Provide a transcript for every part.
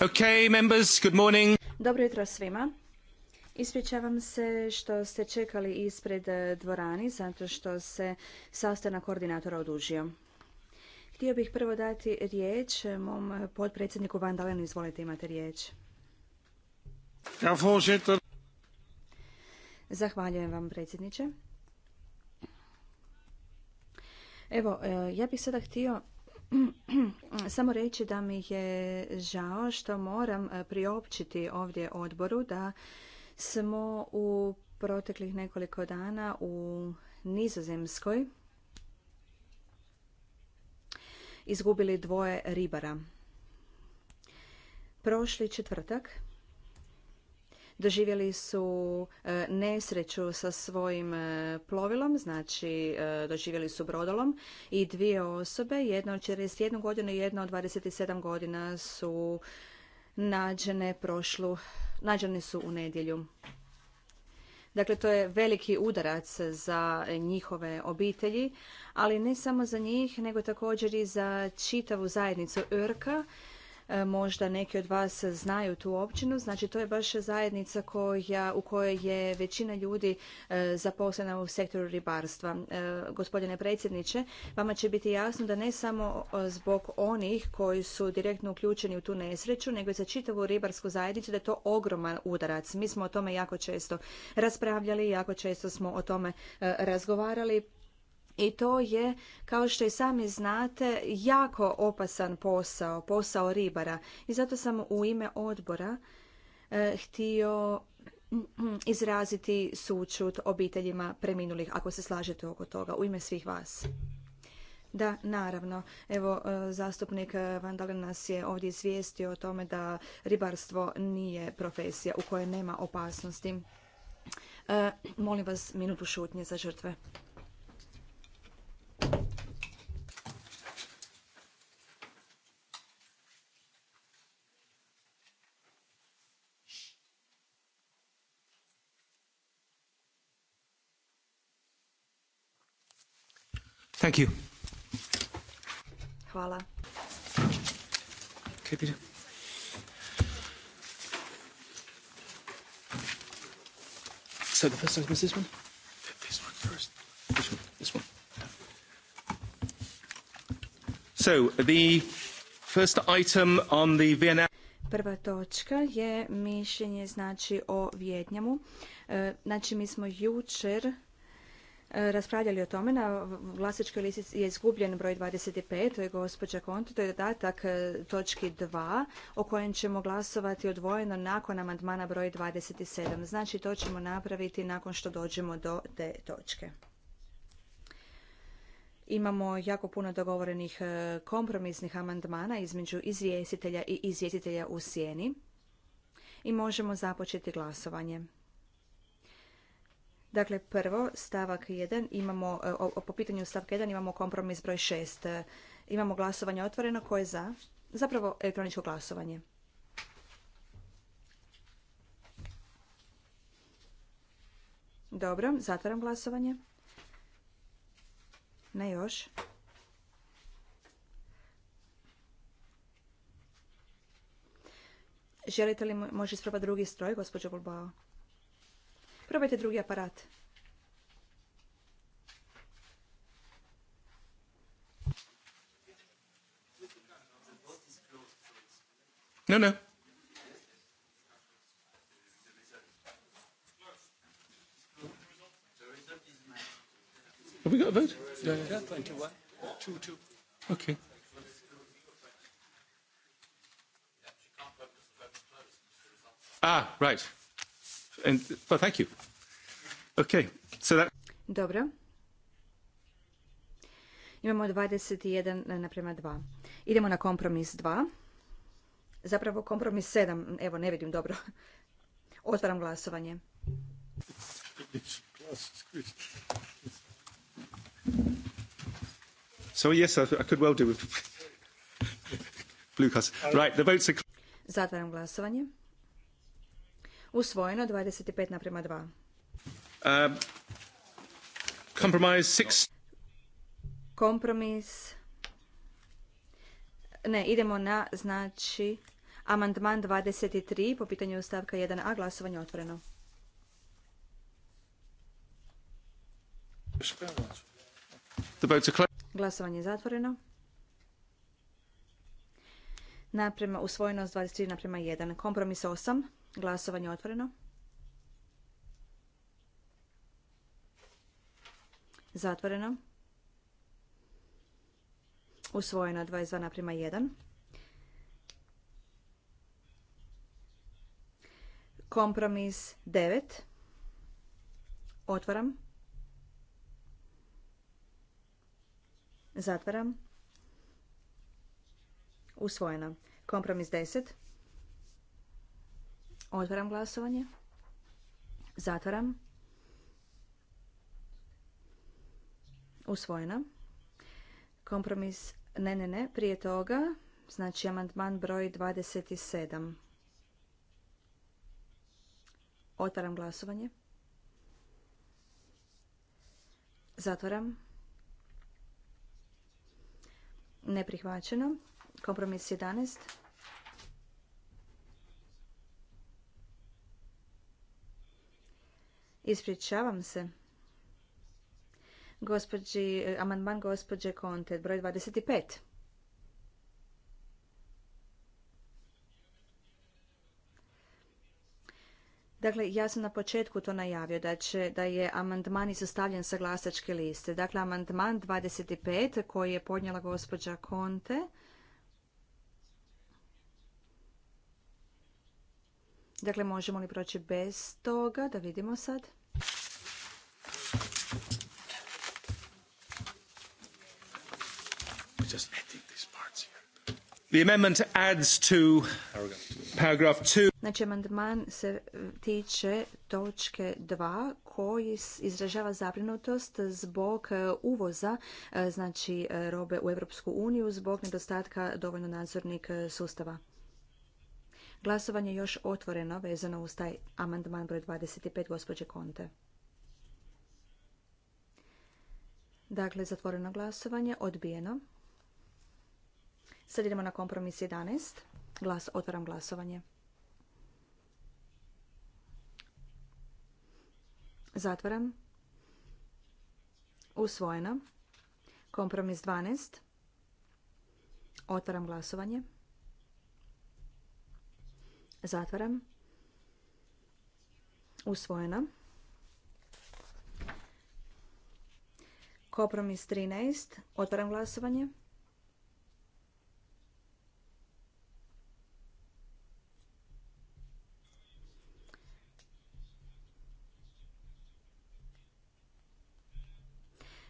Okay, Dobro jutro svima. Ispričavam se što ste čekali ispred e, dvorani zato što se sastanak koordinatora odužio. Htio bih prvo dati riječ e, mom potpredsjedniku Vandalenu. Izvolite, imate riječ. Zahvaljujem vam, predsjedniče. Evo, e, ja bih sada htio Samo reći da mi je žao što moram e, priopćiti ovdje odboru da smo u proteklih nekoliko dana u Nizozemskoj izgubili dvoje ribara. Prošli četvrtak doživjeli su e, nesreću sa svojim e, plovilom, znači e, doživjeli su brodolom i dvije osobe, jedna od 41 godina i jedna od 27 godina su nađene prošlu, nađene su u nedjelju. Dakle, to je veliki udarac za njihove obitelji, ali ne samo za njih, nego također i za čitavu zajednicu Örka, E, možda neki od vas znaju tu općinu. Znači to je baš zajednica koja, u kojoj je većina ljudi e, zaposlena u sektoru ribarstva. E, gospodine predsjedniče, vama će biti jasno da ne samo zbog onih koji su direktno uključeni u tu nesreću, nego i za čitavu ribarsku zajednicu da je to ogroman udarac. Mi smo o tome jako često raspravljali, jako često smo o tome razgovarali i to je, kao što i sami znate, jako opasan posao, posao ribara. I zato sam u ime odbora e, htio izraziti sučut obiteljima preminulih, ako se slažete oko toga, u ime svih vas. Da, naravno. Evo, e, zastupnik e, Vandalen nas je ovdje izvijestio o tome da ribarstvo nije profesija u kojoj nema opasnosti. molim vas minutu šutnje za žrtve. Thank you. Hvala. Okay, Peter. So the first one is this one? This one first. This one. This one. So the first item on the Vienna Prva točka je mišljenje znači o Vjetnjamu. E, znači mi smo jučer raspravljali o tome. Na glasačkoj listi je izgubljen broj 25, to je gospođa Konto, to je dodatak e, točki 2, o kojem ćemo glasovati odvojeno nakon amandmana broj 27. Znači, to ćemo napraviti nakon što dođemo do te točke. Imamo jako puno dogovorenih e, kompromisnih amandmana između izvjestitelja i izvjestitelja u sjeni i možemo započeti glasovanje. Dakle, prvo, stavak 1, imamo, e, o, po pitanju stavka 1 imamo kompromis broj 6. E, imamo glasovanje otvoreno, koje je za? Zapravo elektroničko glasovanje. Dobro, zatvaram glasovanje. Ne još. Želite li možete isprobati drugi stroj, gospođo Bulbao? Probajte drugi aparat. Ne, ne. Have we got a vote? Yeah, yeah. Okay. Ah, right. And, well, thank you. Okay. So that... Dobro. Imamo 21 eh, naprema 2. Idemo na kompromis 2. Zapravo kompromis 7. Evo, ne vidim dobro. Otvaram glasovanje. So yes, I could well do with blue cards. Right, the votes are... Zatvaram glasovanje usvojeno 25 naprema 2. Uh, compromise Kompromis. Ne, idemo na znači amandman 23 po pitanju stavka 1a glasovanje otvoreno. Glasovanje je zatvoreno. Naprema usvojenost 23 naprema 1. Kompromis 8. Glasovanje otvoreno. Zatvoreno. Usvojeno 22 naprema 1. Kompromis 9. Otvaram. Zatvaram. Usvojeno. Kompromis 10. Otvaram glasovanje. Zatvaram. Usvojena. Kompromis ne, ne, ne. Prije toga, znači amandman broj 27. Otvaram glasovanje. Zatvaram. Neprihvaćeno. Kompromis 11. Ispričavam se. Eh, amandman gospođe Konte, broj 25. Dakle, ja sam na početku to najavio da, će, da je amandman izostavljen sa glasačke liste. Dakle, amandman 25 koji je podnijela gospođa Konte Dakle, možemo li proći bez toga? Da vidimo sad. Znači, amandman se tiče točke 2 koji izražava zabrinutost zbog e, uvoza e, znači e, robe u Europsku uniju zbog nedostatka dovoljno nadzornih sustava. Glasovanje je još otvoreno vezano uz taj amandman broj 25 gospođe Konte. Dakle, zatvoreno glasovanje, odbijeno. Sad idemo na kompromis 11. Glas, otvaram glasovanje. Zatvaram. Usvojeno. Kompromis 12. Otvaram glasovanje. Zatvaram. Usvojena. Kompromis 13. Otvaram glasovanje.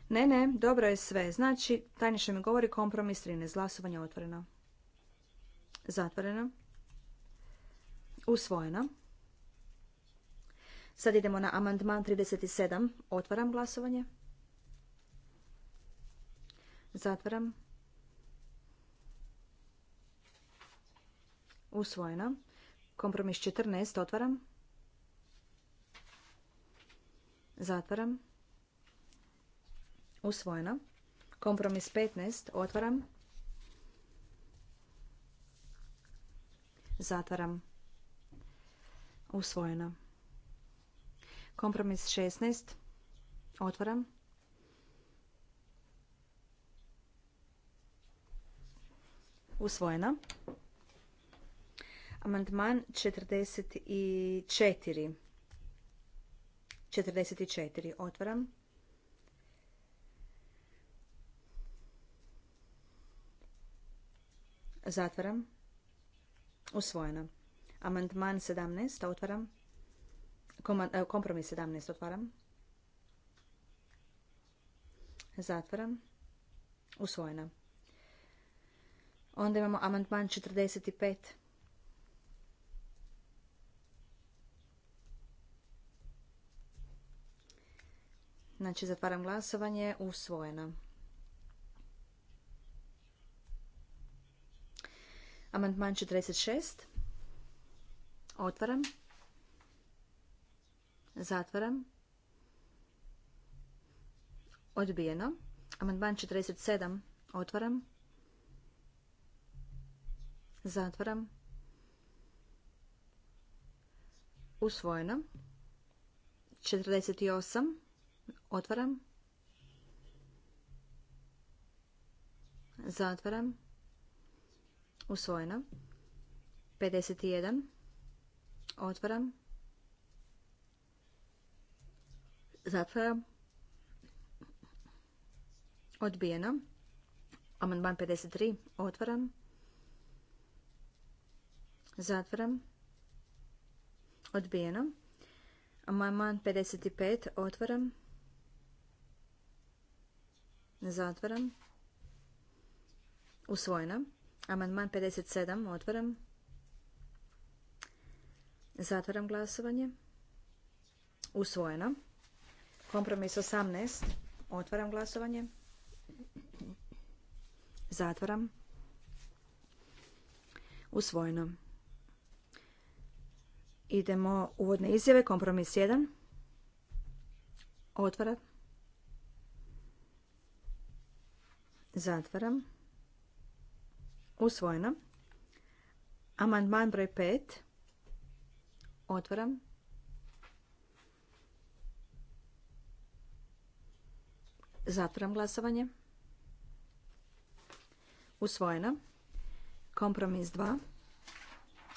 Ne, ne, dobro je sve. Znači, tajniša mi govori kompromis 13. Glasovanje otvoreno. Zatvoreno. Usvojeno. Sad idemo na amandman 37. Otvaram glasovanje. Zatvaram. Usvojeno. Kompromis 14. Otvaram. Zatvaram. Usvojeno. Kompromis 15. Otvaram. Zatvaram. Usvojena. Kompromis 16. Otvaram. Usvojena. Amandman 44. 44. Otvaram. Zatvaram. Usvojena. Amandman 17. Otvaram. E, kompromis 17. Otvaram. Zatvaram. Usvojena. Onda imamo amandman 45. Znači, zatvaram glasovanje. Usvojena. Amandman 46. Otvaram. Zatvaram. Odbijeno. Amandman 47. Otvaram. Zatvaram. Usvojeno. 48. Otvaram. Zatvaram. Usvojeno. 51. Otvaram. Zatvaram. Odbijeno. Amandman 53. Otvaram. Zatvaram. Odbijeno. Amandman 55. Otvaram. Zatvaram. Usvojena. Amandman 57. Otvaram. Zatvaram glasovanje. Usvojeno. Kompromis 18. Otvaram glasovanje. Zatvaram. Usvojeno. Idemo uvodne izjave. Kompromis 1. Otvaram. Zatvaram. Usvojeno. Amandman broj 5. Otvaram. Zatvaram glasovanje. Usvojeno. Kompromis 2.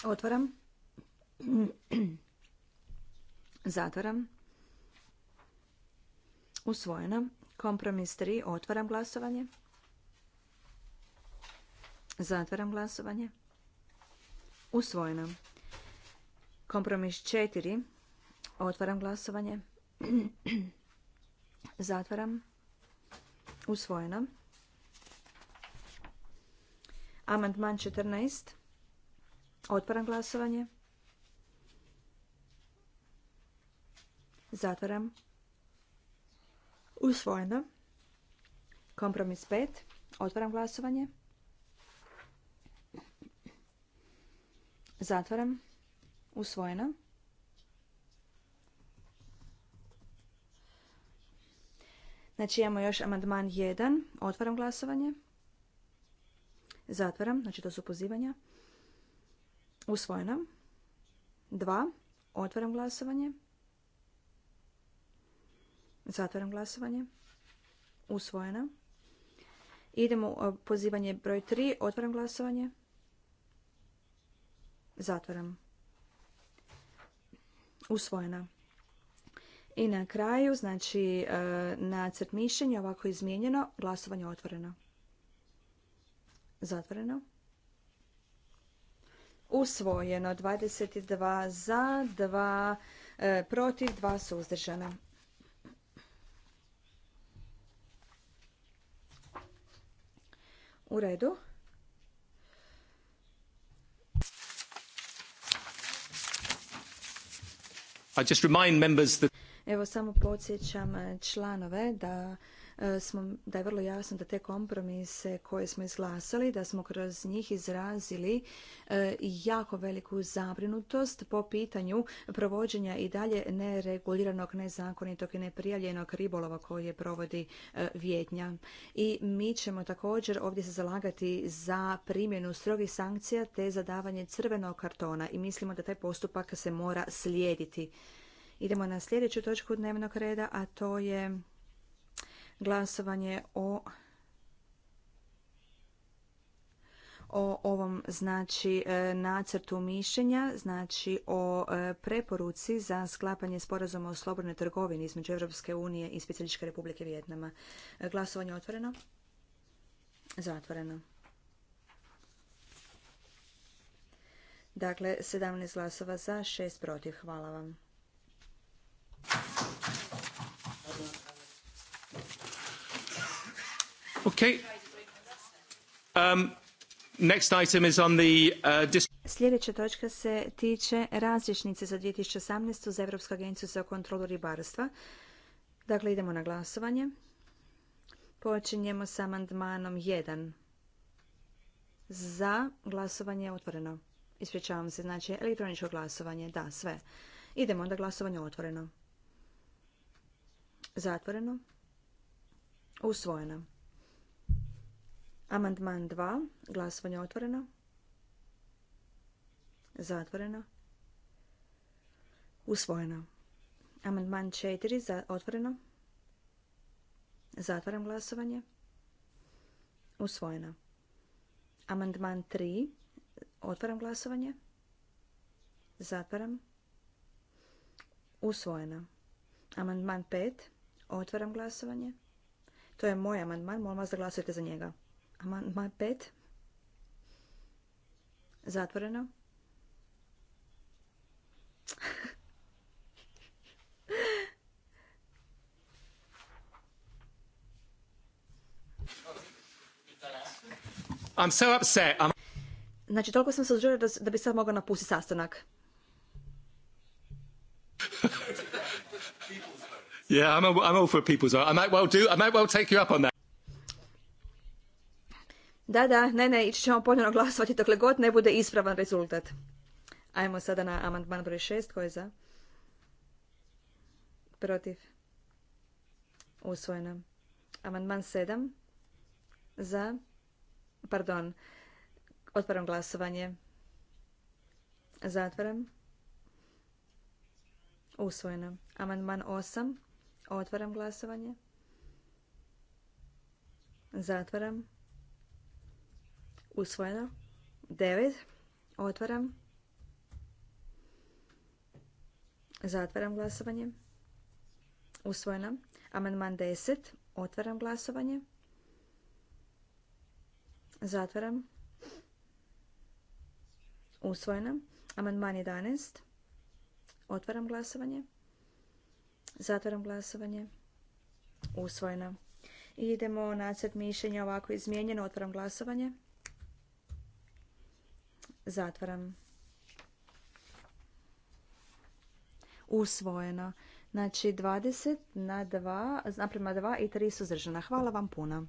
Otvaram. Zatvaram. Usvojeno. Kompromis 3. Otvaram glasovanje. Zatvaram glasovanje. Usvojeno. Kompromis 4. Otvaram glasovanje. Zatvaram. Usvojeno. Amandman 14. Otvaram glasovanje. Zatvaram. Usvojeno. Kompromis 5. Otvaram glasovanje. Zatvaram. Usvojena. Znači imamo još amandman 1. Otvaram glasovanje. Zatvaram, znači to su pozivanja. Usvojena. 2. Otvaram glasovanje. Zatvaram glasovanje. Usvojena. Idemo e, pozivanje broj 3. Otvaram glasovanje. Zatvaram usvojena. I na kraju, znači, e, nacrt mišljenja ovako izmijenjeno, glasovanje otvoreno. Zatvoreno. Usvojeno 22 za, 2 e, protiv, 2 suzdržana. U redu. Evo samo podsjećam eh, članove da E, smo, da je vrlo jasno da te kompromise koje smo izglasali, da smo kroz njih izrazili e, jako veliku zabrinutost po pitanju provođenja i dalje nereguliranog, nezakonitog i neprijavljenog ribolova je provodi e, Vjetnja. I mi ćemo također ovdje se zalagati za primjenu strogih sankcija te za davanje crvenog kartona i mislimo da taj postupak se mora slijediti. Idemo na sljedeću točku dnevnog reda, a to je glasovanje o o ovom znači e, nacrtu mišljenja, znači o e, preporuci za sklapanje sporazuma o slobodnoj trgovini između Europske unije i Specijalističke republike Vijetnama. E, glasovanje otvoreno. Zatvoreno. Dakle, 17 glasova za, 6 protiv. Hvala vam. Okay. Um, uh, Sljedeća točka se tiče razrješnice za 2018. za Europsku agenciju za kontrolu ribarstva. Dakle, idemo na glasovanje. Počinjemo sa amandmanom 1. Za glasovanje je otvoreno. Ispričavam se, znači elektroničko glasovanje. Da, sve. Idemo onda glasovanje otvoreno. Zatvoreno. Usvojeno. Amandman 2. Glasovanje otvoreno. Zatvoreno. Usvojeno. Amandman 4. Za, otvoreno. Zatvaram glasovanje. Usvojeno. Amandman 3. Otvaram glasovanje. Zatvaram. Usvojeno. Amandman 5. Otvaram glasovanje. To je moj amandman. Molim vas da glasujete za njega. Amandman 5. Zatvoreno. I'm so upset. I'm... Znači, toliko sam se uzželio da, da bi sad mogao napustiti sastanak. yeah, I'm, I'm all for people's vote. I might well do, I might well take you up on that. Da, da, ne, ne, ići ćemo ponovno glasovati dokle god ne bude ispravan rezultat. Ajmo sada na amandman broj šest. Ko je za? Protiv. Usvojeno. Amandman sedam. Za. Pardon. Otvaram glasovanje. Zatvaram. Usvojeno. Amandman osam. Otvaram glasovanje. Zatvaram. Usvojeno. Devet, Otvaram. Zatvaram glasovanje. Usvojeno. Amandman 10. Otvaram glasovanje. Zatvaram. Usvojeno. Amandman 11. Otvaram glasovanje. Zatvaram glasovanje. Usvojeno. Idemo nacrt mišljenja ovako izmijenjeno. Otvaram glasovanje. Zatvaram. Usvojeno. Znači 20 na 2, naprema 2 i 3 suzdržana. Hvala vam puno.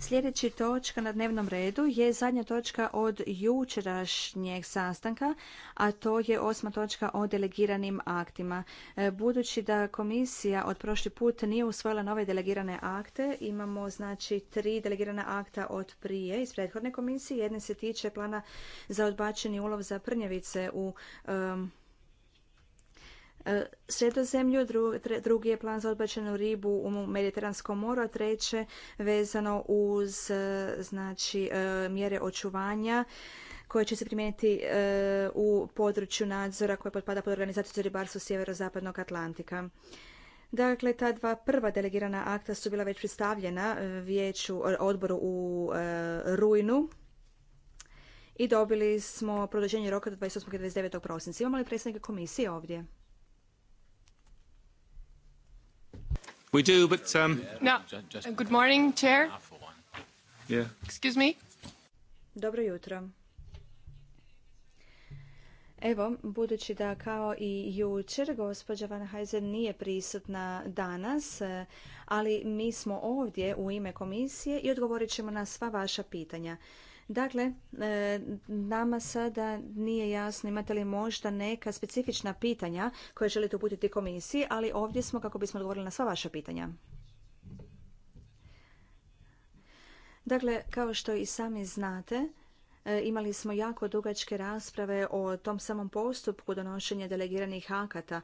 Sljedeća točka na dnevnom redu je zadnja točka od jučerašnjeg sastanka, a to je osma točka o delegiranim aktima. E, budući da komisija od prošli put nije usvojila nove delegirane akte, imamo znači tri delegirana akta od prije iz prethodne komisije. Jedna se tiče plana za odbačeni ulov za prnjevice u E, zemlju, drugi je plan za odbačenu ribu u Mediteranskom moru, a treće vezano uz e, znači, e, mjere očuvanja koje će se primijeniti u području nadzora koje potpada pod organizaciju za ribarstvo sjeverozapadnog Atlantika. Dakle, ta dva prva delegirana akta su bila već predstavljena vijeću odboru u rujnu i dobili smo produženje roka do 28. i 29. prosinca. Imamo li predstavnike komisije ovdje? We do, but... Um... No. Good morning, chair. Dobro jutro. Evo, budući da kao i jučer gospođa Van Heisen nije prisutna danas, ali mi smo ovdje u ime komisije i odgovorit ćemo na sva vaša pitanja. Dakle, e, nama sada nije jasno imate li možda neka specifična pitanja koje želite uputiti komisiji, ali ovdje smo kako bismo odgovorili na sva vaša pitanja. Dakle, kao što i sami znate, E, imali smo jako dugačke rasprave o tom samom postupku donošenja delegiranih akata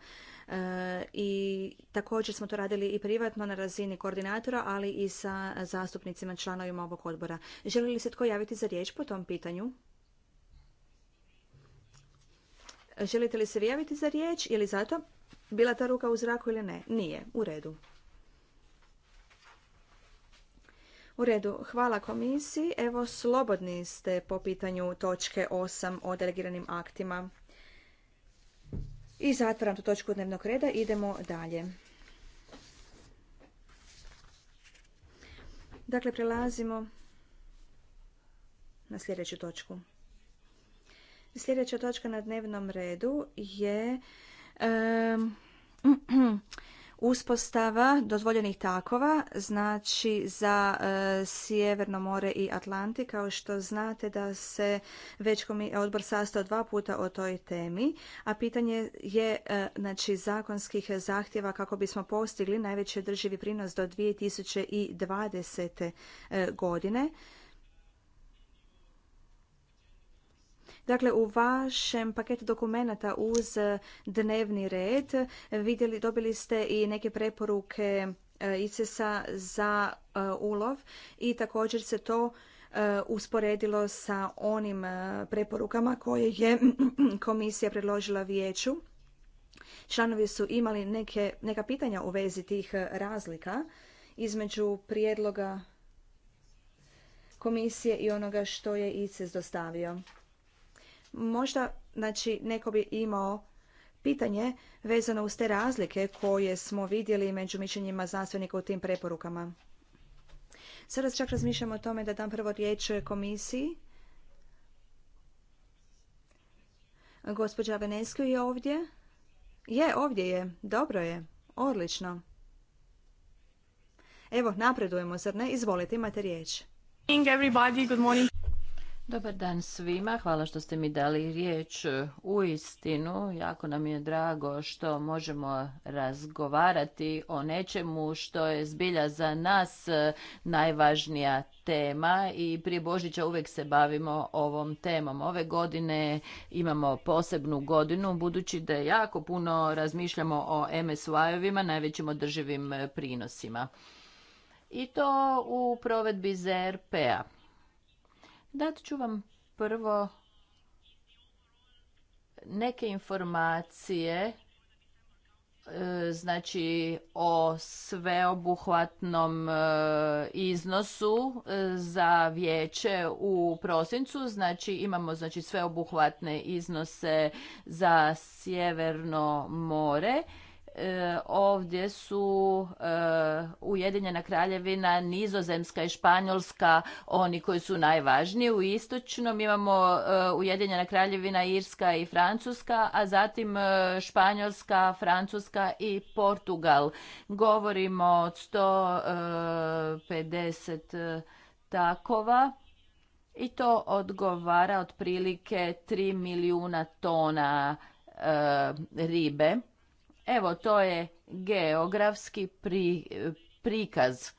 e, i također smo to radili i privatno na razini koordinatora, ali i sa zastupnicima članovima ovog odbora. Želi li se tko javiti za riječ po tom pitanju? Želite li se javiti za riječ ili zato bila ta ruka u zraku ili ne? Nije. U redu. U redu, hvala komisiji. Evo, slobodni ste po pitanju točke 8 o delegiranim aktima. I zatvaram tu točku dnevnog reda. Idemo dalje. Dakle, prelazimo na sljedeću točku. Sljedeća točka na dnevnom redu je... Uspostava dozvoljenih takova znači za e, Sjeverno more i Atlantik, kao što znate da se već odbor sastao dva puta o toj temi, a pitanje je e, znači zakonskih zahtjeva kako bismo postigli najveći održivi prinos do 2020. E, godine Dakle, u vašem paketu dokumenata uz dnevni red vidjeli, dobili ste i neke preporuke e, ICES-a za e, ulov i također se to e, usporedilo sa onim preporukama koje je komisija predložila vijeću. Članovi su imali neke, neka pitanja u vezi tih razlika između prijedloga komisije i onoga što je ICES dostavio. Možda znači, neko bi imao pitanje vezano uz te razlike koje smo vidjeli među mišljenjima znanstvenika u tim preporukama. Sada čak razmišljamo o tome da dam prvo riječ komisiji. Gospođa Venesku je ovdje. Je, ovdje je. Dobro je. Odlično. Evo, napredujemo, zar ne? Izvolite, imate riječ. Good morning, everybody. Good morning. Dobar dan svima, hvala što ste mi dali riječ. E, u istinu, jako nam je drago što možemo razgovarati o nečemu što je zbilja za nas e, najvažnija tema i prije Božića uvijek se bavimo ovom temom. Ove godine imamo posebnu godinu budući da jako puno razmišljamo o MSY-ovima, najvećim održivim prinosima. I to u provedbi ZRP-a. Dat ću vam prvo neke informacije e, znači o sveobuhvatnom e, iznosu e, za vijeće u prosincu znači imamo znači sveobuhvatne iznose za sjeverno more E, ovdje su e, Ujedinjena kraljevina, Nizozemska i Španjolska oni koji su najvažniji. U istočnom imamo e, Ujedinjena kraljevina, Irska i Francuska, a zatim Španjolska, Francuska i Portugal. Govorimo od 150 takova i to odgovara otprilike 3 milijuna tona ribe Evo, to je geografski prikaz.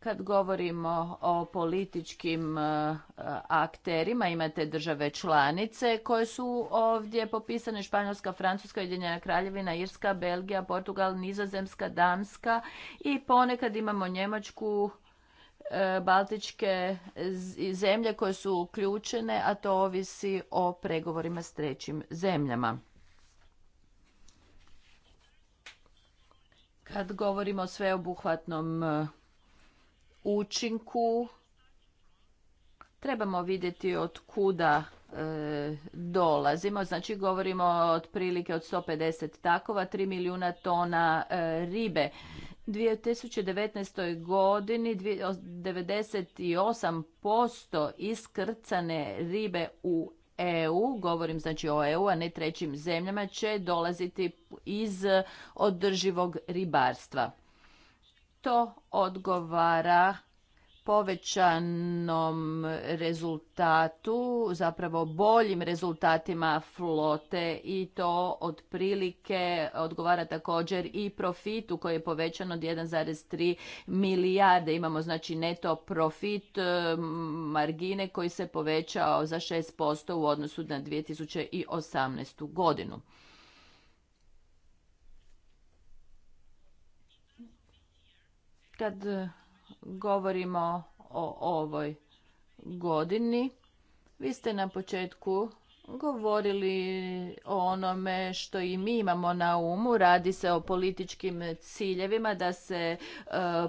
Kad govorimo o političkim e, akterima, imate države članice koje su ovdje popisane Španjolska, Francuska, Ujedinjena Kraljevina, Irska, Belgija, Portugal, Nizozemska, Danska i ponekad imamo Njemačku, e, Baltičke zemlje koje su uključene, a to ovisi o pregovorima s trećim zemljama. Kad govorimo o sveobuhvatnom e, učinku, trebamo vidjeti od kuda e, dolazimo. Znači govorimo otprilike od 150 takova, 3 milijuna tona e, ribe. 2019. godini 98% iskrcane ribe u EU, govorim znači o EU, a ne trećim zemljama, će dolaziti iz održivog ribarstva. To odgovara povećanom rezultatu, zapravo boljim rezultatima flote i to otprilike odgovara također i profitu koji je povećan od 1,3 milijarde. Imamo znači neto profit e, margine koji se povećao za 6% u odnosu na 2018. godinu. Kad govorimo o ovoj godini. Vi ste na početku govorili o onome što i mi imamo na umu. Radi se o političkim ciljevima da se e,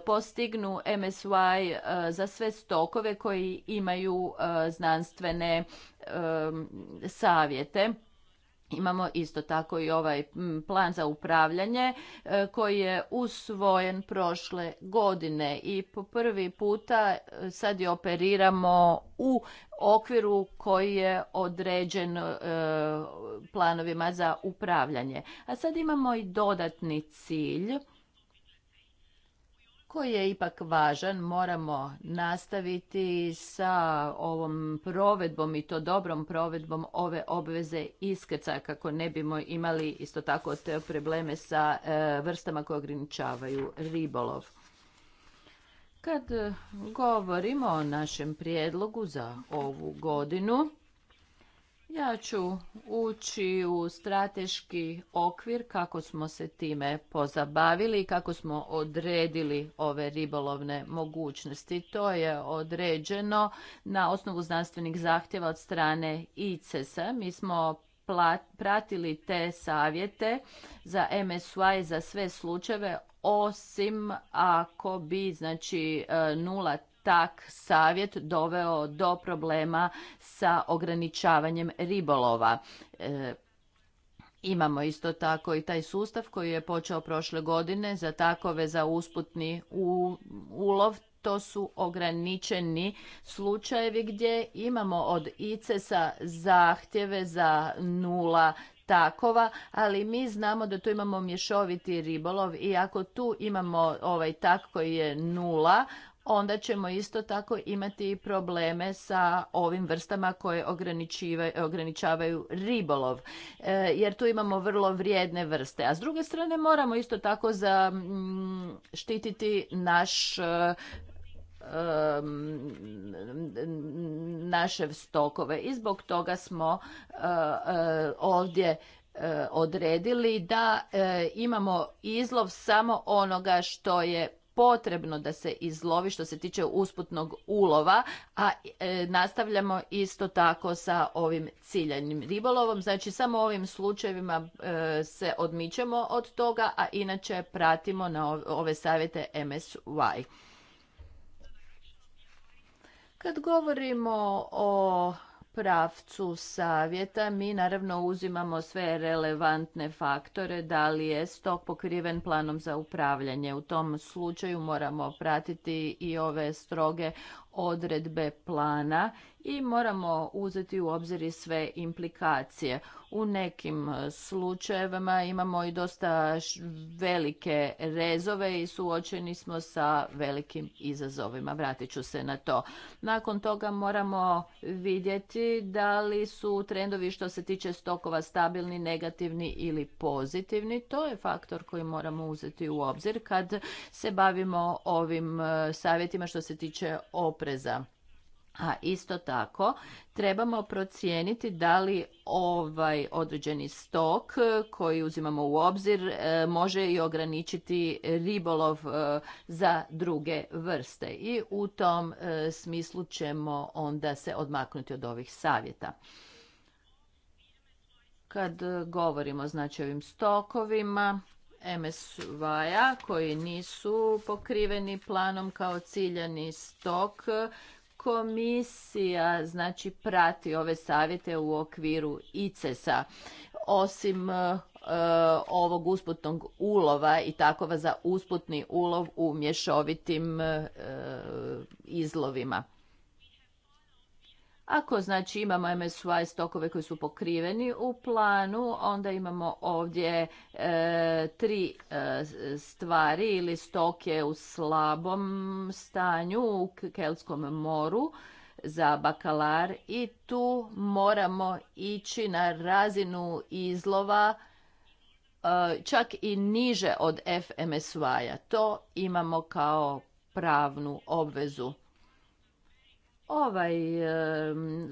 postignu MSY e, za sve stokove koji imaju e, znanstvene savjete. Imamo isto tako i ovaj plan za upravljanje e, koji je usvojen prošle godine i po prvi puta e, sad i operiramo u okviru koji je određen e, planovima za upravljanje. A sad imamo i dodatni cilj je ipak važan, moramo nastaviti sa ovom provedbom i to dobrom provedbom ove obveze iskrcaja kako ne bimo imali isto tako te probleme sa e, vrstama koje ograničavaju ribolov. Kad govorimo o našem prijedlogu za ovu godinu, ja ću ući u strateški okvir kako smo se time pozabavili i kako smo odredili ove ribolovne mogućnosti. To je određeno na osnovu znanstvenih zahtjeva od strane ices Mi smo pratili te savjete za MSY za sve slučajeve osim ako bi znači e, nula tak savjet doveo do problema sa ograničavanjem ribolova. E, imamo isto tako i taj sustav koji je počeo prošle godine za takove za usputni ulov. To su ograničeni slučajevi gdje imamo od ices zahtjeve za nula takova, ali mi znamo da tu imamo mješoviti ribolov i ako tu imamo ovaj tak koji je nula, onda ćemo isto tako imati probleme sa ovim vrstama koje ograničavaju ribolov, e, jer tu imamo vrlo vrijedne vrste. A s druge strane moramo isto tako mm, štititi naš e, naše stokove i zbog toga smo e, ovdje odredili da imamo izlov samo onoga što je potrebno da se izlovi što se tiče usputnog ulova, a e, nastavljamo isto tako sa ovim ciljanim ribolovom. Znači samo u ovim slučajevima e, se odmičemo od toga, a inače pratimo na ove savjete MSY. Kad govorimo o pravcu savjeta mi naravno uzimamo sve relevantne faktore da li je stok pokriven planom za upravljanje. U tom slučaju moramo pratiti i ove stroge odredbe plana i moramo uzeti u obzir i sve implikacije. U nekim e, slučajevima imamo i dosta velike rezove i suočeni smo sa velikim izazovima. Vratit ću se na to. Nakon toga moramo vidjeti da li su trendovi što se tiče stokova stabilni, negativni ili pozitivni. To je faktor koji moramo uzeti u obzir kad se bavimo ovim e, savjetima što se tiče opreza a isto tako trebamo procijeniti da li ovaj određeni stok koji uzimamo u obzir e, može i ograničiti ribolov e, za druge vrste i u tom e, smislu ćemo onda se odmaknuti od ovih savjeta. Kad govorimo znači, o ovim stokovima, MSV-a koji nisu pokriveni planom kao ciljani stok Komisija znači prati ove savjete u okviru ICES-a. Osim e, ovog usputnog ulova i takova za usputni ulov u mješovitim e, izlovima. Ako znači imamo MSY stokove koji su pokriveni u planu, onda imamo ovdje e, tri e, stvari ili stoke u slabom stanju u Kelskom moru za bakalar i tu moramo ići na razinu izlova e, čak i niže od FMSY-a. To imamo kao pravnu obvezu. Ovaj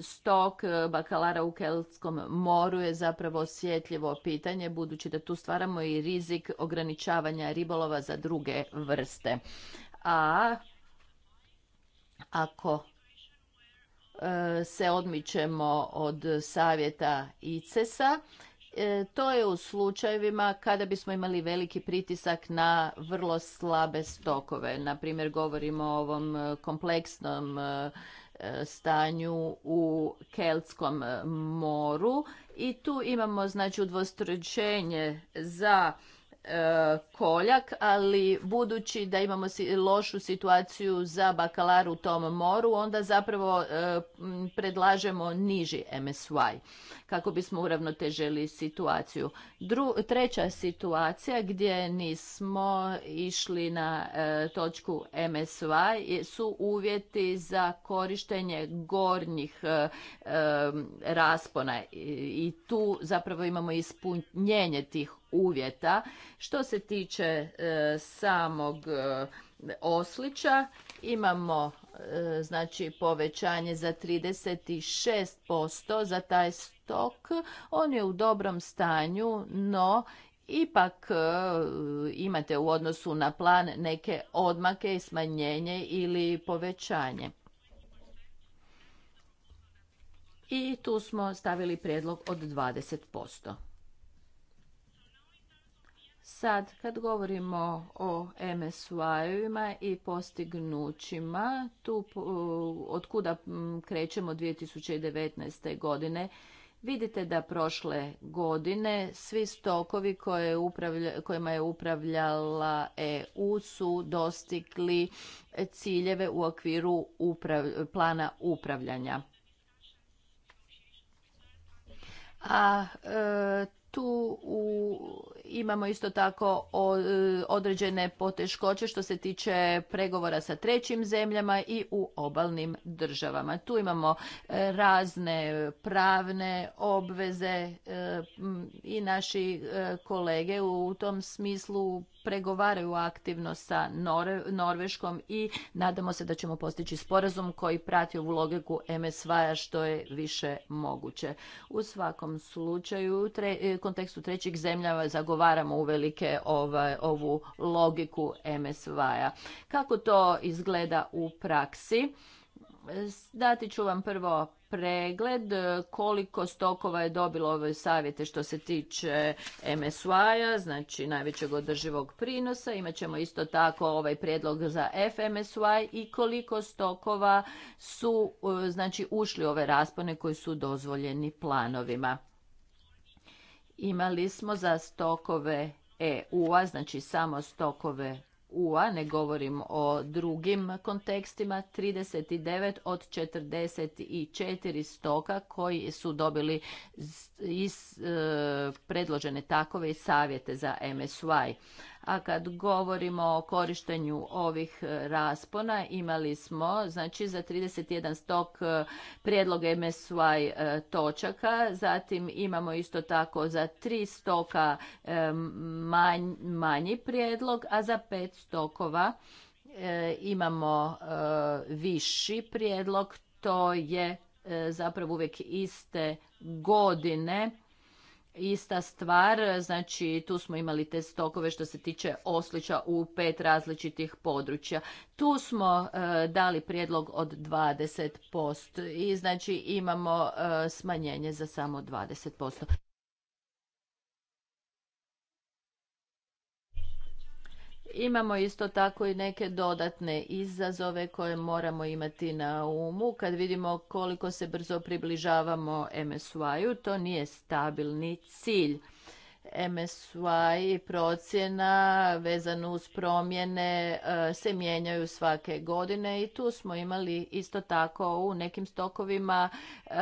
stok eh, bakalara u Keltskom moru je zapravo osjetljivo pitanje, budući da tu stvaramo i rizik ograničavanja ribolova za druge vrste. A ako eh, se odmičemo od savjeta ICES-a, eh, to je u slučajevima kada bismo imali veliki pritisak na vrlo slabe stokove. Na govorimo o ovom kompleksnom E, stanju u Keltskom e, moru i tu imamo znači udvostručenje za koljak, ali budući da imamo lošu situaciju za bakalar u tom moru, onda zapravo e, predlažemo niži MSY kako bismo uravnotežili situaciju. treća situacija gdje nismo išli na e, točku MSY su uvjeti za korištenje gornjih e, raspona i tu zapravo imamo ispunjenje tih uvjeta. Što se tiče e, samog e, oslića imamo e, znači povećanje za 36% za taj stok. On je u dobrom stanju, no ipak imate u odnosu na plan neke odmake i smanjenje ili povećanje. I tu smo stavili prijedlog od 20%. Sad, kad govorimo o MSY-ovima i postignućima, tu od kuda krećemo 2019. godine, vidite da prošle godine svi stokovi kojima je upravljala EU su dostigli ciljeve u okviru plana upravljanja. A e, tu u Imamo isto tako određene poteškoće što se tiče pregovora sa trećim zemljama i u obalnim državama. Tu imamo e, razne pravne obveze e, i naši e, kolege u tom smislu pregovaraju aktivno sa Norveškom i nadamo se da ćemo postići sporazum koji prati ovu logiku MSV-a što je više moguće. U svakom slučaju, u kontekstu trećih zemljava za zagovaramo uvelike ovaj, ovu logiku MSV-a. Kako to izgleda u praksi? Dati ću vam prvo pregled e, koliko stokova je dobilo ove savjete što se tiče MSY-a, znači najvećeg održivog prinosa. Imaćemo isto tako ovaj prijedlog za FMSY i koliko stokova su e, znači ušli u ove raspone koji su dozvoljeni planovima imali smo za stokove EU-a, znači samo stokove eu ne govorim o drugim kontekstima, 39 od 44 stoka koji su dobili iz, e, predložene takove i savjete za MSY. A kad govorimo o korištenju ovih e, raspona, imali smo znači za 31 stok e, prijedlog MSY e, točaka, zatim imamo isto tako za 3 stoka manji prijedlog, a za 5 stokova imamo viši prijedlog, to je zapravo uvijek iste godine ista stvar, znači tu smo imali te stokove što se tiče oslića u pet različitih područja. Tu smo e, dali prijedlog od 20% i znači imamo e, smanjenje za samo 20%. Imamo isto tako i neke dodatne izazove koje moramo imati na umu. Kad vidimo koliko se brzo približavamo MSY-u, to nije stabilni cilj. MSY procjena vezano uz promjene e, se mijenjaju svake godine i tu smo imali isto tako u nekim stokovima e,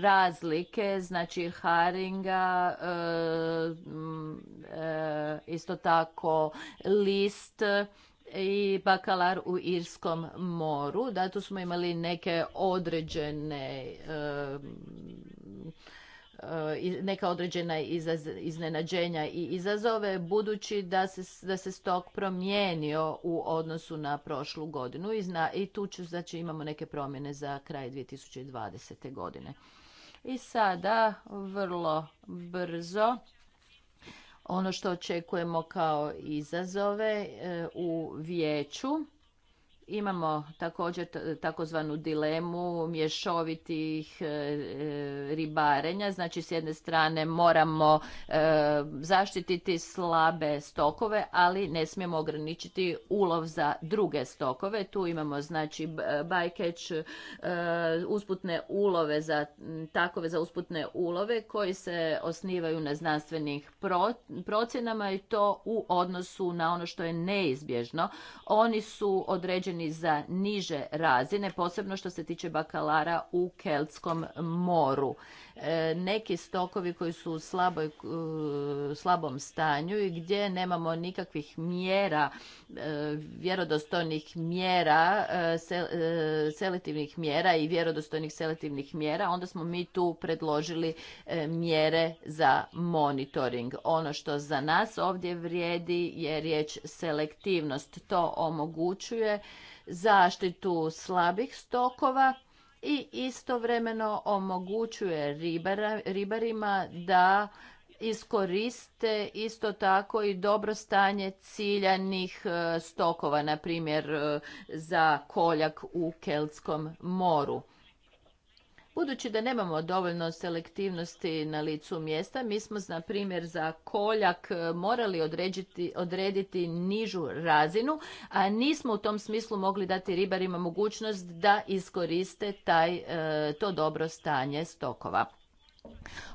razlike, znači haringa, e, isto tako list, i bakalar u Irskom moru. Da, tu smo imali neke određene neka određena iznenađenja i izazove budući da se, da stok promijenio u odnosu na prošlu godinu i, i tu ću, znači imamo neke promjene za kraj 2020. godine. I sada vrlo brzo ono što očekujemo kao izazove e, u vijeću Imamo također takozvanu dilemu mješovitih e, e, ribarenja, znači s jedne strane moramo e, zaštititi slabe stokove, ali ne smijemo ograničiti ulov za druge stokove. Tu imamo znači bajkeć, usputne ulove za takove za usputne ulove koji se osnivaju na znanstvenih procjenama i to u odnosu na ono što je neizbježno. Oni su određeni ni za niže razine, posebno što se tiče bakalara u Keltskom moru. E, neki stokovi koji su u e, slabom stanju i gdje nemamo nikakvih mjera, e, vjerodostojnih mjera, selektivnih mjera i vjerodostojnih selektivnih mjera, onda smo mi tu predložili mjere za monitoring. Ono što za nas ovdje vrijedi je riječ selektivnost. To omogućuje zaštitu slabih stokova i istovremeno omogućuje ribarima da iskoriste isto tako i dobro stanje ciljanih e, stokova, na primjer e, za koljak u Keltskom moru. Budući da nemamo dovoljno selektivnosti na licu mjesta, mi smo, na primjer, za koljak e, morali odrediti nižu razinu, a nismo u tom smislu mogli dati ribarima mogućnost da iskoriste taj, e, to dobro stanje stokova.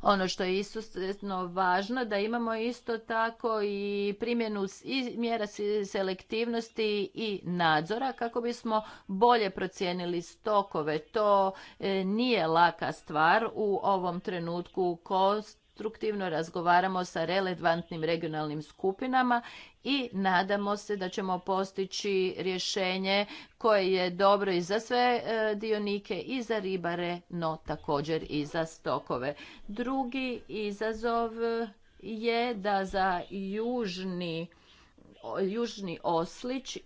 Ono što je istosno važno da imamo isto tako i primjenu i mjera selektivnosti i nadzora kako bismo bolje procijenili stokove. To e, nije laka stvar u ovom trenutku konstruktivno razgovaramo sa relevantnim regionalnim skupinama i nadamo se da ćemo postići rješenje koje je dobro i za sve e, dionike i za ribare, no također i za stokove. Drugi izazov je da za južni, južni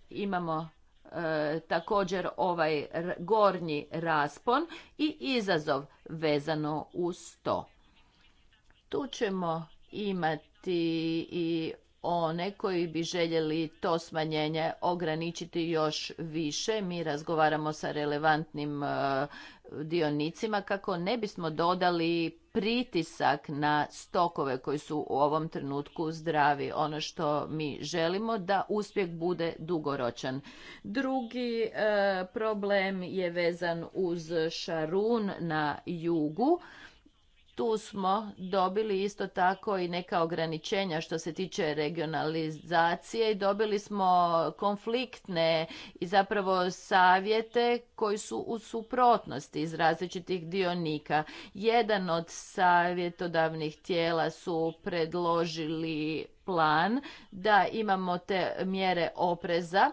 imamo e, također ovaj gornji raspon i izazov vezano uz to. Tu ćemo imati i one koji bi željeli to smanjenje ograničiti još više. Mi razgovaramo sa relevantnim e, dionicima kako ne bismo dodali pritisak na stokove koji su u ovom trenutku zdravi. Ono što mi želimo da uspjeh bude dugoročan. Drugi e, problem je vezan uz šarun na jugu tu smo dobili isto tako i neka ograničenja što se tiče regionalizacije i dobili smo konfliktne i zapravo savjete koji su u suprotnosti iz različitih dionika. Jedan od savjetodavnih tijela su predložili plan da imamo te mjere opreza,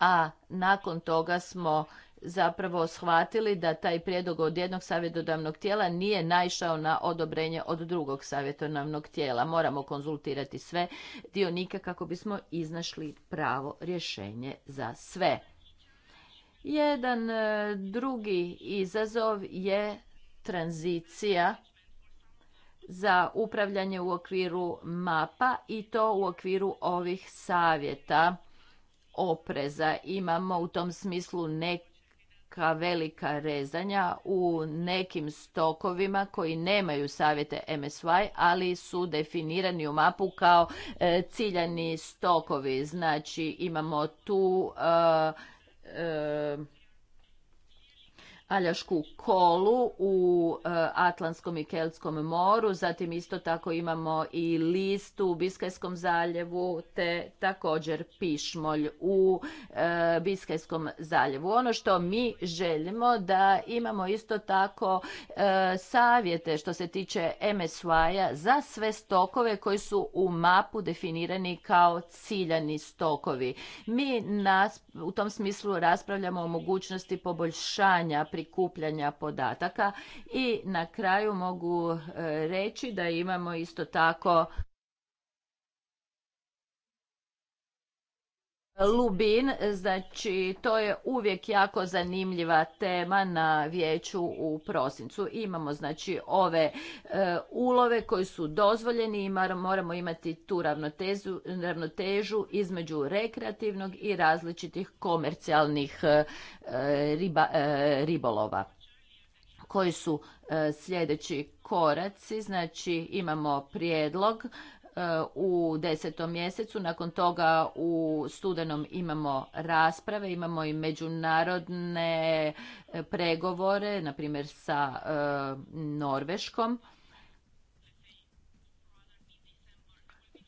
a nakon toga smo zapravo shvatili da taj prijedlog od jednog savjetodavnog tijela nije naišao na odobrenje od drugog savjetodavnog tijela. Moramo konzultirati sve dionike kako bismo iznašli pravo rješenje za sve. Jedan e, drugi izazov je tranzicija za upravljanje u okviru mapa i to u okviru ovih savjeta opreza. Imamo u tom smislu neke velika rezanja u nekim stokovima koji nemaju savjete MSY, ali su definirani u mapu kao e, ciljani stokovi. Znači imamo tu e, e, Aljašku kolu u e, Atlantskom i Keltskom moru, zatim isto tako imamo i listu u Biskajskom zaljevu, te također pišmolj u e, Biskajskom zaljevu. Ono što mi želimo da imamo isto tako e, savjete što se tiče MSY-a za sve stokove koji su u mapu definirani kao ciljani stokovi. Mi u tom smislu raspravljamo o mogućnosti poboljšanja pri prikupljanja podataka i na kraju mogu e, reći da imamo isto tako Lubin, znači to je uvijek jako zanimljiva tema na vijeću u prosincu. Imamo znači ove e, ulove koji su dozvoljeni i moramo imati tu ravnotežu između rekreativnog i različitih komercijalnih e, e, ribolova koji su sljedeći koraci. Znači imamo prijedlog E, u desetom mjesecu. Nakon toga u studenom imamo rasprave, imamo i međunarodne e, pregovore, na primjer sa e, Norveškom.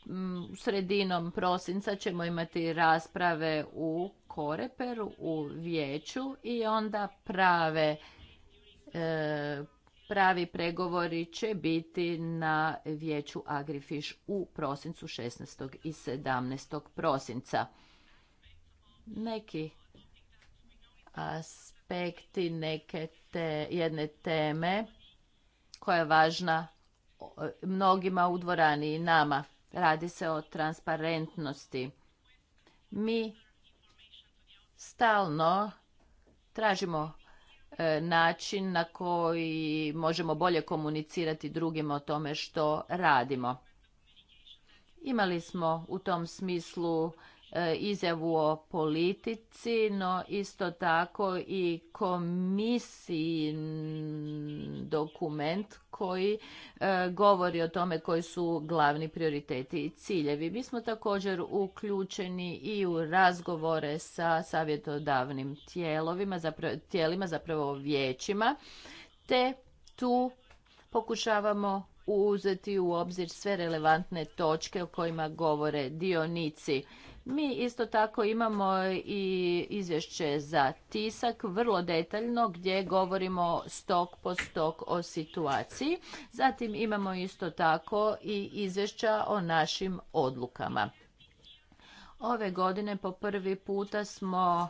Mm, sredinom prosinca ćemo imati rasprave u Koreperu, u Vijeću i onda prave pravi pregovori će biti na vijeću AgriFish u prosincu 16. i 17. prosinca. Neki aspekti neke te, jedne teme koja je važna mnogima u dvorani i nama. Radi se o transparentnosti. Mi stalno tražimo E, način na koji možemo bolje komunicirati drugima o tome što radimo. Imali smo u tom smislu izjavu o politici, no isto tako i komisiji dokument koji e, govori o tome koji su glavni prioriteti i ciljevi. Mi smo također uključeni i u razgovore sa savjetodavnim tijelovima, zapravo, tijelima, zapravo vijećima, te tu pokušavamo uzeti u obzir sve relevantne točke o kojima govore dionici mi isto tako imamo i izvješće za tisak, vrlo detaljno, gdje govorimo stok po stok o situaciji. Zatim imamo isto tako i izvješća o našim odlukama. Ove godine po prvi puta smo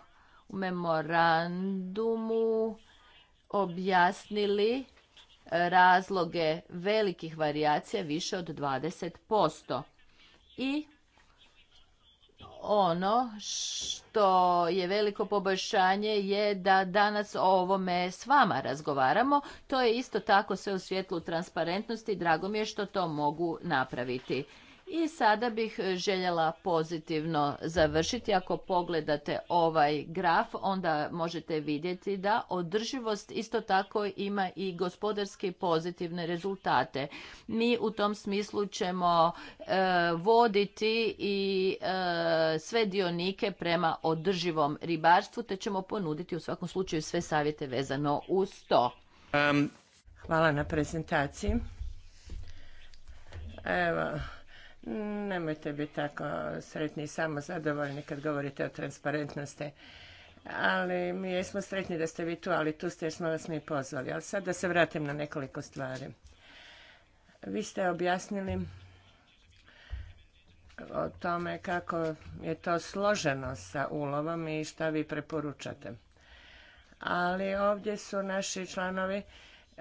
u memorandumu objasnili razloge velikih varijacija više od 20%. I ono što je veliko poboljšanje je da danas o ovome s vama razgovaramo. To je isto tako sve u svjetlu transparentnosti. Drago mi je što to mogu napraviti. I sada bih e, željela pozitivno završiti. Ako pogledate ovaj graf, onda možete vidjeti da održivost isto tako ima i gospodarski pozitivne rezultate. Mi u tom smislu ćemo e, voditi i e, sve dionike prema održivom ribarstvu, te ćemo ponuditi u svakom slučaju sve savjete vezano uz to. Um, Hvala na prezentaciji. Evo, Nemojte biti tako sretni i samo zadovoljni kad govorite o transparentnosti. Ali mi jesmo sretni da ste vi tu, ali tu ste jer smo vas mi pozvali. Ali sad da se vratim na nekoliko stvari. Vi ste objasnili o tome kako je to složeno sa ulovom i šta vi preporučate. Ali ovdje su naši članovi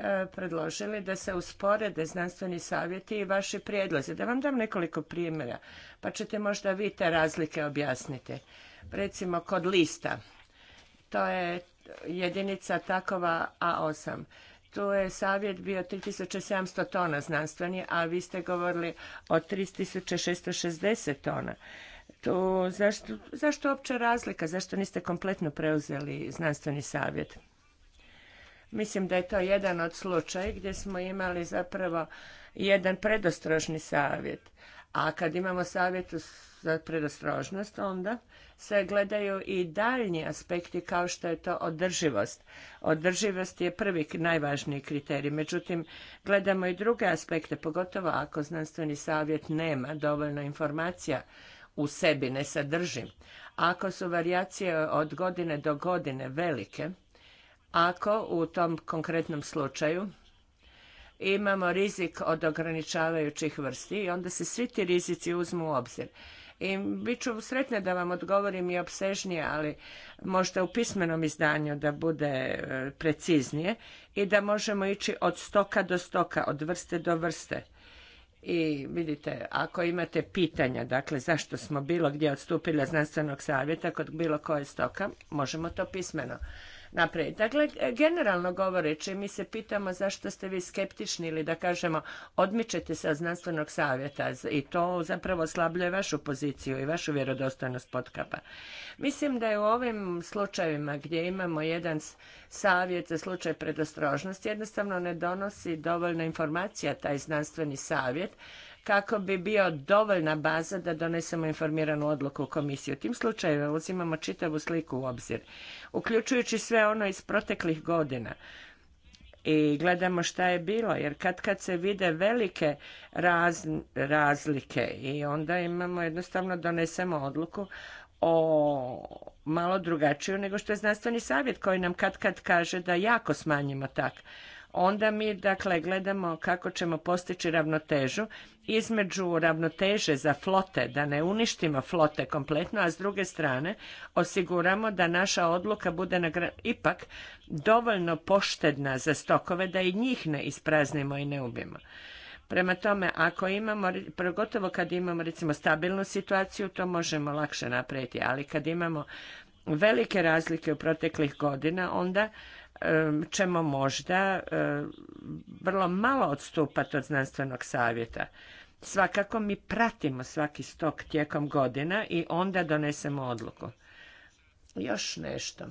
E, predložili da se usporede znanstveni savjeti i vaši prijedlozi. Da vam dam nekoliko primjera, pa ćete možda vi te razlike objasniti. Recimo kod lista, to je jedinica takova A8. Tu je savjet bio 3700 tona znanstveni, a vi ste govorili o 3660 tona. Tu, zašto, zašto razlika? Zašto niste kompletno preuzeli znanstveni savjet? Mislim da je to jedan od slučaja gdje smo imali zapravo jedan predostrožni savjet. A kad imamo savjet za predostrožnost, onda se gledaju i daljnji aspekti kao što je to održivost. Održivost je prvi najvažniji kriterij. Međutim, gledamo i druge aspekte, pogotovo ako znanstveni savjet nema dovoljno informacija u sebi, ne sadrži. Ako su varijacije od godine do godine velike, ako u tom konkretnom slučaju imamo rizik od ograničavajućih vrsti i onda se svi ti rizici uzmu u obzir. I bit ću sretna da vam odgovorim i obsežnije, ali možda u pismenom izdanju da bude e, preciznije i da možemo ići od stoka do stoka, od vrste do vrste. I vidite, ako imate pitanja, dakle zašto smo bilo gdje odstupili od znanstvenog savjeta kod bilo koje stoka, možemo to pismeno napraviti. Dakle, generalno govoreći, mi se pitamo zašto ste vi skeptični ili da kažemo odmičete se znanstvenog savjeta i to zapravo slabljuje vašu poziciju i vašu vjerodostojnost potkapa. Mislim da je u ovim slučajevima gdje imamo jedan savjet za slučaj predostrožnosti jednostavno ne donosi dovoljno informacija taj znanstveni savjet kako bi bio dovoljna baza da donesemo informiranu odluku u komisiji. U tim slučajevima uzimamo čitavu sliku u obzir, uključujući sve ono iz proteklih godina i gledamo šta je bilo, jer kad kad se vide velike razlike i onda imamo jednostavno donesemo odluku o malo drugačiju nego što je znanstveni savjet koji nam kad kad kaže da jako smanjimo tak onda mi dakle gledamo kako ćemo postići ravnotežu između ravnoteže za flote, da ne uništimo flote kompletno, a s druge strane osiguramo da naša odluka bude ipak dovoljno poštedna za stokove da i njih ne ispraznimo i ne ubijemo. Prema tome, ako imamo, pogotovo kad imamo recimo stabilnu situaciju, to možemo lakše napraviti, ali kad imamo velike razlike u proteklih godina, onda ćemo možda vrlo malo odstupati od znanstvenog savjeta. Svakako mi pratimo svaki stok tijekom godina i onda donesemo odluku. Još nešto.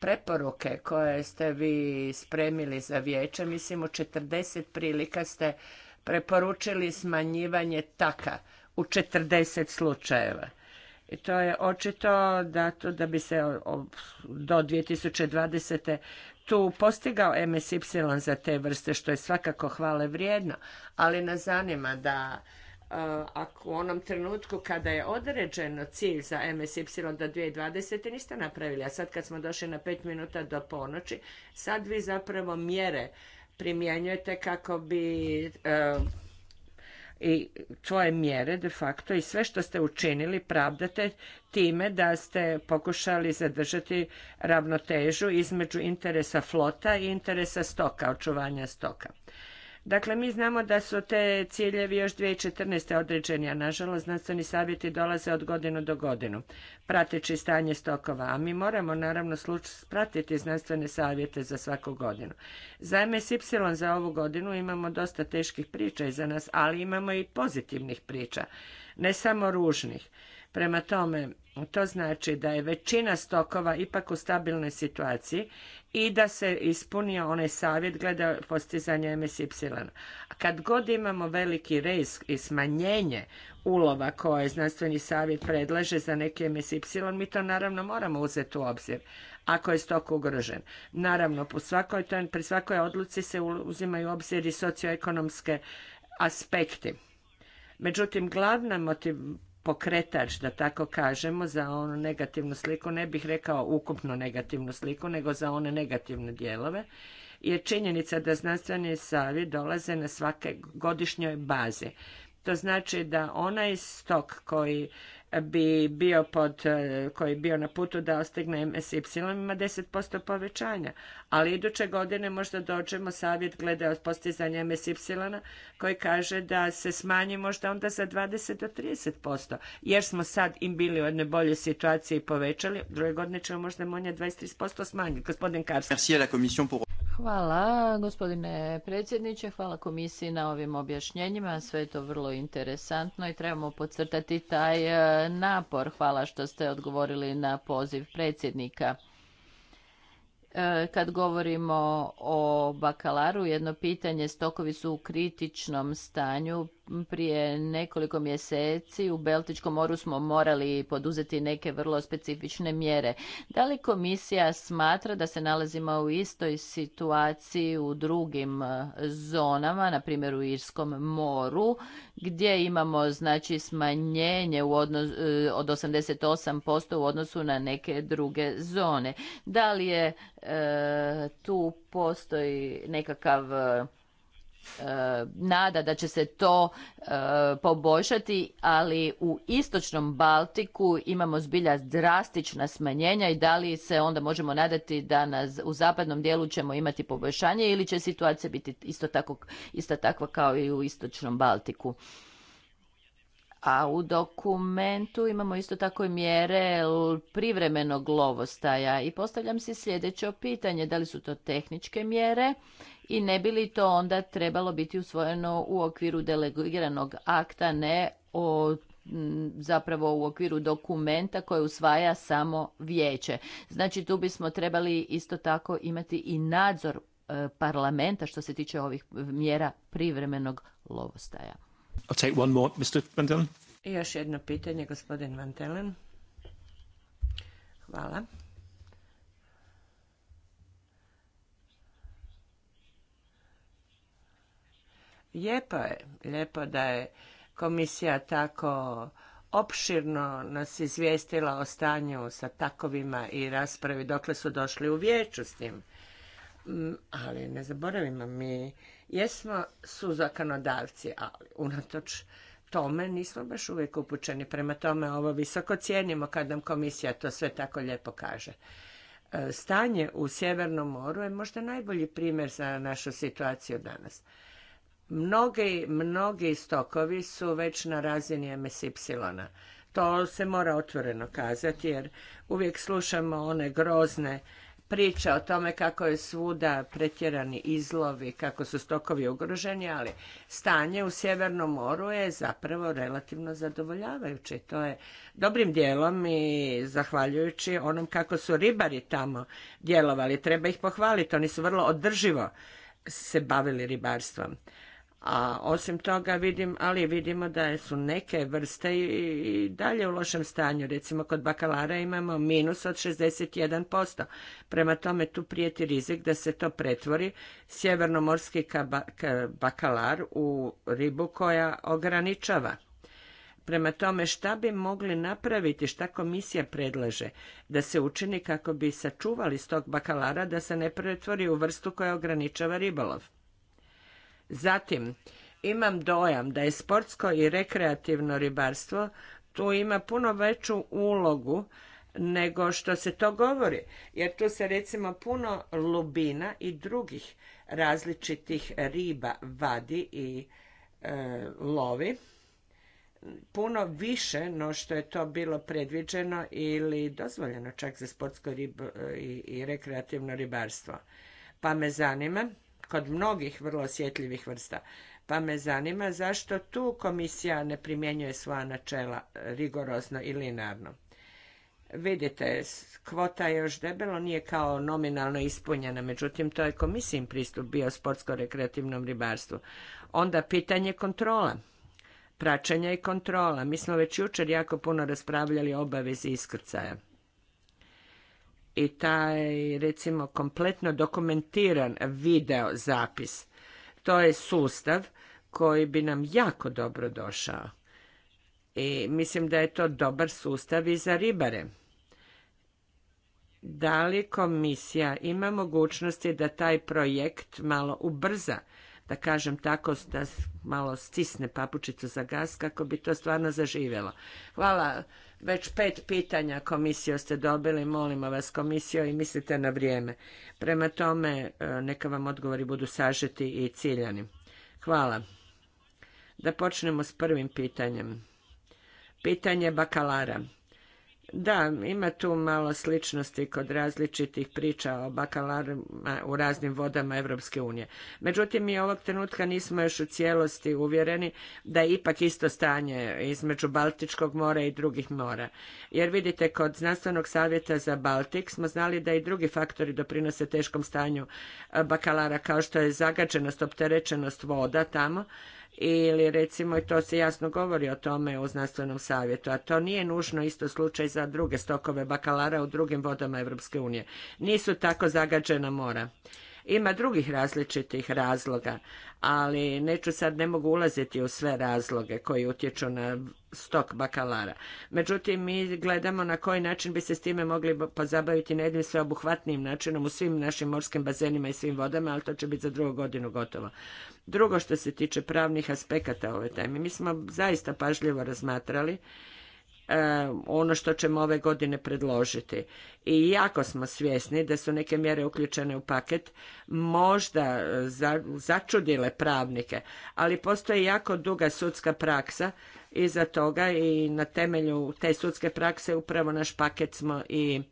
Preporuke koje ste vi spremili za vijeće, mislim u 40 prilika ste preporučili smanjivanje taka u 40 slučajeva. I to je očito da, to, da bi se do 2020. tu postigao MSY za te vrste, što je svakako hvale vrijedno, ali nas zanima da ako u onom trenutku kada je određeno cilj za MSY do 2020. niste napravili, a sad kad smo došli na 5 minuta do ponoći, sad vi zapravo mjere primjenjujete kako bi i tvoje mjere de facto i sve što ste učinili pravdate time da ste pokušali zadržati ravnotežu između interesa flota i interesa stoka, očuvanja stoka. Dakle, mi znamo da su te ciljevi još 2014. određeni, a nažalost znanstveni savjeti dolaze od godinu do godinu, prateći stanje stokova, a mi moramo naravno pratiti znanstvene savjete za svaku godinu. Za MSY za ovu godinu imamo dosta teških priča iza nas, ali imamo i pozitivnih priča, ne samo ružnih. Prema tome, to znači da je većina stokova ipak u stabilnoj situaciji i da se ispunio onaj savjet glede postizanja MSY. A kad god imamo veliki risk i smanjenje ulova koje znanstveni savjet predlaže za neki MSY, mi to naravno moramo uzeti u obzir ako je stok ugrožen. Naravno, svakoj, pri svakoj odluci se uzimaju u obzir i socioekonomske aspekti. Međutim, glavna motiv, pokretač, da tako kažemo, za onu negativnu sliku, ne bih rekao ukupnu negativnu sliku, nego za one negativne dijelove, je činjenica da znanstveni savjet dolaze na svake godišnjoj bazi. To znači da onaj stok koji bi bio pod, eh, koji bio na putu da ostigne MSY ima 10% povećanja. Ali iduće godine možda dođemo savjet glede postizanja MSY koji kaže da se smanji možda onda za 20 do 30%. Jer smo sad im bili u jednoj boljoj situaciji i povećali, druge godine ćemo možda manje 23% smanjiti. Gospodin Karski. Hvala gospodine predsjedniče, hvala komisiji na ovim objašnjenjima, sve je to vrlo interesantno i trebamo podcrtati taj e, napor. Hvala što ste odgovorili na poziv predsjednika. E, kad govorimo o bakalaru, jedno pitanje, stokovi su u kritičnom stanju, prije nekoliko mjeseci u Beltičkom moru smo morali poduzeti neke vrlo specifične mjere. Da li komisija smatra da se nalazimo u istoj situaciji u drugim e, zonama, na primjer u Irskom moru, gdje imamo znači smanjenje u odnos, e, od 88% u odnosu na neke druge zone? Da li je e, tu postoji nekakav E, nada da će se to e, poboljšati, ali u istočnom Baltiku imamo zbilja drastična smanjenja i da li se onda možemo nadati da na, u zapadnom dijelu ćemo imati poboljšanje ili će situacija biti isto tako, ista takva kao i u istočnom Baltiku. A u dokumentu imamo isto tako i mjere privremenog lovostaja i postavljam si sljedeće pitanje, da li su to tehničke mjere i ne bi li to onda trebalo biti usvojeno u okviru delegiranog akta, ne o zapravo u okviru dokumenta koje usvaja samo vijeće. Znači tu bismo trebali isto tako imati i nadzor e, parlamenta što se tiče ovih mjera privremenog lovostaja take I još jedno pitanje, gospodin Van Hvala. Lijepo je, lijepo da je komisija tako opširno nas izvijestila o stanju sa takovima i raspravi dokle su došli u vijeću s tim. Mm, ali ne zaboravimo mi Jesmo su zakonodavci, ali unatoč tome nismo baš uvijek upućeni. Prema tome ovo visoko cijenimo kad nam komisija to sve tako lijepo kaže. E, stanje u Sjevernom moru je možda najbolji primjer za našu situaciju danas. Mnogi, mnogi stokovi su već na razini msy To se mora otvoreno kazati jer uvijek slušamo one grozne priča o tome kako je svuda pretjerani izlovi, kako su stokovi ugroženi, ali stanje u Sjevernom moru je zapravo relativno zadovoljavajuće. To je dobrim dijelom i zahvaljujući onom kako su ribari tamo djelovali. Treba ih pohvaliti, oni su vrlo održivo se bavili ribarstvom. A osim toga vidim, ali vidimo da su neke vrste i dalje u lošem stanju. Recimo kod bakalara imamo minus od 61%. Prema tome tu prijeti rizik da se to pretvori sjevernomorski bakalar u ribu koja ograničava. Prema tome šta bi mogli napraviti, šta komisija predlaže da se učini kako bi sačuvali stok bakalara da se ne pretvori u vrstu koja ograničava ribolov. Zatim, imam dojam da je sportsko i rekreativno ribarstvo tu ima puno veću ulogu nego što se to govori, jer tu se recimo puno lubina i drugih različitih riba vadi i e, lovi puno više no što je to bilo predviđeno ili dozvoljeno čak za sportsko e, i, i rekreativno ribarstvo. Pa me zanima kod mnogih vrlo osjetljivih vrsta. Pa me zanima zašto tu komisija ne primjenjuje svoja načela e, rigorozno i linarno. Vidite, kvota je još debelo nije kao nominalno ispunjena, međutim to je komisijin pristup bio sportsko-rekreativnom ribarstvu. Onda pitanje kontrola, praćenja i kontrola. Mi smo već jučer jako puno raspravljali o obavezi iskrcaja i taj recimo kompletno dokumentiran video zapis. To je sustav koji bi nam jako dobro došao. I mislim da je to dobar sustav i za ribare. Da li komisija ima mogućnosti da taj projekt malo ubrza, da kažem tako, da malo stisne papučicu za gaz kako bi to stvarno zaživjelo? Hvala već pet pitanja komisijo ste dobili, molimo vas komisijo i mislite na vrijeme. Prema tome, e, neka vam odgovori budu sažeti i ciljani. Hvala. Da počnemo s prvim pitanjem. Pitanje bakalara. Da, ima tu malo sličnosti kod različitih priča o bakalarima u raznim vodama Evropske unije. Međutim, mi ovog trenutka nismo još u cijelosti uvjereni da je ipak isto stanje između Baltičkog mora i drugih mora. Jer vidite, kod Znanstvenog savjeta za Baltik smo znali da i drugi faktori doprinose teškom stanju e, bakalara, kao što je zagađenost, opterećenost voda tamo, ili recimo i to se jasno govori o tome u znanstvenom savjetu, a to nije nužno isto slučaj za druge stokove bakalara u drugim vodama Europske unije. Nisu tako zagađena mora. Ima drugih različitih razloga, ali neću sad, ne mogu ulaziti u sve razloge koji utječu na stok bakalara. Međutim, mi gledamo na koji način bi se s time mogli pozabaviti na jednim sveobuhvatnijim načinom u svim našim morskim bazenima i svim vodama, ali to će biti za drugu godinu gotovo. Drugo što se tiče pravnih aspekata ove teme, mi smo zaista pažljivo razmatrali E, ono što ćemo ove godine predložiti. I jako smo svjesni da su neke mjere uključene u paket možda e, začudile pravnike, ali postoji jako duga sudska praksa iza toga i na temelju te sudske prakse upravo naš paket smo i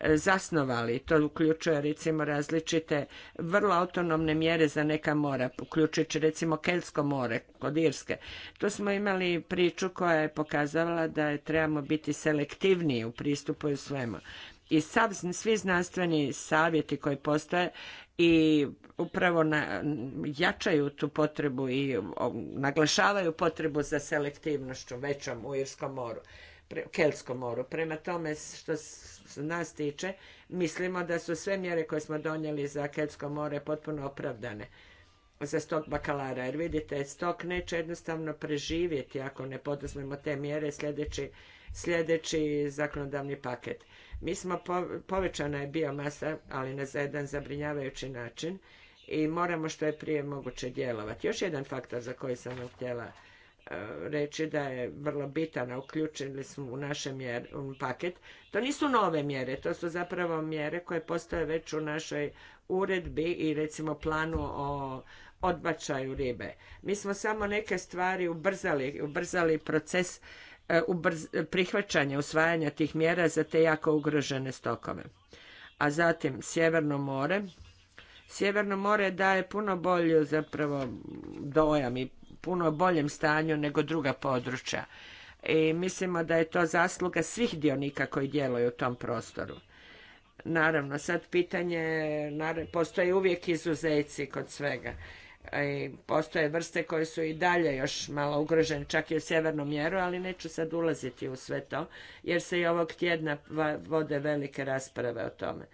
zasnovali. To uključuje recimo različite vrlo autonomne mjere za neka mora, uključujući recimo Kelsko more kod Irske. Tu smo imali priču koja je pokazala da je, trebamo biti selektivniji u pristupu i svemu. I sav, svi znanstveni savjeti koji postoje i upravo na, jačaju tu potrebu i naglašavaju potrebu za selektivnošću većom u Irskom moru u moru. Prema tome, što nas tiče, mislimo da su sve mjere koje smo donijeli za Kelsko more potpuno opravdane za stok bakalara. Jer vidite, stok neće jednostavno preživjeti ako ne poduzmemo te mjere sljedeći, sljedeći zakonodavni paket. Mi smo, povećana je biomasa, ali na za jedan zabrinjavajući način i moramo što je prije moguće djelovati. Još jedan faktor za koji sam vam htjela reći da je vrlo bitan, a uključili smo u naše paket. To nisu nove mjere, to su zapravo mjere koje postoje već u našoj uredbi i recimo planu o odbačaju ribe. Mi smo samo neke stvari ubrzali, ubrzali proces e, ubrz, prihvaćanja, usvajanja tih mjera za te jako ugrožene stokove. A zatim Sjeverno more. Sjeverno more daje puno bolju zapravo dojam i puno boljem stanju nego druga područja. I mislimo da je to zasluga svih dionika koji djeluju u tom prostoru. Naravno, sad pitanje, postoje uvijek izuzeci kod svega. I e, postoje vrste koje su i dalje još malo ugrožene, čak i u sjevernom mjeru, ali neću sad ulaziti u sve to, jer se i ovog tjedna vode velike rasprave o tome.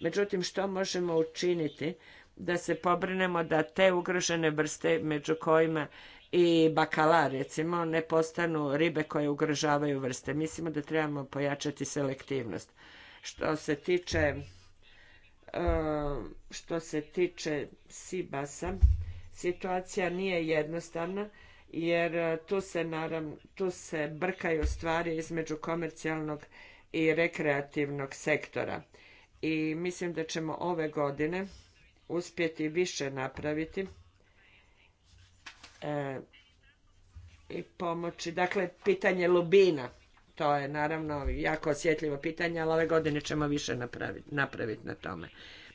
Međutim, što možemo učiniti da se pobrinemo da te ugrožene vrste među kojima i bakalar recimo ne postanu ribe koje ugrožavaju vrste. Mislimo da trebamo pojačati selektivnost. Što se tiče e, što se tiče Sibasa, situacija nije jednostavna jer e, tu se naravno, tu se brkaju stvari između komercijalnog i rekreativnog sektora. I mislim da ćemo ove godine uspjeti više napraviti e, i pomoći. Dakle, pitanje lubina. To je naravno jako osjetljivo pitanje, ali ove godine ćemo više napraviti, na tome.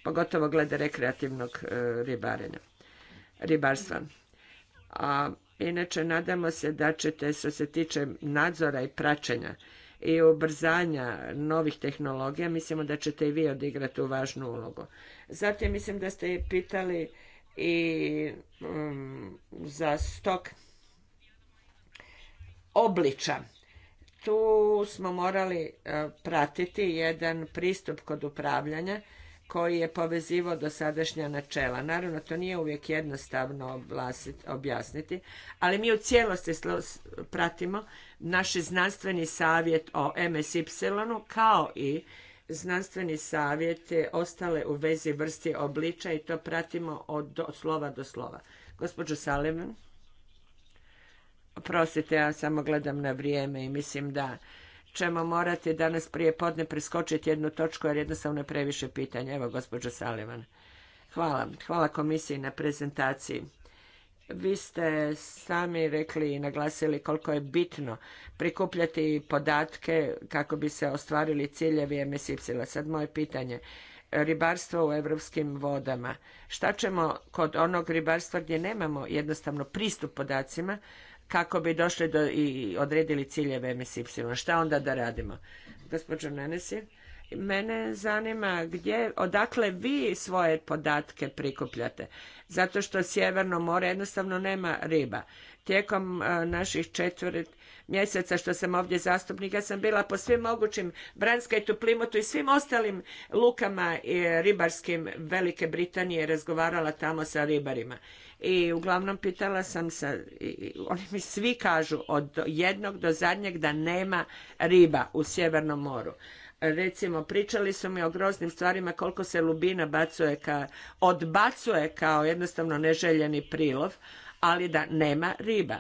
Pogotovo glede rekreativnog e, ribarenja, ribarstva. A inače, nadamo se da ćete, što se tiče nadzora i praćenja, i ubrzanja novih tehnologija, mislimo da ćete i vi odigrati u važnu ulogu. Zatim mislim da ste pitali i um, za stok obliča. Tu smo morali uh, pratiti jedan pristup kod upravljanja koji je povezivao sadašnja načela. Naravno, to nije uvijek jednostavno objasniti, ali mi u cijelosti pratimo naš znanstveni savjet o MSY kao i znanstveni savjet ostale u vezi vrsti obliča i to pratimo od slova do slova. Gospođo Salivan, oprostite, ja samo gledam na vrijeme i mislim da ćemo morati danas prije podne preskočiti jednu točku jer jednostavno je previše pitanja. Evo, gospođo Salivan. Hvala. Hvala komisiji na prezentaciji. Vi ste sami rekli i naglasili koliko je bitno prikupljati podatke kako bi se ostvarili ciljevi MSY. Sad moje pitanje ribarstvo u europskim vodama. Šta ćemo kod onog ribarstva gdje nemamo jednostavno pristup podacima, kako bi došli do i odredili ciljeve MSY. Šta onda da radimo? Gospođo Nenesi, mene zanima gdje, odakle vi svoje podatke prikupljate. Zato što Sjeverno more jednostavno nema riba. Tijekom eh, naših četvrti mjeseca što sam ovdje zastupnik, ja sam bila po svim mogućim Branskajtu, Plimotu i svim ostalim lukama e, ribarskim Velike Britanije razgovarala tamo sa ribarima. I uglavnom pitala sam se, oni mi svi kažu od jednog do zadnjeg da nema riba u Sjevernom moru recimo pričali su mi o groznim stvarima koliko se lubina bacuje odbacuje kao jednostavno neželjeni prilov, ali da nema riba.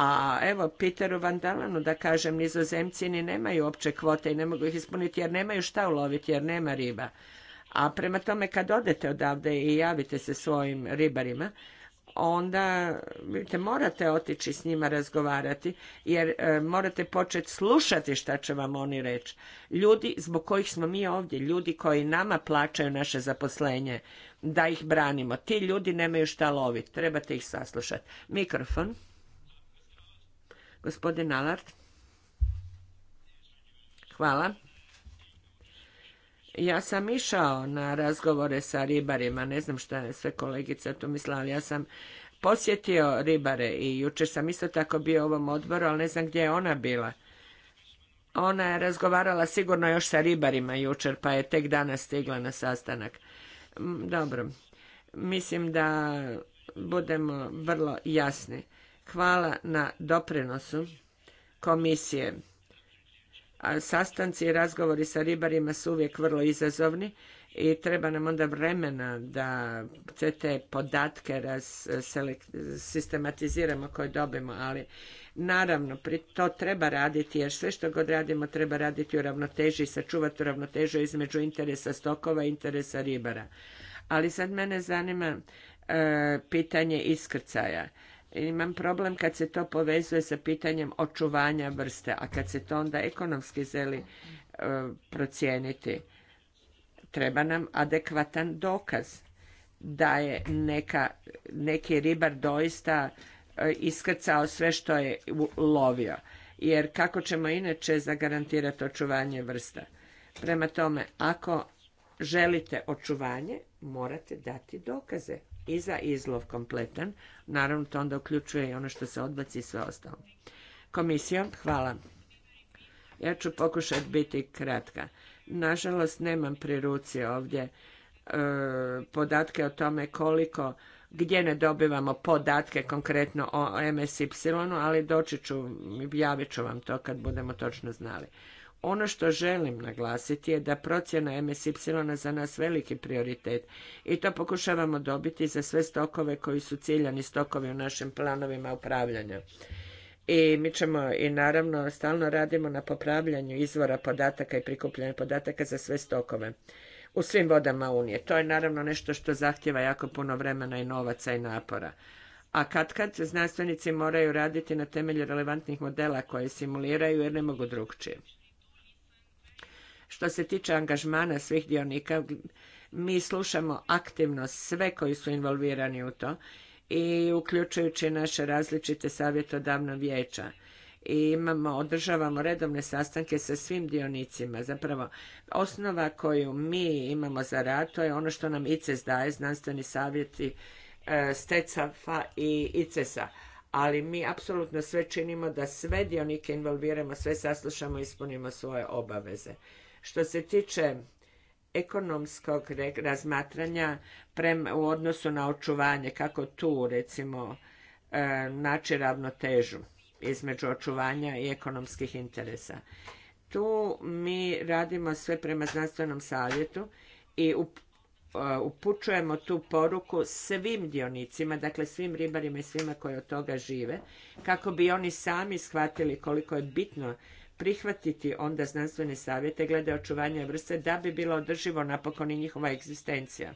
A evo, Peteru Vandalanu da kažem, nizozemci ni nemaju opće kvote i ne mogu ih ispuniti jer nemaju šta uloviti, jer nema riba. A prema tome kad odete odavde i javite se svojim ribarima, onda morate otići s njima razgovarati jer e, morate početi slušati šta će vam oni reći. Ljudi zbog kojih smo mi ovdje, ljudi koji nama plaćaju naše zaposlenje da ih branimo. Ti ljudi nemaju šta loviti, trebate ih saslušati. Mikrofon. Gospodin Alard. Hvala. Ja sam išao na razgovore sa ribarima, ne znam šta je sve kolegica tu mislila, ali ja sam posjetio ribare i jučer sam isto tako bio u ovom odboru, ali ne znam gdje je ona bila. Ona je razgovarala sigurno još sa ribarima jučer, pa je tek danas stigla na sastanak. Mm, dobro, mislim da budemo vrlo jasni. Hvala na doprinosu komisije. sastanci i razgovori sa ribarima su uvijek vrlo izazovni i treba nam onda vremena da sve te podatke sistematiziramo koje dobimo, ali naravno to treba raditi jer sve što god radimo treba raditi u ravnoteži i sačuvati ravnotežu između interesa stokova i interesa ribara. Ali sad mene zanima e, pitanje iskrcaja imam problem kad se to povezuje sa pitanjem očuvanja vrste, a kad se to onda ekonomski zeli e, procijeniti, treba nam adekvatan dokaz da je neki ribar doista e, iskrcao sve što je lovio. Jer kako ćemo inače zagarantirati očuvanje vrsta? Prema tome, ako želite očuvanje, morate dati dokaze i za izlov kompletan. Naravno, to onda uključuje i ono što se odbaci i sve ostalo. Komisijom, hvala. Ja ću pokušati biti kratka. Nažalost, nemam pri ruci ovdje e, podatke o tome koliko, gdje ne dobivamo podatke konkretno o MSY, ali doći ću, javit ću vam to kad budemo točno znali. Ono što želim naglasiti je da procjena MSY za nas veliki prioritet i to pokušavamo dobiti za sve stokove koji su ciljani stokovi u našim planovima upravljanja. I mi ćemo i naravno stalno radimo na popravljanju izvora podataka i prikupljanju podataka za sve stokove u svim vodama Unije. To je naravno nešto što zahtjeva jako puno vremena i novaca i napora. A kad kad znanstvenici moraju raditi na temelju relevantnih modela koje simuliraju jer ne mogu drugčije. Što se tiče angažmana svih dionika, mi slušamo aktivno sve koji su involvirani u to i uključujući naše različite savjetodavna vijeća i imamo, održavamo redovne sastanke sa svim dionicima. Zapravo, osnova koju mi imamo za rad, to je ono što nam ICES daje, znanstveni savjeti e, Stecafa i ICESA. Ali mi apsolutno sve činimo da sve dionike involviramo, sve saslušamo i ispunimo svoje obaveze. Što se tiče ekonomskog razmatranja prema, u odnosu na očuvanje, kako tu recimo e, naći ravnotežu između očuvanja i ekonomskih interesa. Tu mi radimo sve prema znanstvenom savjetu i e, upućujemo tu poruku svim dionicima, dakle svim ribarima i svima koji od toga žive, kako bi oni sami shvatili koliko je bitno prihvatiti onda znanstvene savjete glede očuvanja vrste da bi bilo održivo napokon i njihova egzistencija.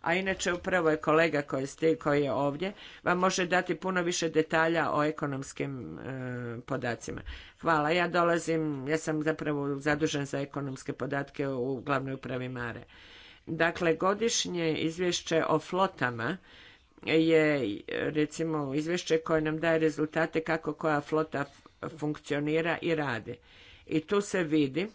A inače upravo je kolega koji, ste, koji je ovdje vam može dati puno više detalja o ekonomskim e, podacima. Hvala, ja dolazim, ja sam zapravo zadužen za ekonomske podatke u glavnoj upravi Mare. Dakle, godišnje izvješće o flotama je recimo izvješće koje nam daje rezultate kako koja flota funkcionira i radi. I tu se vidi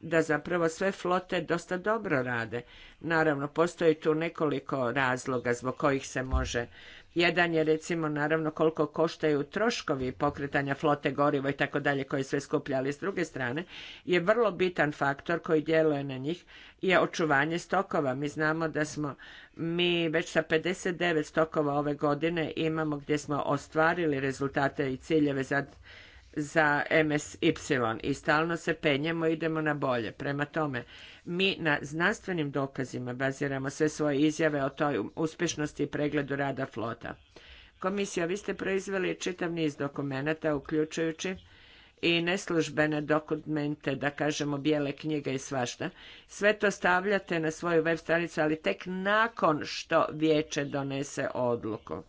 da zapravo sve flote dosta dobro rade. Naravno, postoji tu nekoliko razloga zbog kojih se može. Jedan je recimo naravno koliko koštaju troškovi pokretanja flote goriva i tako dalje koje sve skuplja, ali s druge strane je vrlo bitan faktor koji djeluje na njih je očuvanje stokova. Mi znamo da smo mi već sa 59 stokova ove godine imamo gdje smo ostvarili rezultate i ciljeve za za MSY i stalno se penjemo i idemo na bolje. Prema tome, mi na znanstvenim dokazima baziramo sve svoje izjave o toj uspješnosti i pregledu rada flota. Komisija, vi ste proizveli čitav niz dokumenata, uključujući i neslužbene dokumente, da kažemo bijele knjige i svašta. Sve to stavljate na svoju web stranicu, ali tek nakon što vijeće donese odluku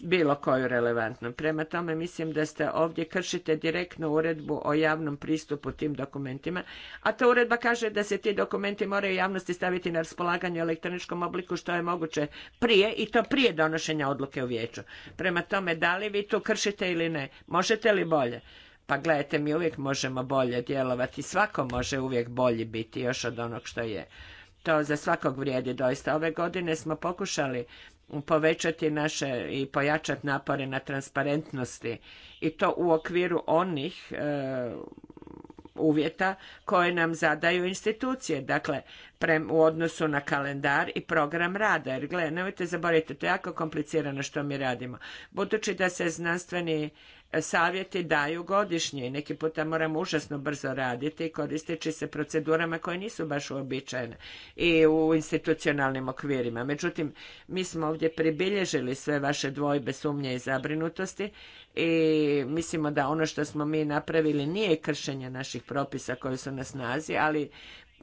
bilo koju relevantnu. Prema tome mislim da ste ovdje kršite direktno uredbu o javnom pristupu tim dokumentima, a ta uredba kaže da se ti dokumenti moraju javnosti staviti na raspolaganje u elektroničkom obliku što je moguće prije i to prije donošenja odluke u vijeću. Prema tome, da li vi tu kršite ili ne? Možete li bolje? Pa gledajte, mi uvijek možemo bolje djelovati, svako može uvijek bolji biti još od onog što je to za svakog vrijedi doista. Ove godine smo pokušali povećati naše i pojačati napore na transparentnosti i to u okviru onih e, uvjeta koje nam zadaju institucije, dakle u odnosu na kalendar i program rada. Jer gledaj, nemojte zaboraviti, to je jako komplicirano što mi radimo. Budući da se znanstveni savjeti daju godišnje i neki puta moramo užasno brzo raditi koristeći se procedurama koje nisu baš uobičajene i u institucionalnim okvirima. Međutim, mi smo ovdje pribilježili sve vaše dvojbe, sumnje i zabrinutosti i mislimo da ono što smo mi napravili nije kršenje naših propisa koji su na snazi, ali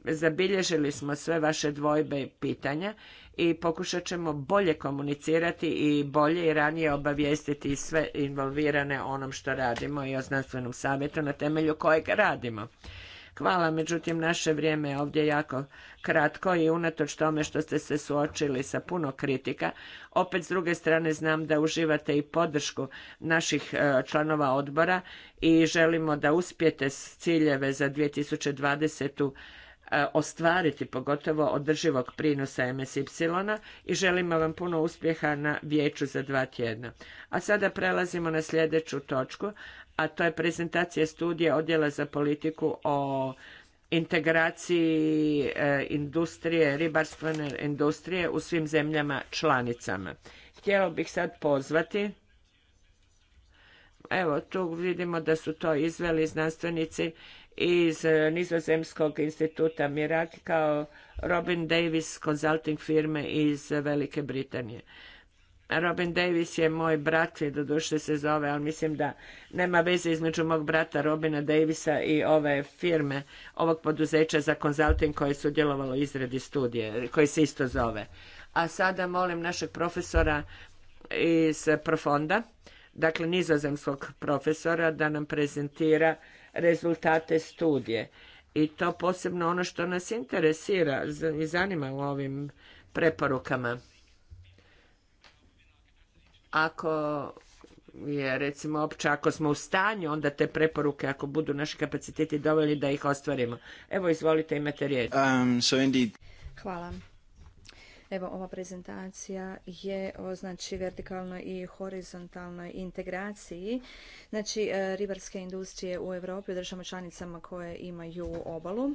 zabilježili smo sve vaše dvojbe i pitanja i pokušat ćemo bolje komunicirati i bolje i ranije obavijestiti sve involvirane onom što radimo i o znanstvenom savjetu na temelju kojeg radimo. Hvala, međutim, naše vrijeme je ovdje jako kratko i unatoč tome što ste se suočili sa puno kritika, opet s druge strane znam da uživate i podršku naših e, članova odbora i želimo da uspijete ciljeve za 2020. E, ostvariti, pogotovo održivog prinosa MSY i želimo vam puno uspjeha na vijeću za dva tjedna. A sada prelazimo na sljedeću točku, a to je prezentacija studije Odjela za politiku o integraciji e, industrije, ribarstvene industrije u svim zemljama članicama. Htjela bih sad pozvati Evo, tu vidimo da su to izveli znanstvenici iz e, Nizozemskog instituta Mirak kao Robin Davis consulting firme iz Velike Britanije. Robin Davis je moj brat, je doduše se zove, ali mislim da nema veze između mog brata Robina Davisa i ove firme, ovog poduzeća za konzulting koje su djelovalo izradi studije, koji se isto zove. A sada molim našeg profesora iz Profonda dakle nizozemskog profesora da nam prezentira rezultate studije. I to posebno ono što nas interesira i zanima u ovim preporukama. Ako je recimo opće ako smo u stanju onda te preporuke ako budu naši kapaciteti dovoljni da ih ostvarimo. Evo izvolite imate riječ. Um, Hvala. Evo, ova prezentacija je o znači, vertikalnoj i horizontalnoj integraciji znači, e, ribarske industrije u Europi u državama članicama koje imaju obalu.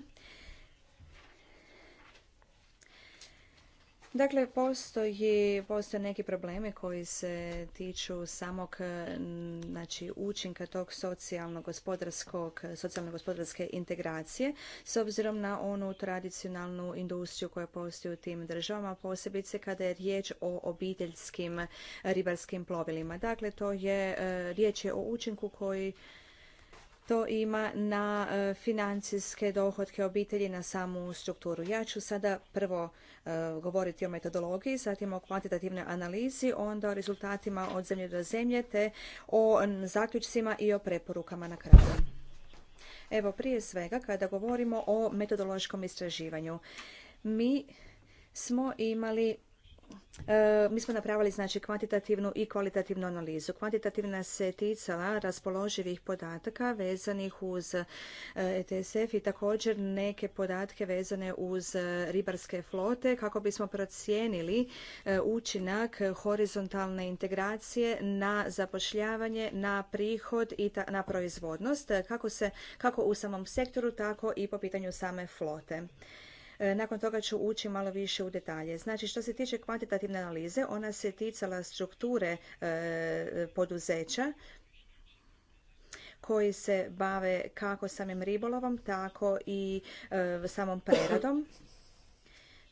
Dakle, postoji, postoje neki problemi koji se tiču samog znači, učinka tog socijalno-gospodarskog, socijalno-gospodarske integracije s obzirom na onu tradicionalnu industriju koja postoji u tim državama, posebice kada je riječ o obiteljskim ribarskim plovilima. Dakle, to je, e, riječ je o učinku koji to ima na e, financijske dohodke obitelji, na samu strukturu. Ja ću sada prvo e, govoriti o metodologiji, zatim o kvantitativnoj analizi, onda o rezultatima od zemlje do zemlje, te o zaključcima i o preporukama na kraju. Evo, prije svega, kada govorimo o metodološkom istraživanju, mi smo imali E, mi smo napravili znači kvantitativnu i kvalitativnu analizu. Kvantitativna se ticala raspoloživih podataka vezanih uz ETSF e i također neke podatke vezane uz e, ribarske flote kako bismo procijenili učinak horizontalne integracije na zapošljavanje, na prihod i na proizvodnost kako, se, kako u samom sektoru, tako i po pitanju same flote. E, nakon toga ću ući malo više u detalje. Znači, što se tiče kvantitativne analize, ona se ticala strukture e, poduzeća koji se bave kako samim ribolovom, tako i e, samom preradom.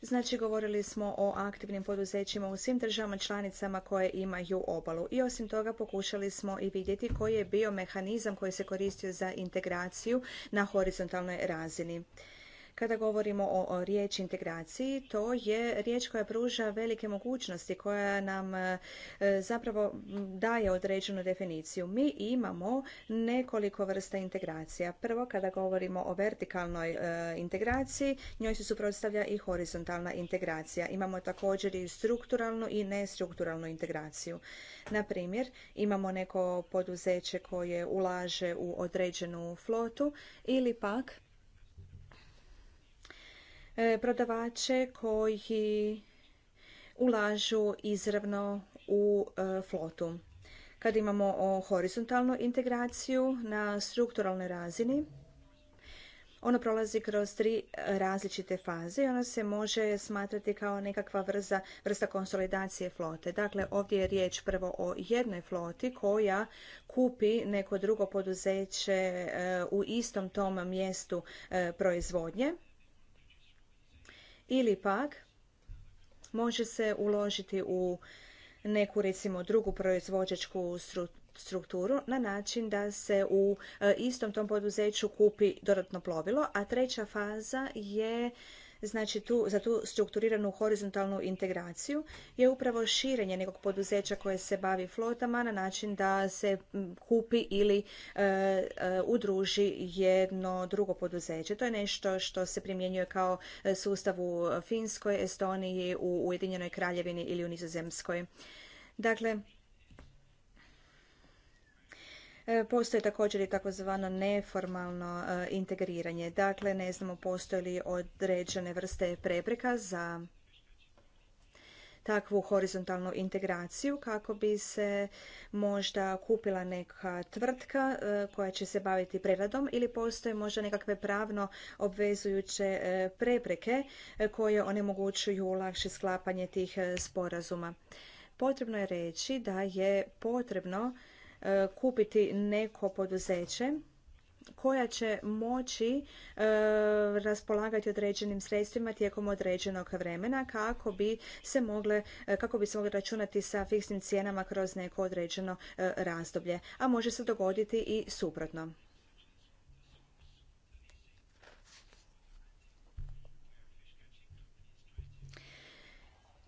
Znači, govorili smo o aktivnim poduzećima u svim državama članicama koje imaju obalu. I osim toga pokušali smo i vidjeti koji je bio mehanizam koji se koristio za integraciju na horizontalnoj razini. Kada govorimo o riječi integraciji, to je riječ koja pruža velike mogućnosti, koja nam e, zapravo daje određenu definiciju. Mi imamo nekoliko vrsta integracija. Prvo, kada govorimo o vertikalnoj e, integraciji, njoj se suprotstavlja i horizontalna integracija. Imamo također i strukturalnu i nestrukturalnu integraciju. Na primjer, imamo neko poduzeće koje ulaže u određenu flotu ili pak E, prodavače koji ulažu izravno u e, flotu. Kad imamo horizontalnu integraciju na strukturalnoj razini, ono prolazi kroz tri različite faze i ono se može smatrati kao nekakva vrsta konsolidacije flote. Dakle, ovdje je riječ prvo o jednoj floti koja kupi neko drugo poduzeće e, u istom tom mjestu proizvodnje ili pak može se uložiti u neku recimo drugu proizvođačku strukturu na način da se u e, istom tom poduzeću kupi dodatno plovilo, a treća faza je znači tu, za tu strukturiranu horizontalnu integraciju je upravo širenje nekog poduzeća koje se bavi flotama na način da se kupi ili e, e, udruži jedno drugo poduzeće. To je nešto što se primjenjuje kao e, sustav u Finskoj, Estoniji, u Ujedinjenoj Kraljevini ili u Nizozemskoj. Dakle, E, postoje također i takozvano neformalno e, integriranje. Dakle, ne znamo postoje li određene vrste prepreka za takvu horizontalnu integraciju kako bi se možda kupila neka tvrtka e, koja će se baviti preradom ili postoje možda nekakve pravno obvezujuće prepreke koje onemogućuju lakše sklapanje tih sporazuma. Potrebno je reći da je potrebno kupiti neko poduzeće koja će moći e, raspolagati određenim sredstvima tijekom određenog vremena kako bi se mogle e, kako bi se mogle računati sa fiksnim cijenama kroz neko određeno e, razdoblje a može se dogoditi i suprotno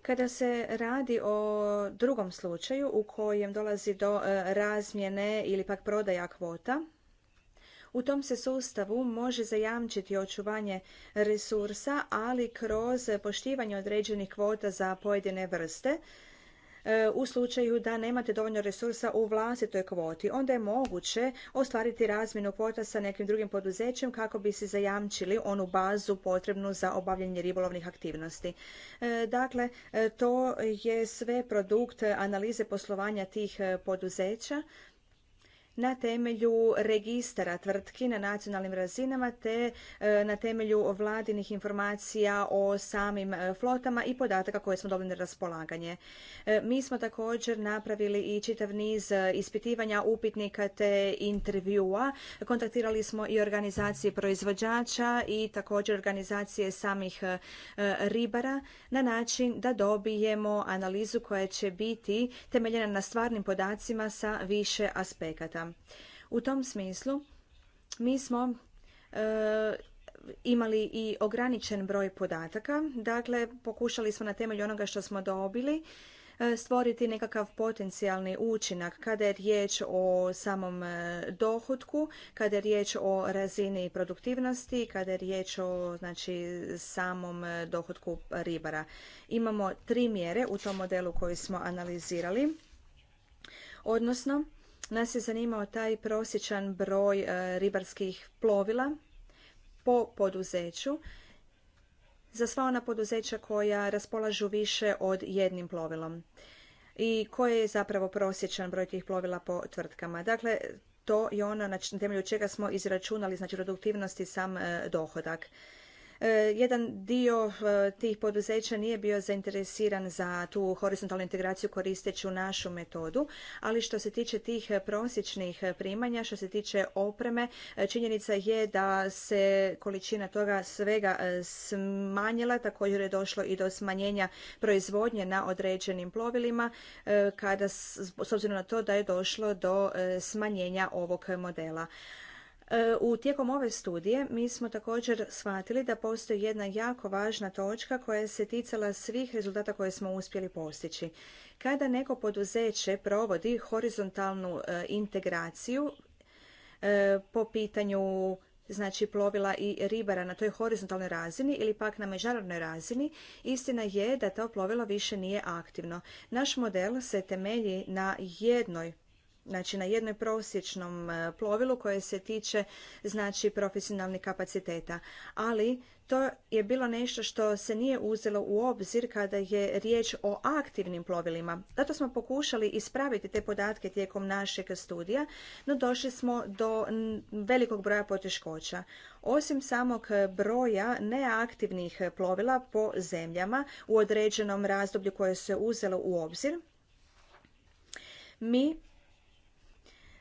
Kada se radi o drugom slučaju u kojem dolazi do e, razmjene ili pak prodaja kvota, u tom se sustavu može zajamčiti očuvanje resursa, ali kroz poštivanje određenih kvota za pojedine vrste, E, u slučaju da nemate dovoljno resursa u vlastitoj kvoti. Onda je moguće ostvariti razmjenu kvota sa nekim drugim poduzećem kako bi se zajamčili onu bazu potrebnu za obavljanje ribolovnih aktivnosti. E, dakle, e, to je sve produkt analize poslovanja tih poduzeća na temelju registara tvrtki na nacionalnim razinama te e, na temelju vladinih informacija o samim e, flotama i podataka koje smo dobili na raspolaganje. E, mi smo također napravili i čitav niz ispitivanja upitnika te intervjua. Kontaktirali smo i organizacije proizvođača i također organizacije samih ribara na način da dobijemo analizu koja će biti temeljena na stvarnim podacima sa više aspekata. U tom smislu mi smo e, imali i ograničen broj podataka. Dakle, pokušali smo na temelju onoga što smo dobili e, stvoriti nekakav potencijalni učinak kada je riječ o samom e, dohotku, kada je riječ o razini produktivnosti, kada je riječ o znači, samom dohotku ribara. Imamo tri mjere u tom modelu koji smo analizirali, odnosno nas je zanimao taj prosječan broj e, ribarskih plovila po poduzeću za sva ona poduzeća koja raspolažu više od jednim plovilom i koji je zapravo prosječan broj tih plovila po tvrtkama. Dakle, to je ono na temelju čega smo izračunali znači i sam e, dohodak. E, jedan dio e, tih poduzeća nije bio zainteresiran za tu horizontalnu integraciju koristeću našu metodu, ali što se tiče tih prosječnih primanja, što se tiče opreme, e, činjenica je da se količina toga svega smanjila, također je došlo i do smanjenja proizvodnje na određenim plovilima, kada, s obzirom na to da je došlo do smanjenja ovog modela. E, u tijekom ove studije mi smo također shvatili da postoji jedna jako važna točka koja se ticala svih rezultata koje smo uspjeli postići. Kada neko poduzeće provodi horizontalnu e, integraciju e, po pitanju znači plovila i ribara na toj horizontalnoj razini ili pak na međunarodnoj razini, istina je da to plovilo više nije aktivno. Naš model se temelji na jednoj znači na jednoj prosječnom e, plovilu koje se tiče znači profesionalnih kapaciteta. Ali to je bilo nešto što se nije uzelo u obzir kada je riječ o aktivnim plovilima. Zato smo pokušali ispraviti te podatke tijekom našeg studija, no došli smo do velikog broja poteškoća. Osim samog broja neaktivnih plovila po zemljama u određenom razdoblju koje se uzelo u obzir, mi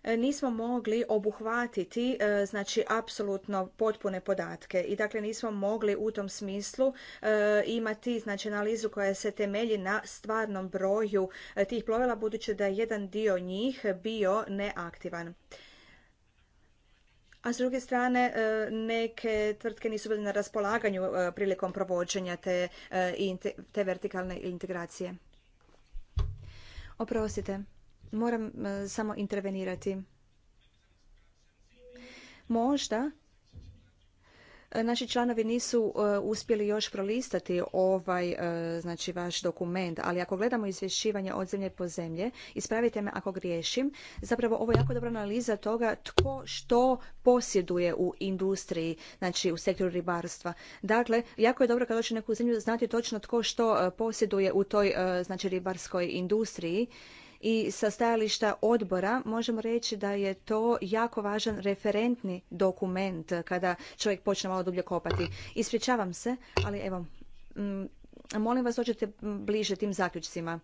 E, nismo mogli obuhvatiti e, znači apsolutno potpune podatke i dakle nismo mogli u tom smislu e, imati znači analizu koja se temelji na stvarnom broju tih plovila budući da je jedan dio njih bio neaktivan. A s druge strane, neke tvrtke nisu bile na raspolaganju prilikom provođenja te, te vertikalne integracije. Oprostite. Moram e, samo intervenirati. Možda e, naši članovi nisu e, uspjeli još prolistati ovaj znači vaš dokument, ali ako gledamo izvješćivanje od zemlje po zemlje, ispravite me ako griješim, zapravo ovo je jako dobra analiza toga tko što posjeduje u industriji, znači u sektoru ribarstva. Dakle, jako je dobro kada doći neku zemlju znati točno tko što posjeduje u toj znači ribarskoj industriji i sa stajališta odbora možemo reći da je to jako važan referentni dokument kada čovjek počne malo dublje kopati. Ispričavam se, ali evo, mm, molim vas dođete bliže tim zaključcima.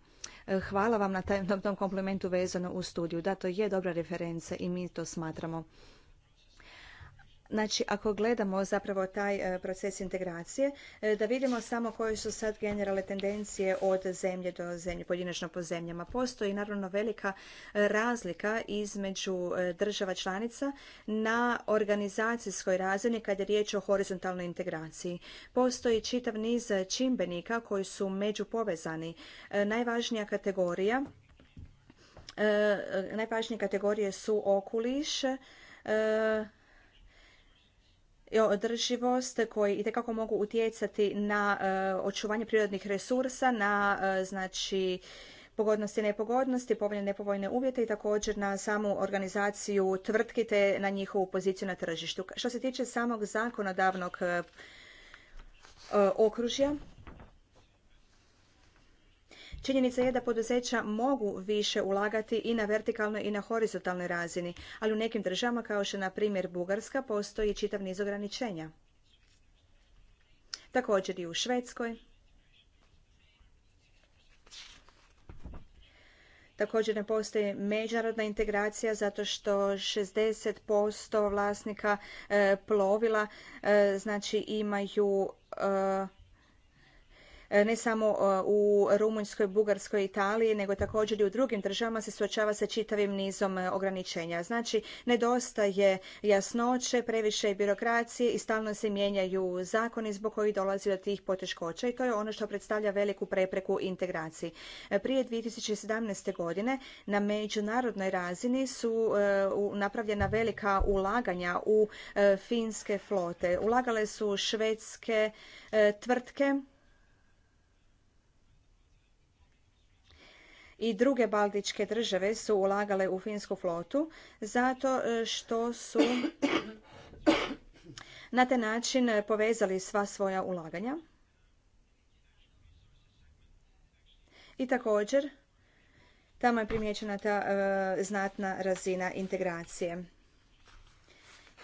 Hvala vam na tom komplimentu vezano u studiju. Da, to je dobra referenca i mi to smatramo. Znači, ako gledamo zapravo taj e, proces integracije, e, da vidimo samo koje su sad generalne tendencije od zemlje do zemlje, pojedinačno po zemljama. Postoji naravno velika e, razlika između država članica na organizacijskoj razini kad je riječ o horizontalnoj integraciji. Postoji čitav niz čimbenika koji su međupovezani. Najvažnija kategorija najvažnije kategorije su okoliš, održivost koji i itekako mogu utjecati na e, očuvanje prirodnih resursa, na e, znači pogodnosti i nepogodnosti, povoljne nepovoljne uvjete i također na samu organizaciju tvrtki te na njihovu poziciju na tržištu. Što se tiče samog zakonodavnog e, okružja, Činjenica je da poduzeća mogu više ulagati i na vertikalnoj i na horizontalnoj razini, ali u nekim državama kao što je na primjer Bugarska postoji čitav niz ograničenja. Također i u Švedskoj. Također ne postoji međunarodna integracija zato što 60% vlasnika e, plovila e, znači imaju e, E, ne samo e, u Rumunjskoj, Bugarskoj, Italiji, nego također i u drugim državama se suočava sa čitavim nizom e, ograničenja. Znači, nedostaje jasnoće, previše je birokracije i stalno se mijenjaju zakoni zbog kojih dolazi do tih poteškoća i to je ono što predstavlja veliku prepreku integraciji. Prije 2017. godine na međunarodnoj razini su napravljena velika ulaganja u finske flote. Ulagale su švedske tvrtke i druge baltičke države su ulagale u finsku flotu zato e, što su na taj način povezali sva svoja ulaganja. I također tamo je primjećena ta e, znatna razina integracije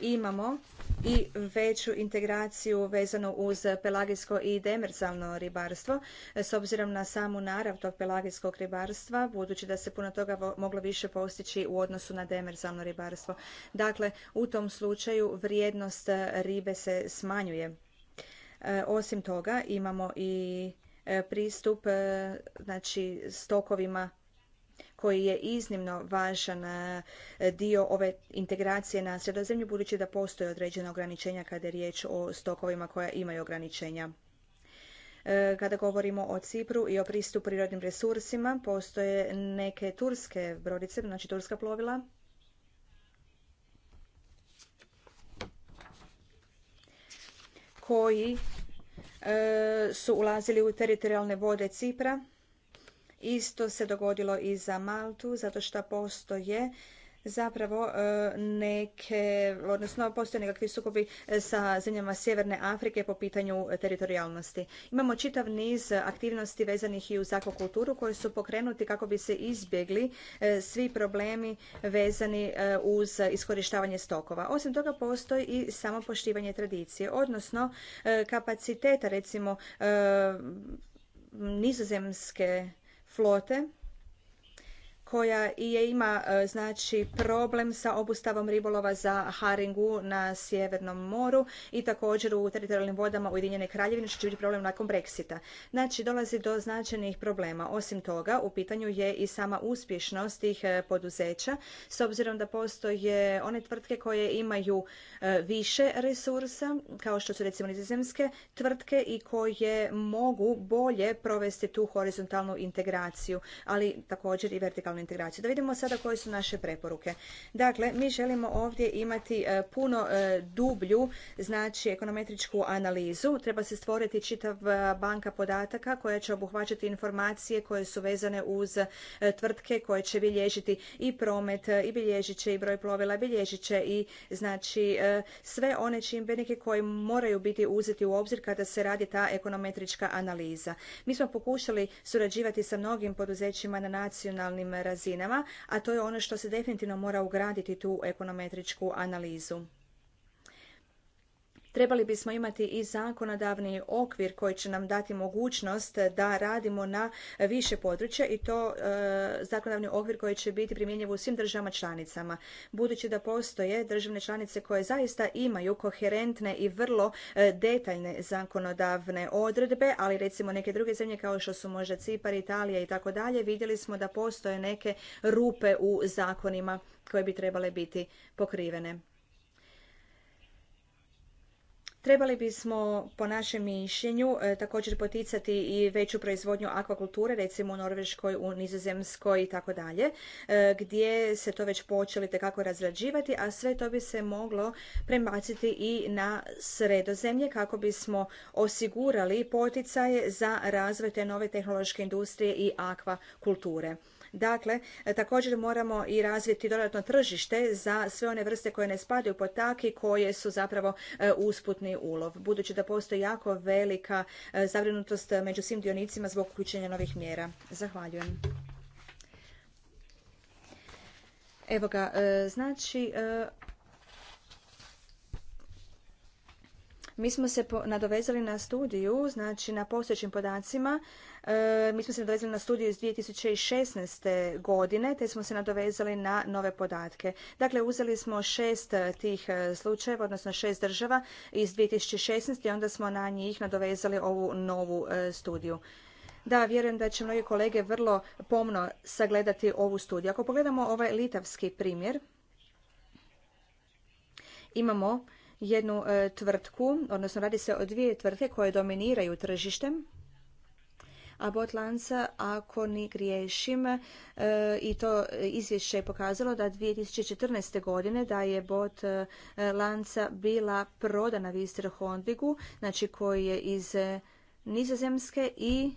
imamo i veću integraciju vezano uz pelagijsko i demerzalno ribarstvo s obzirom na samu narav tog pelagijskog ribarstva budući da se puno toga moglo više postići u odnosu na demerzalno ribarstvo. Dakle, u tom slučaju vrijednost ribe se smanjuje. E, osim toga imamo i e, pristup e, znači stokovima koji je iznimno važan e, dio ove integracije na sredozemlju budući da postoje određena ograničenja kada je riječ o stokovima koja imaju ograničenja. E, kada govorimo o Cipru i o pristupu prirodnim resursima, postoje neke turske brodice, znači turska plovila, koji e, su ulazili u teritorijalne vode Cipra Isto se dogodilo i za Maltu, zato što postoje zapravo e, neke, odnosno postoje nekakvi sukobi e, sa zemljama Sjeverne Afrike po pitanju teritorijalnosti. Imamo čitav niz aktivnosti vezanih i uz akvakulturu koje su pokrenuti kako bi se izbjegli e, svi problemi vezani uz iskorištavanje stokova. Osim toga postoji i samo poštivanje tradicije, odnosno kapaciteta recimo nizozemske flote koja je ima e, znači problem sa obustavom ribolova za haringu na Sjevernom moru i također u teritorijalnim vodama Ujedinjene kraljevine što će biti problem nakon Brexita. Znači dolazi do značajnih problema. Osim toga u pitanju je i sama uspješnost tih e, poduzeća s obzirom da postoje one tvrtke koje imaju e, više resursa kao što su recimo nizozemske tvrtke i koje mogu bolje provesti tu horizontalnu integraciju ali također i vertikalnu integraciju. Da vidimo sada koje su naše preporuke. Dakle, mi želimo ovdje imati e, puno e, dublju, znači ekonometričku analizu. Treba se stvoriti čitav e, banka podataka koja će obuhvaćati informacije koje su vezane uz tvrtke koje će bilježiti i promet, i bilježit će i broj plovila, bilježit će i znači sve one čimbenike koji moraju biti uzeti u obzir kada se radi ta ekonometrička analiza. Mi smo pokušali surađivati sa mnogim poduzećima na nacionalnim razinama, a to je ono što se definitivno mora ugraditi tu ekonometričku analizu. Trebali bismo imati i zakonodavni okvir koji će nam dati mogućnost da radimo na više područja i to e, zakonodavni okvir koji će biti primjenjiv u svim državama članicama. Budući da postoje državne članice koje zaista imaju koherentne i vrlo e, detaljne zakonodavne odredbe, ali recimo neke druge zemlje kao što su možda Cipar, Italija i tako dalje, vidjeli smo da postoje neke rupe u zakonima koje bi trebale biti pokrivene. Trebali bismo, po našem mišljenju, e, također poticati i veću proizvodnju akvakulture, recimo u Norveškoj, u Nizozemskoj i tako dalje, e, gdje se to već počeli tekako razrađivati, a sve to bi se moglo prebaciti i na sredozemlje kako bismo osigurali poticaje za razvoj te nove tehnološke industrije i akvakulture. Dakle, također moramo i razviti dodatno tržište za sve one vrste koje ne spadaju pod taki koje su zapravo e, usputni ulov. Budući da postoji jako velika e, zabrinutost među svim dionicima zbog uključenja novih mjera. Zahvaljujem. Evo ga, e, znači, mi smo se nadovezali na studiju, znači na postojećim podacima E, mi smo se nadovezali na studiju iz 2016. godine, te smo se nadovezali na nove podatke. Dakle, uzeli smo šest e, tih e, slučajeva, odnosno šest država iz 2016. i onda smo na njih nadovezali ovu novu studiju. Da, vjerujem da će mnogi kolege vrlo pomno sagledati ovu studiju. Ako pogledamo ovaj litavski primjer, imamo jednu tvrtku, odnosno radi se o dvije tvrtke koje dominiraju tržištem Abot Lanca, ako ni griješim, e, i to izvješće je pokazalo da 2014. godine da je Bot e, Lanca bila prodana Vister Hondigu, znači koji je iz e, Nizozemske i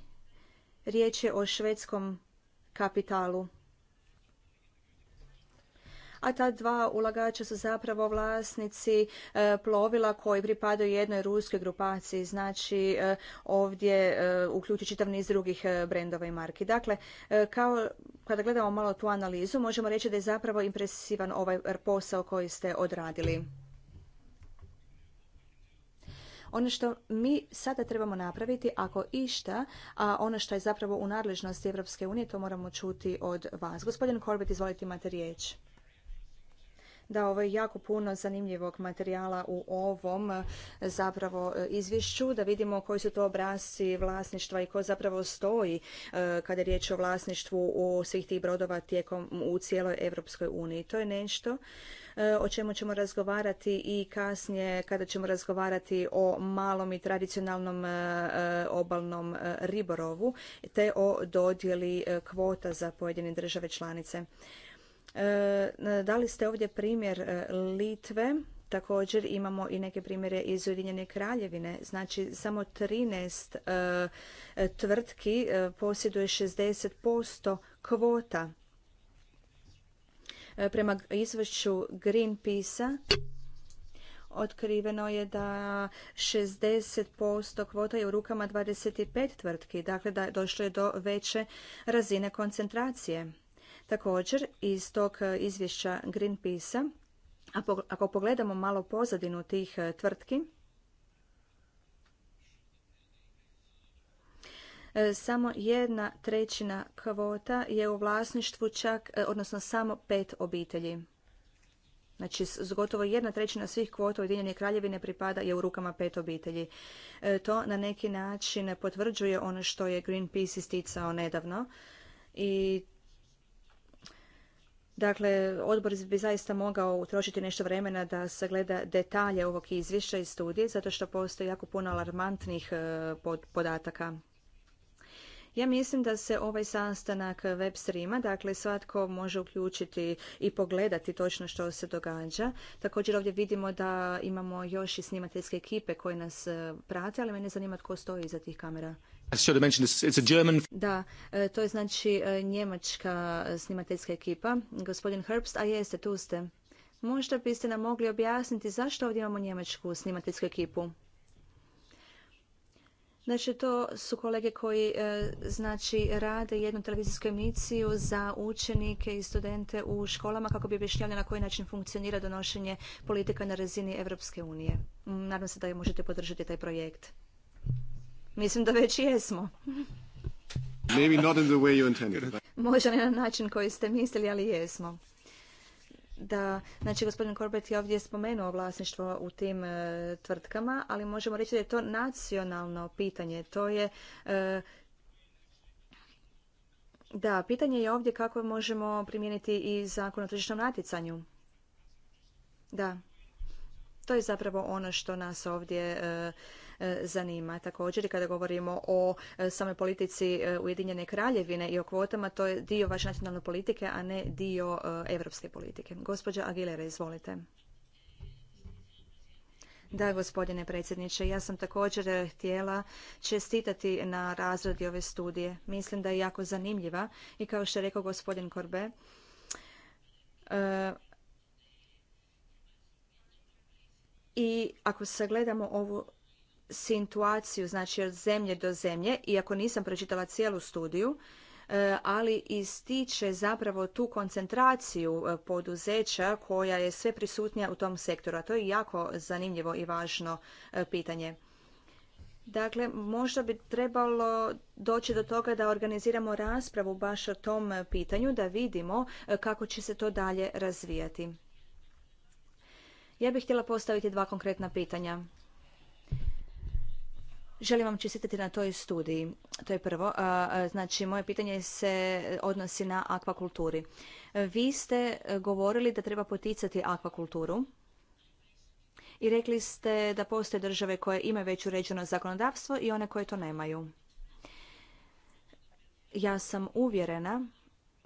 riječ je o švedskom kapitalu a ta dva ulagača su zapravo vlasnici e, plovila koji pripadaju jednoj ruskoj grupaciji, znači e, ovdje e, uključi čitav niz drugih brendova i marki. Dakle, kao kada gledamo malo tu analizu, možemo reći da je zapravo impresivan ovaj posao koji ste odradili. Ono što mi sada trebamo napraviti, ako išta, a ono što je zapravo u nadležnosti Evropske unije, to moramo čuti od vas. Gospodin Korbet, izvolite, imate riječ da ovo je jako puno zanimljivog materijala u ovom e, zapravo e, izvješću, da vidimo koji su to obrasci vlasništva i ko zapravo stoji e, kada je riječ o vlasništvu u svih tih brodova tijekom u cijeloj Europskoj uniji. To je nešto o čemu ćemo razgovarati i kasnije kada ćemo razgovarati o malom i tradicionalnom obalnom riborovu te o dodjeli kvota za pojedine države članice. E, dali ste ovdje primjer e, Litve, također imamo i neke primjere iz Ujedinjene kraljevine. Znači, samo 13 e, tvrtki posjeduje 60% kvota. prema izvršću Greenpeace-a otkriveno je da 60% kvota je u rukama 25 tvrtki. Dakle, da došlo je do veće razine koncentracije. Također, iz tog e, izvješća Greenpeace-a, ako pogledamo malo pozadinu tih e, tvrtki, e, samo jedna trećina kvota je u vlasništvu čak, odnosno samo pet obitelji. Znači, zgotovo jedna trećina svih kvota Ujedinjene kraljevine pripada je u rukama pet obitelji. To na neki način potvrđuje ono što je Greenpeace isticao nedavno i Dakle, odbor bi zaista mogao utrošiti nešto vremena da sagleda detalje ovog izvješća i studije, zato što postoji jako puno alarmantnih eh, podataka ja mislim da se ovaj sastanak web streama, dakle svatko može uključiti i pogledati točno što se događa. Također ovdje vidimo da imamo još i snimateljske ekipe koje nas e, prate, ali mene zanima tko stoji iza tih kamera. Da, e, to je znači e, njemačka snimateljska ekipa. Gospodin Herbst, a jeste, tu ste. Možda biste nam mogli objasniti zašto ovdje imamo njemačku snimateljsku ekipu? Znači, to su kolege koji e, znači, rade jednu televizijsku emisiju za učenike i studente u školama kako bi objašnjavali na koji način funkcionira donošenje politika na razini Europske unije. Mm, nadam se da možete podržati taj projekt. Mislim da već jesmo. Možda ne na način koji ste mislili, ali jesmo da, znači gospodin Korbet je ovdje spomenuo vlasništvo u tim e, tvrtkama, ali možemo reći da je to nacionalno pitanje. To je e, da, pitanje je ovdje kako možemo primijeniti i zakon o tržišnom natjecanju. Da, to je zapravo ono što nas ovdje e, E, zanima. Također, kada govorimo o e, samoj politici e, Ujedinjene kraljevine i o kvotama, to je dio vaše nacionalne politike, a ne dio europske politike. Gospođa Aguilera, izvolite. Da, gospodine predsjedniče, ja sam također htjela čestitati na razradi ove studije. Mislim da je jako zanimljiva i kao što je rekao gospodin Korbe, i ako sagledamo ovu situaciju, znači od zemlje do zemlje, iako nisam pročitala cijelu studiju, e, ali ističe zapravo tu koncentraciju e, poduzeća koja je sve prisutnija u tom sektoru, a to je jako zanimljivo i važno e, pitanje. Dakle, možda bi trebalo doći do toga da organiziramo raspravu baš o tom pitanju, da vidimo kako će se to dalje razvijati. Ja bih htjela postaviti dva konkretna pitanja. Želim vam čestitati na toj studiji. To je prvo. Znači, moje pitanje se odnosi na akvakulturi. Vi ste govorili da treba poticati akvakulturu i rekli ste da postoje države koje imaju već uređeno zakonodavstvo i one koje to nemaju. Ja sam uvjerena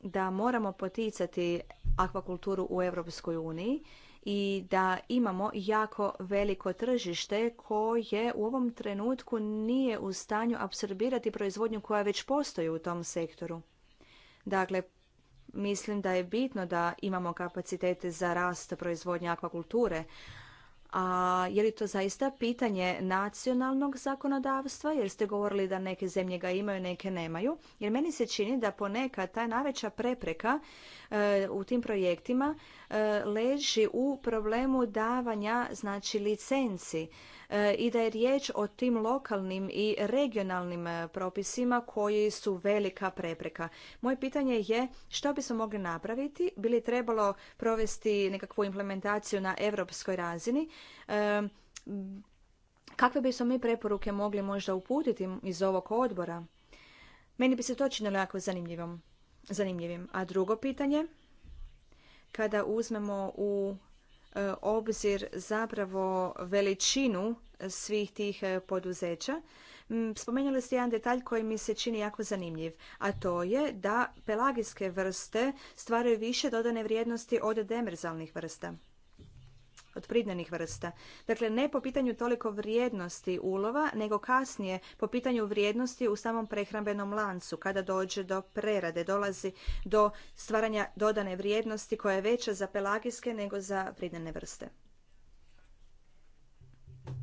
da moramo poticati akvakulturu u Europskoj uniji i da imamo jako veliko tržište koje u ovom trenutku nije u stanju apsorbirati proizvodnju koja već postoji u tom sektoru. Dakle, mislim da je bitno da imamo kapacitete za rast proizvodnje akvakulture, a je li to zaista pitanje nacionalnog zakonodavstva, jer ste govorili da neke zemlje ga imaju, neke nemaju? Jer meni se čini da ponekad ta najveća prepreka e, u tim projektima E, leži u problemu davanja znači licenci e, i da je riječ o tim lokalnim i regionalnim e, propisima koji su velika prepreka. Moje pitanje je što bismo mogli napraviti? Bi li trebalo provesti nekakvu implementaciju na europskoj razini? Kakve bismo mi preporuke mogli možda uputiti iz ovog odbora? Meni bi se to činilo jako zanimljivim. A drugo pitanje – kada uzmemo u e, obzir zapravo veličinu svih tih e, poduzeća. Spomenuli ste jedan detalj koji mi se čini jako zanimljiv, a to je da pelagijske vrste stvaraju više dodane vrijednosti od demerzalnih vrsta od pridnenih vrsta. Dakle, ne po pitanju toliko vrijednosti ulova, nego kasnije po pitanju vrijednosti u samom prehrambenom lancu, kada dođe do prerade, dolazi do stvaranja dodane vrijednosti koja je veća za pelagijske nego za pridnene vrste.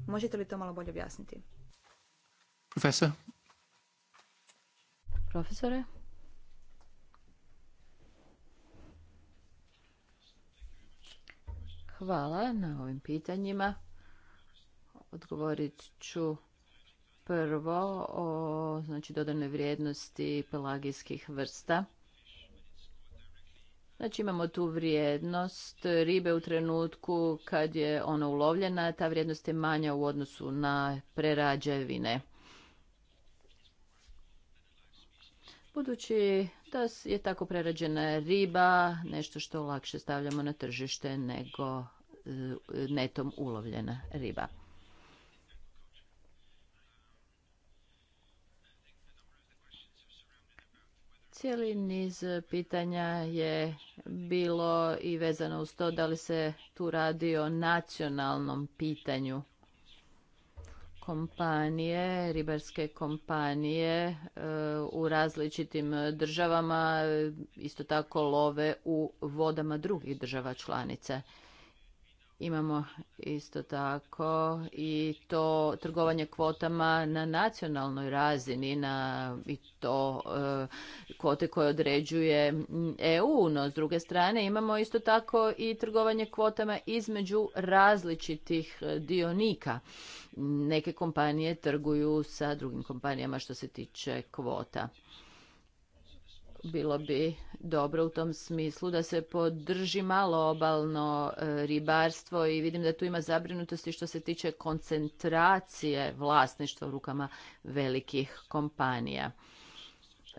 Možete li to malo bolje objasniti? Profesor? Profesore? Hvala na ovim pitanjima. Odgovorit ću prvo o znači, dodane vrijednosti pelagijskih vrsta. Znači imamo tu vrijednost ribe u trenutku kad je ona ulovljena, ta vrijednost je manja u odnosu na prerađevine. Budući da je tako prerađena riba nešto što lakše stavljamo na tržište nego e, netom ulovljena riba. Cijeli niz pitanja je bilo i vezano uz to da li se tu radi o nacionalnom pitanju kompanije, ribarske kompanije e, u različitim državama isto tako love u vodama drugih država članica. Imamo isto tako i to trgovanje kvotama na nacionalnoj razini na i to e, kvote koje određuje EU, no s druge strane imamo isto tako i trgovanje kvotama između različitih e, dionika. Neke kompanije trguju sa drugim kompanijama što se tiče kvota bilo bi dobro u tom smislu da se podrži malo obalno e, ribarstvo i vidim da tu ima zabrinutosti što se tiče koncentracije vlasništva u rukama velikih kompanija.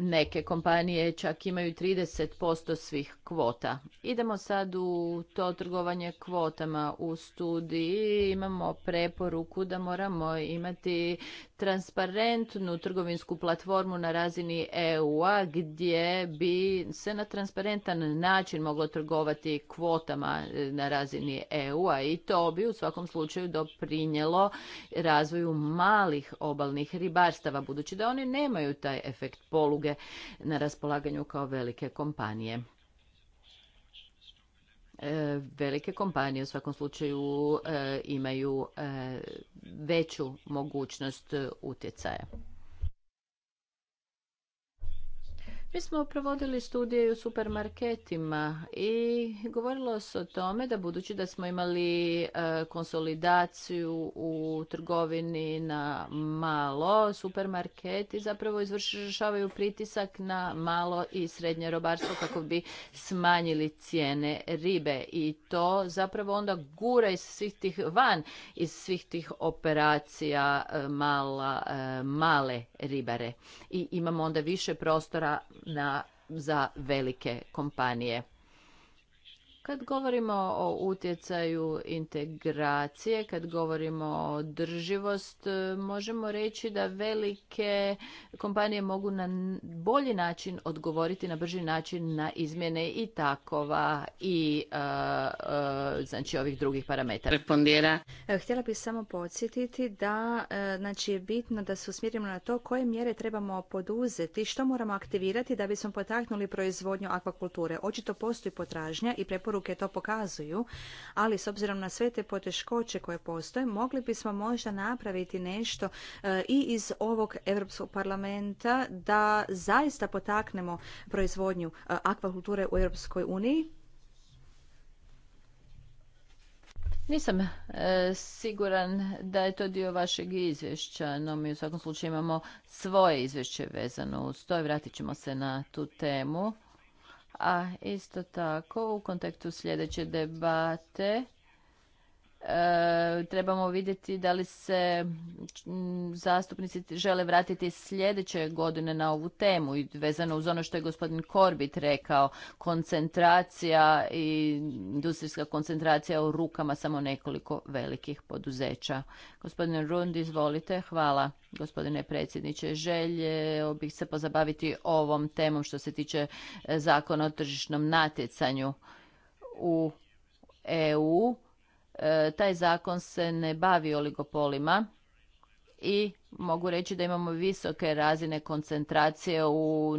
Neke kompanije čak imaju 30% svih kvota. Idemo sad u to trgovanje kvotama. U studiji imamo preporuku da moramo imati transparentnu trgovinsku platformu na razini EU-a gdje bi se na transparentan način moglo trgovati kvotama e, na razini EU-a i to bi u svakom slučaju doprinijelo razvoju malih obalnih ribarstava budući da oni nemaju taj efekt poluge na raspolaganju kao velike kompanije. E, velike kompanije u svakom slučaju e, imaju e, veću mogućnost utjecaja. Mi smo provodili studije u supermarketima i govorilo se o tome da budući da smo imali e, konsolidaciju u trgovini na malo, supermarketi zapravo izvršavaju pritisak na malo i srednje robarstvo kako bi smanjili cijene ribe i to zapravo onda gura iz svih tih van, iz svih tih operacija e, mala, e, male ribare i imamo onda više prostora na, za velike kompanije kad govorimo o utjecaju integracije, kad govorimo o održivost, e, možemo reći da velike kompanije mogu na bolji način odgovoriti na brži način na izmjene i takova i e, e, znači ovih drugih parametara. Respondira. Htjela bih samo podsjetiti da znači je bitno da se usmjerimo na to koje mjere trebamo poduzeti, što moramo aktivirati da bismo potaknuli proizvodnju akvakulture. Očito postoji potražnja i preporuka to pokazuju, ali s obzirom na sve te poteškoće koje postoje, mogli bismo možda napraviti nešto e, i iz ovog Europskog parlamenta da zaista potaknemo proizvodnju e, akvakulture u Europskoj uniji? Nisam e, siguran da je to dio vašeg izvješća, no mi u svakom slučaju imamo svoje izvješće vezano uz to i vratit ćemo se na tu temu. A isto tako u kontekstu sljedeće debate E, trebamo vidjeti da li se zastupnici žele vratiti sljedeće godine na ovu temu i vezano uz ono što je gospodin Korbit rekao, koncentracija i industrijska koncentracija u rukama samo nekoliko velikih poduzeća. Gospodine Rund, izvolite. Hvala gospodine predsjedniče. Želje bih se pozabaviti ovom temom što se tiče e, zakona o tržišnom natjecanju u EU E, taj zakon se ne bavi oligopolima i mogu reći da imamo visoke razine koncentracije u,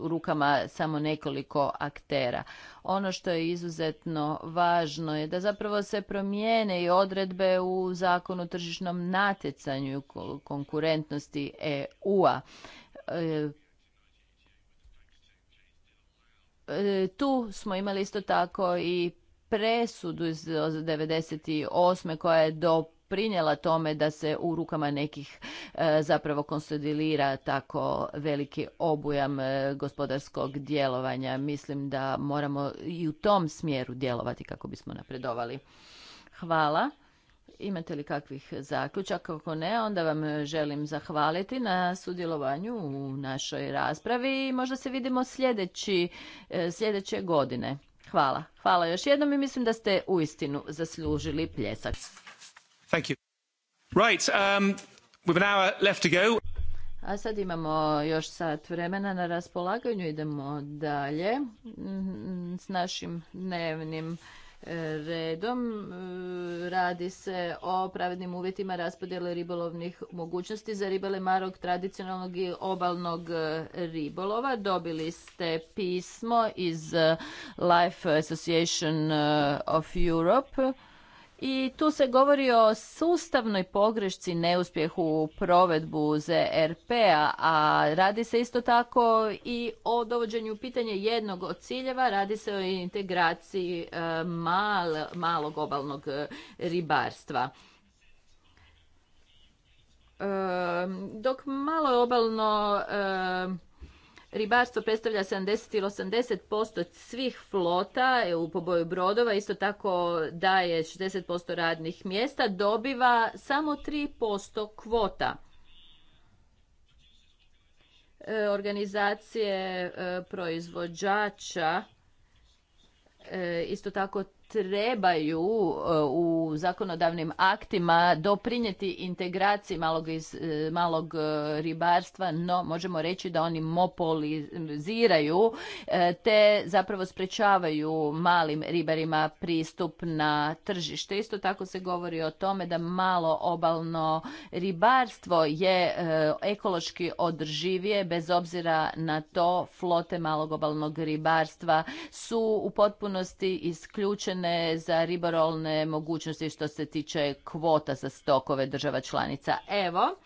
rukama samo nekoliko aktera. Ono što je izuzetno važno je da zapravo se promijene i odredbe u zakonu o tržišnom natjecanju konkurentnosti EU-a. E, e, tu smo imali isto tako i presudu iz 98. koja je do tome da se u rukama nekih e, zapravo konsolidira tako veliki obujam e, gospodarskog djelovanja. Mislim da moramo i u tom smjeru djelovati kako bismo napredovali. Hvala. Imate li kakvih zaključaka? Ako ne, onda vam želim zahvaliti na sudjelovanju u našoj raspravi i možda se vidimo sljedeći, e, sljedeće godine. Hvala. Hvala još jednom i mislim da ste uistinu zaslužili pljesak. Thank you. Right, um, we've an hour left to go. A sad imamo još sat vremena na raspolaganju, idemo dalje mm, s našim dnevnim redom. E, radi se o pravednim uvjetima raspodjele ribolovnih mogućnosti za ribale marog tradicionalnog i obalnog e, ribolova. Dobili ste pismo iz Life Association e, of Europe i tu se govori o sustavnoj pogrešci neuspjehu u provedbu ZRP-a, a radi se isto tako i o dovođenju pitanja jednog od ciljeva, radi se o integraciji e, mal, malog obalnog e, ribarstva. E, dok malo je obalno Ribarstvo predstavlja 70 ili 80% svih flota e, u poboju brodova, isto tako daje 60% radnih mjesta, dobiva samo 3% kvota. E, organizacije e, proizvođača isto tako trebaju e, u zakonodavnim aktima doprinijeti integraciji malog, e, malog e, ribarstva, no možemo reći da oni mopoliziraju te zapravo sprečavaju malim ribarima pristup na tržište. Isto tako se govori o tome da malo obalno ribarstvo je ekološki održivije bez obzira na to flote malog obalnog ribarstva su u potpunosti isključene za ribarolne mogućnosti što se tiče kvota za stokove država članica. Evo,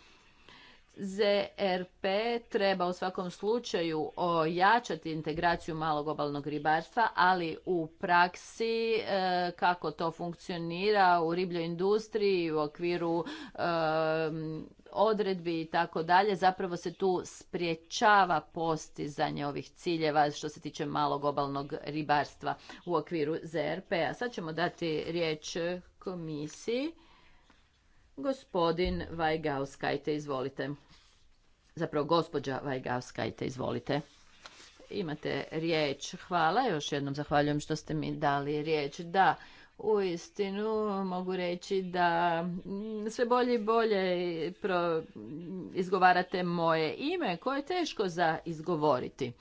ZRP treba u svakom slučaju ojačati integraciju malog obalnog ribarstva, ali u praksi e, kako to funkcionira u ribljoj industriji u okviru e, odredbi i tako dalje, zapravo se tu spriječava postizanje ovih ciljeva što se tiče malog obalnog ribarstva u okviru ZRP-a. Sad ćemo dati riječ komisiji. Gospodin Vajgauskajte, izvolite. Zapravo, gospođa Vajgauskajte, izvolite. Imate riječ. Hvala. Još jednom zahvaljujem što ste mi dali riječ. Da, u istinu mogu reći da mm, sve bolje i bolje izgovarate moje ime koje je teško za izgovoriti.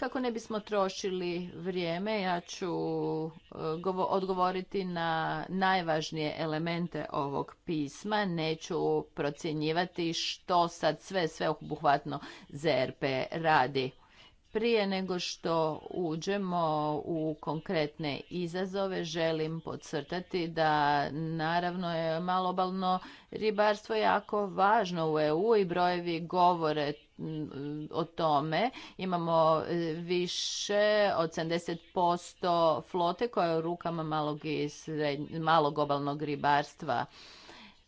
kako ne bismo trošili vrijeme, ja ću e, odgovoriti na najvažnije elemente ovog pisma. Neću procjenjivati što sad sve sveobuhvatno ZRP radi. Prije nego što uđemo u konkretne izazove, želim podcrtati da naravno je malobalno ribarstvo jako važno u EU i brojevi govore o tome. Imamo e, više od 70% flote koja je u rukama malog, i malog obalnog ribarstva.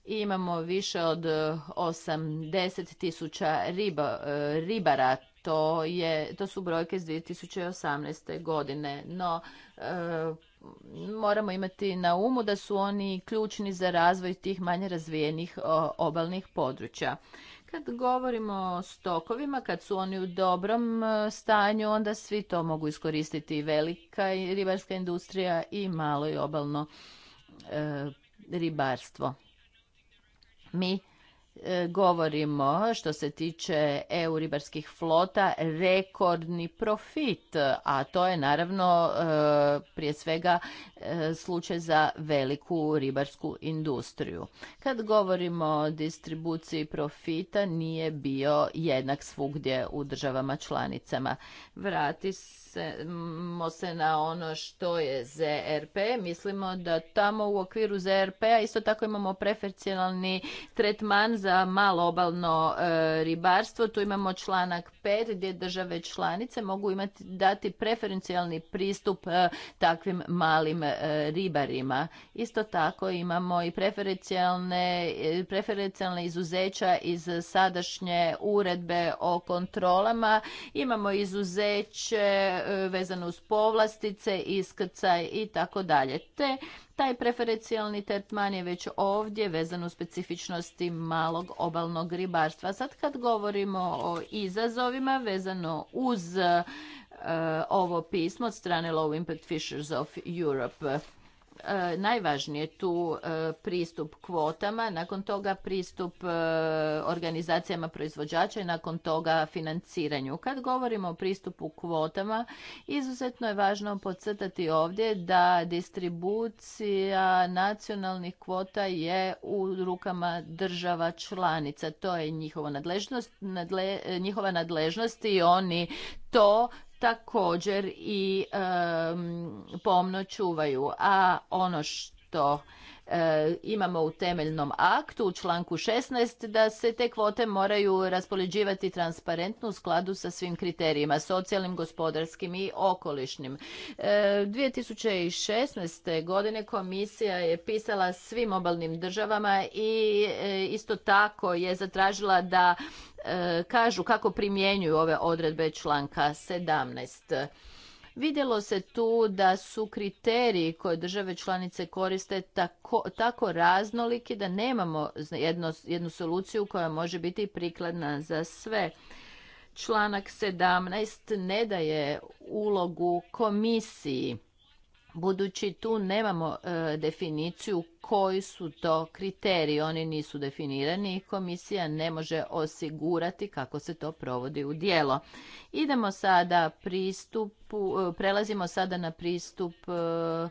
I imamo više od 80 tisuća riba, e, ribara. To, je, to su brojke iz 2018. godine. No, e, moramo imati na umu da su oni ključni za razvoj tih manje razvijenih obalnih područja. Kad govorimo o stokovima, kad su oni u dobrom e, stanju, onda svi to mogu iskoristiti i velika ribarska industrija i malo i obalno e, ribarstvo. Mi e, govorimo što se tiče EU ribarskih flota rekordni profit, a to je naravno prije svega E, slučaj za veliku ribarsku industriju. Kad govorimo o distribuciji profita nije bio jednak svugdje u državama članicama. Vrati mo mm, se na ono što je ZRP. Mislimo da tamo u okviru ZRP-a isto tako imamo preferencijalni tretman za malo obalno e, ribarstvo. Tu imamo članak 5 gdje države članice mogu imati dati preferencijalni pristup e, takvim malim E, ribarima. Isto tako imamo i preferencijalne, e, izuzeća iz sadašnje uredbe o kontrolama. Imamo izuzeće e, vezano uz povlastice, iskrcaj i tako dalje. Te taj preferencijalni tretman je već ovdje vezan u specifičnosti malog obalnog ribarstva. Sad kad govorimo o izazovima vezano uz Eh, ovo pismo od strane Low Impact Fishers of Europe. Eh, najvažnije je tu eh, pristup kvotama, nakon toga pristup organizacijama proizvođača i nakon toga financiranju. Kad govorimo o pristupu kvotama, izuzetno je važno podcrtati ovdje da distribucija nacionalnih kvota je u rukama država članica. To je njihova njihova nadležnost i oni to također i pomno čuvaju. A ono što E, imamo u temeljnom aktu u članku 16 da se te kvote moraju raspoređivati transparentno u skladu sa svim kriterijima socijalnim, gospodarskim i okolišnim. 2016. E, godine komisija je pisala svim obalnim državama i e, isto tako je zatražila da kažu kako primjenjuju ove odredbe članka 17. Vidjelo se tu da su kriteriji koje države članice koriste tako, tako raznoliki da nemamo jedno, jednu soluciju koja može biti prikladna za sve. Članak 17 ne daje ulogu komisiji budući tu nemamo e, definiciju koji su to kriteriji, oni nisu definirani i komisija ne može osigurati kako se to provodi u djelo. Idemo sada pristupu, e, prelazimo sada na pristup e,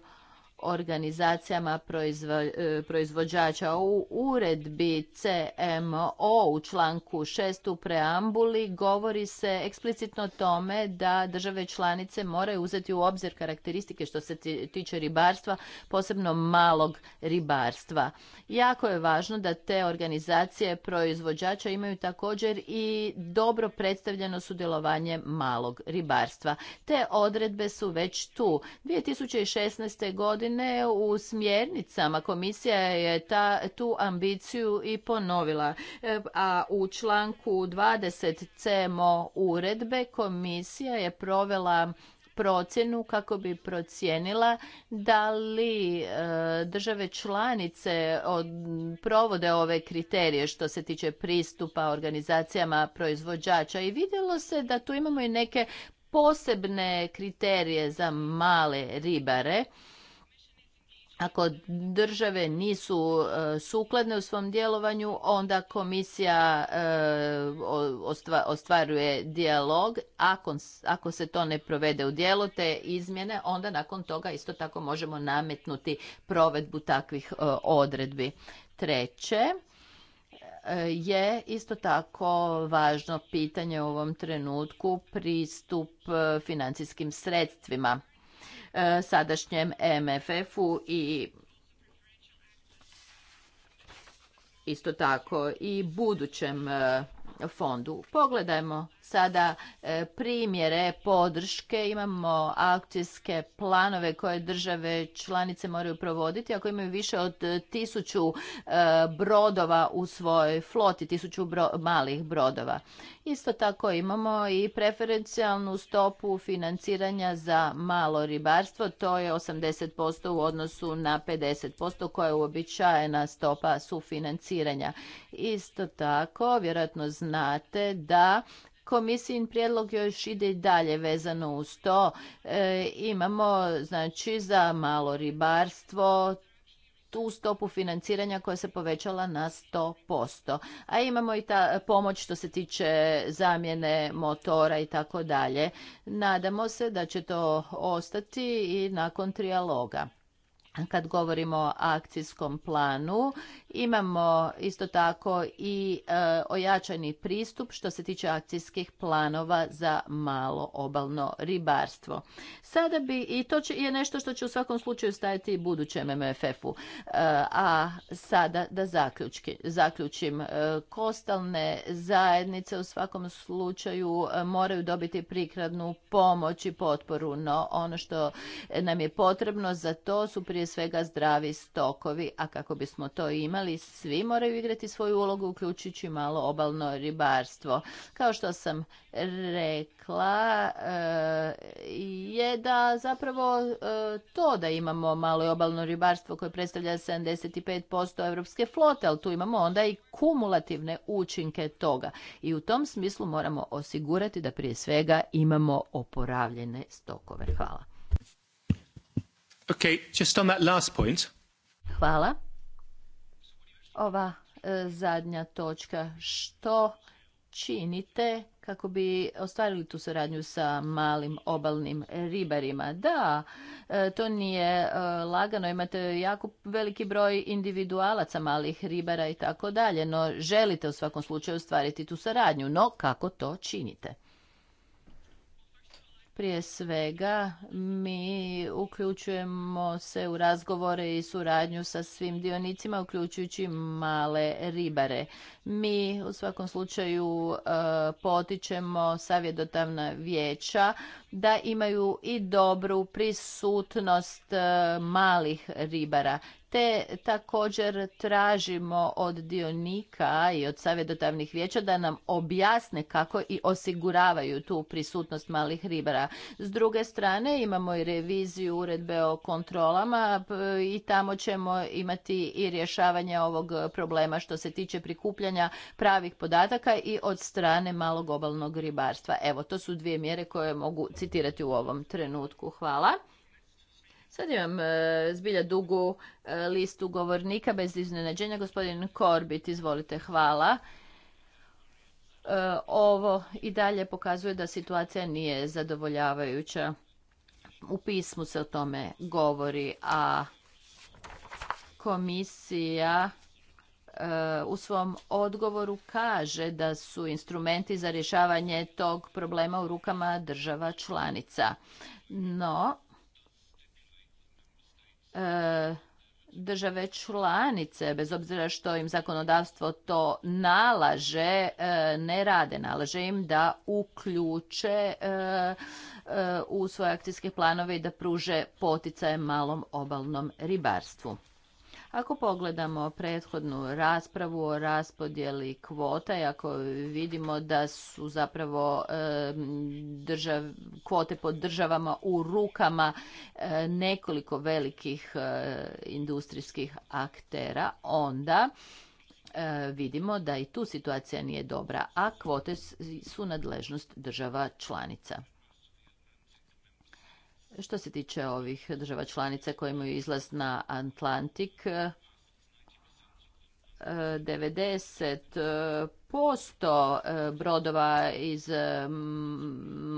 organizacijama e, proizvođača. U uredbi CMO u članku 6 u preambuli govori se eksplicitno o tome da države članice moraju uzeti u obzir karakteristike što se tiče ribarstva, posebno malog ribarstva. Jako je važno da te organizacije proizvođača imaju također i dobro predstavljeno sudjelovanje malog ribarstva. Te odredbe su već tu. 2016. godine godine u smjernicama komisija je ta, tu ambiciju i ponovila. E, a u članku 20 CMO uredbe komisija je provela procjenu kako bi procijenila da li e, države članice provode ove kriterije što se tiče pristupa organizacijama proizvođača i vidjelo se da tu imamo i neke posebne kriterije za male ribare ako države nisu e, sukladne u svom djelovanju, onda komisija e, ostvaruje dijalog. Ako se to ne provede u dijelu te izmjene, onda nakon toga isto tako možemo nametnuti provedbu takvih e, odredbi. Treće, je isto tako važno pitanje u ovom trenutku pristup financijskim sredstvima E, sadašnjem MFF-u i isto tako i budućem e, fondu. Pogledajmo sada e, primjere podrške, imamo akcijske planove koje države članice moraju provoditi. Ako imaju više od tisuću e, brodova u svojoj floti, tisuću malih brodova. Isto tako imamo i preferencijalnu stopu financiranja za malo ribarstvo, to je 80% u odnosu na 50% koja je uobičajena stopa sufinanciranja. Isto tako, vjerojatno znate da Komisijin prijedlog još ide i dalje vezano uz to. E, imamo znači za malo ribarstvo tu stopu financiranja koja se povećala na 100%. A imamo i ta pomoć što se tiče zamjene motora i tako dalje. Nadamo se da će to ostati i nakon trijaloga. Kad govorimo o akcijskom planu Imamo isto tako i e, ojačani pristup što se tiče akcijskih planova za malo obalno ribarstvo. Sada bi, i to je nešto što će u svakom slučaju stajati i budućem MFF-u. E, a sada da zaključki, zaključim. E, kostalne zajednice u svakom slučaju e, moraju dobiti prikradnu pomoć i potporu, no ono što nam je potrebno za to su prije svega zdravi stokovi, a kako bismo to imali ali svi moraju igrati svoju ulogu, uključujući malo obalno ribarstvo. Kao što sam rekla, eh, je da zapravo eh, to da imamo malo i obalno ribarstvo koje predstavlja 75% evropske flote, ali tu imamo onda i kumulativne učinke toga. I u tom smislu moramo osigurati da prije svega imamo oporavljene stokove. Hvala. Okay, just on that last point. Hvala ova e, zadnja točka. Što činite kako bi ostvarili tu suradnju sa malim obalnim ribarima. Da, e, to nije e, lagano, imate jako veliki broj individualaca malih ribara i tako dalje, no želite u svakom slučaju ostvariti tu suradnju, no kako to činite? Prije svega mi uključujemo se u razgovore i suradnju sa svim dionicima, uključujući male ribare. Mi u svakom slučaju e, potičemo savjedotavna vijeća da imaju i dobru prisutnost e, malih ribara. Te također tražimo od dionika i od savjetodavnih vijeća da nam objasne kako i osiguravaju tu prisutnost malih ribara. S druge strane imamo i reviziju uredbe o kontrolama i tamo ćemo imati i rješavanje ovog problema što se tiče prikupljanja pravih podataka i od strane malog obalnog ribarstva. Evo, to su dvije mjere koje mogu citirati citirati u ovom trenutku. Hvala. Sad imam e, zbilja dugu e, listu govornika bez iznenađenja. Gospodin Korbit, izvolite, hvala. E, ovo i dalje pokazuje da situacija nije zadovoljavajuća. U pismu se o tome govori, a komisija u svom odgovoru kaže da su instrumenti za rješavanje tog problema u rukama država članica. No, e, države članice, bez obzira što im zakonodavstvo to nalaže, e, ne rade. Nalaže im da uključe e, u svoje akcijske planove i da pruže poticaje malom obalnom ribarstvu. Ako pogledamo prethodnu raspravu o raspodjeli kvota i ako vidimo da su zapravo kvote pod državama u rukama e, nekoliko velikih e, industrijskih aktera, onda e, vidimo da i tu situacija nije dobra, a kvote su nadležnost država članica. Što se tiče ovih država članica koje imaju izlaz na Atlantik, 90% e, brodova iz e,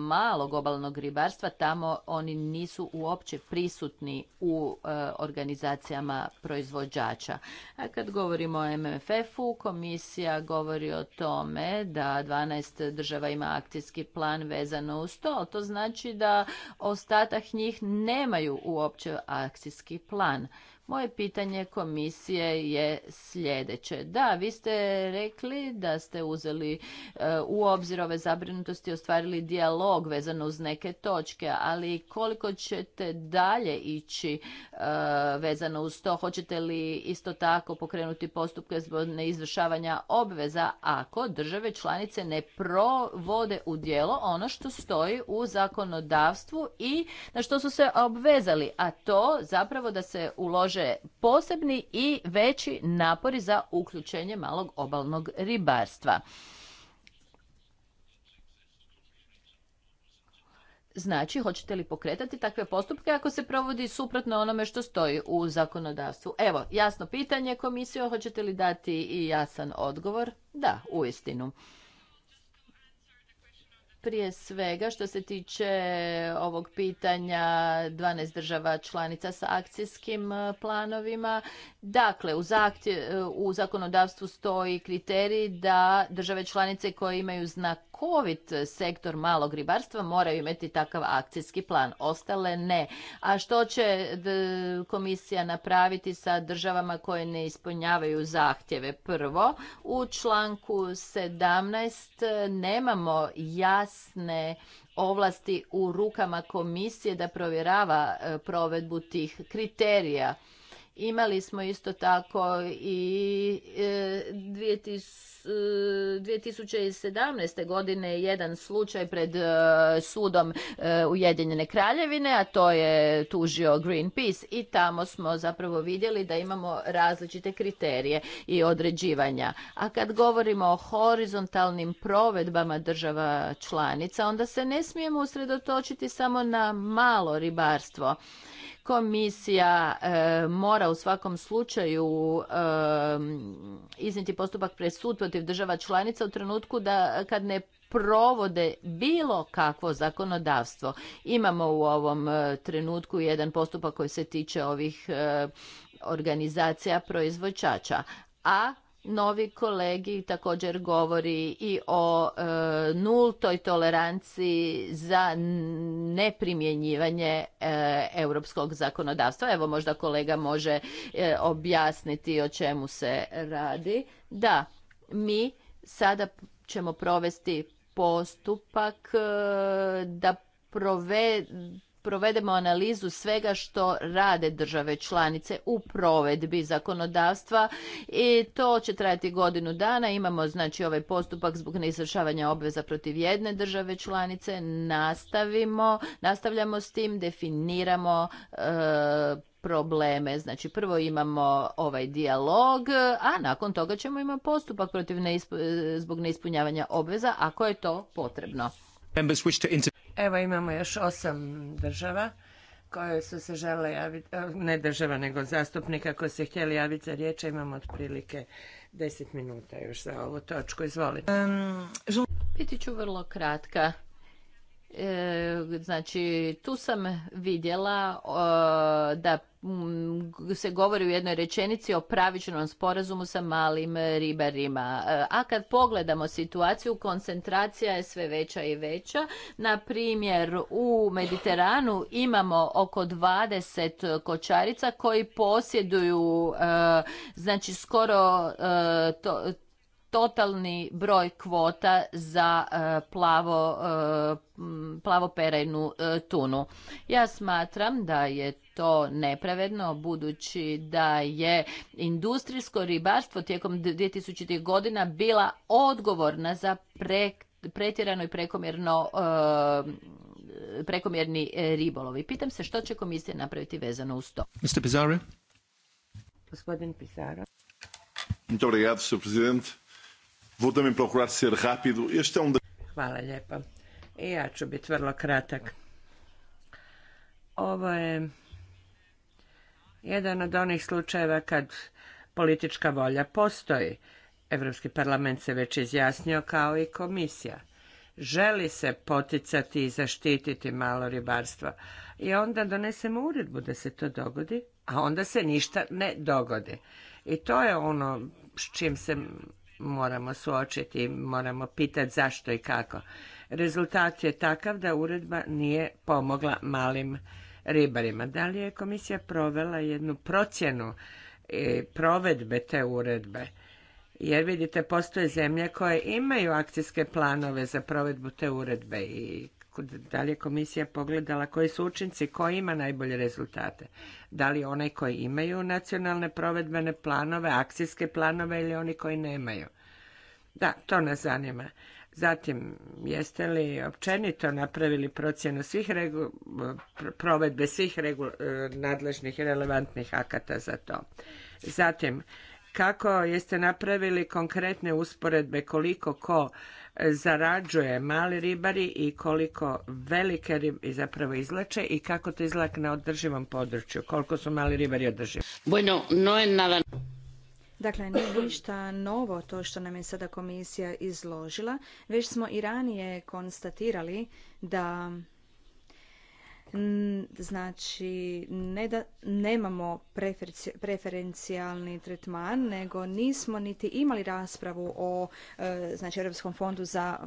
malog obalnog ribarstva, tamo oni nisu uopće prisutni u e, organizacijama proizvođača. A kad govorimo o MFF-u, komisija govori o tome da 12 država ima akcijski plan vezano uz to, to znači da ostatak njih nemaju uopće akcijski plan. Moje pitanje komisije je sljedeće. Da, vi ste rekli da ste uzeli e, u obzir ove zabrinutosti i ostvarili dijalog vezano uz neke točke, ali koliko ćete dalje ići e, vezano uz to? Hoćete li isto tako pokrenuti postupke zbog neizvršavanja obveza ako države članice ne provode u djelo ono što stoji u zakonodavstvu i na što su se obvezali, a to zapravo da se ulože traže posebni i veći napori za uključenje malog obalnog ribarstva. Znači, hoćete li pokretati takve postupke ako se provodi suprotno onome što stoji u zakonodavstvu? Evo, jasno pitanje komisije, hoćete li dati i jasan odgovor? Da, u istinu. Prije svega što se tiče ovog pitanja 12 država članica sa akcijskim e, planovima, dakle u, e, u zakonodavstvu stoji kriterij da države članice koje imaju znakovit sektor malog ribarstva moraju imati takav akcijski plan, ostale ne. A što će komisija napraviti sa državama koje ne ispunjavaju zahtjeve? Prvo, u članku 17 e, nemamo ja ovlasti u rukama komisije da provjerava e, provedbu tih kriterija Imali smo isto tako i 2017. E, e, godine jedan slučaj pred e, sudom Ujedinjene kraljevine, a to je tužio Greenpeace i tamo smo zapravo vidjeli da imamo različite kriterije i određivanja. A kad govorimo o horizontalnim provedbama država članica, onda se ne smijemo usredotočiti samo na malo ribarstvo Komisija e, mora u svakom slučaju e, iznijeti postupak pred sud protiv država članica u trenutku da kad ne provode bilo kakvo zakonodavstvo. Imamo u ovom e, trenutku jedan postupak koji se tiče ovih e, organizacija proizvođača, a novi kolegi također govori i o e, nultoj toleranciji za neprimjenjivanje e, europskog zakonodavstva. Evo možda kolega može e, objasniti o čemu se radi. Da, mi sada ćemo provesti postupak da prove provedemo analizu svega što rade države članice u provedbi zakonodavstva i to će trajati godinu dana. Imamo znači ovaj postupak zbog neizvršavanja obveza protiv jedne države članice. Nastavimo, nastavljamo s tim, definiramo e, probleme. Znači prvo imamo ovaj dijalog, a nakon toga ćemo imati postupak protiv zbog neispunjavanja obveza ako je to potrebno. Evo imamo još osam država koje su se žele javiti, e, ne država nego zastupnika koji se htjeli javiti za riječ, imamo otprilike deset minuta još za ovu točku. Izvolite. Biti ću vrlo kratka. E, znači, tu sam vidjela da se govori u jednoj rečenici o pravičnom sporazumu sa malim ribarima. E, a kad pogledamo situaciju, koncentracija je sve veća i veća. Na primjer, u Mediteranu imamo oko 20 kočarica koji posjeduju e, znači skoro to, totalni broj kvota za e, plavo, e, plavoperajnu e, tunu. Ja smatram da je to nepravedno budući da je industrijsko ribarstvo tijekom 2000. godina bila odgovorna za pretjerano i prekomjerno prekomjerni ribolovi. Pitam se što će komisija napraviti vezano uz to. Gospodin Pizarro. Vou também ser rápido. Um Hvala lijepa I ja ću biti vrlo kratak. Ovo je jedan od onih slučajeva kad politička volja postoji. Europski parlament se već izjasnio kao i komisija. Želi se poticati i zaštititi malo ribarstvo. I onda donesemo uredbu da se to dogodi, a onda se ništa ne dogodi. I to je ono s čim se moramo suočiti, moramo pitati zašto i kako. Rezultat je takav da uredba nije pomogla malim ribarima. Da li je komisija provela jednu procjenu e, provedbe te uredbe? Jer vidite, postoje zemlje koje imaju akcijske planove za provedbu te uredbe i da li je komisija pogledala koji su učinci, koji ima najbolje rezultate. Da li one koji imaju nacionalne provedbene planove, akcijske planove ili oni koji nemaju. Da, to nas zanima. Zatim, jeste li općenito napravili procjenu svih provedbe svih e, nadležnih i relevantnih akata za to? Zatim, kako jeste napravili konkretne usporedbe koliko ko zarađuje mali ribari i koliko velike ribi zapravo izlače i kako to izlak na održivom području, koliko su mali ribari održivi. Bueno, no nada... Dakle, nije ništa novo to što nam je sada komisija izložila, već smo i ranije konstatirali da Znači, ne da nemamo preferencijalni tretman, nego nismo niti imali raspravu o e, znači, Europskom fondu za e,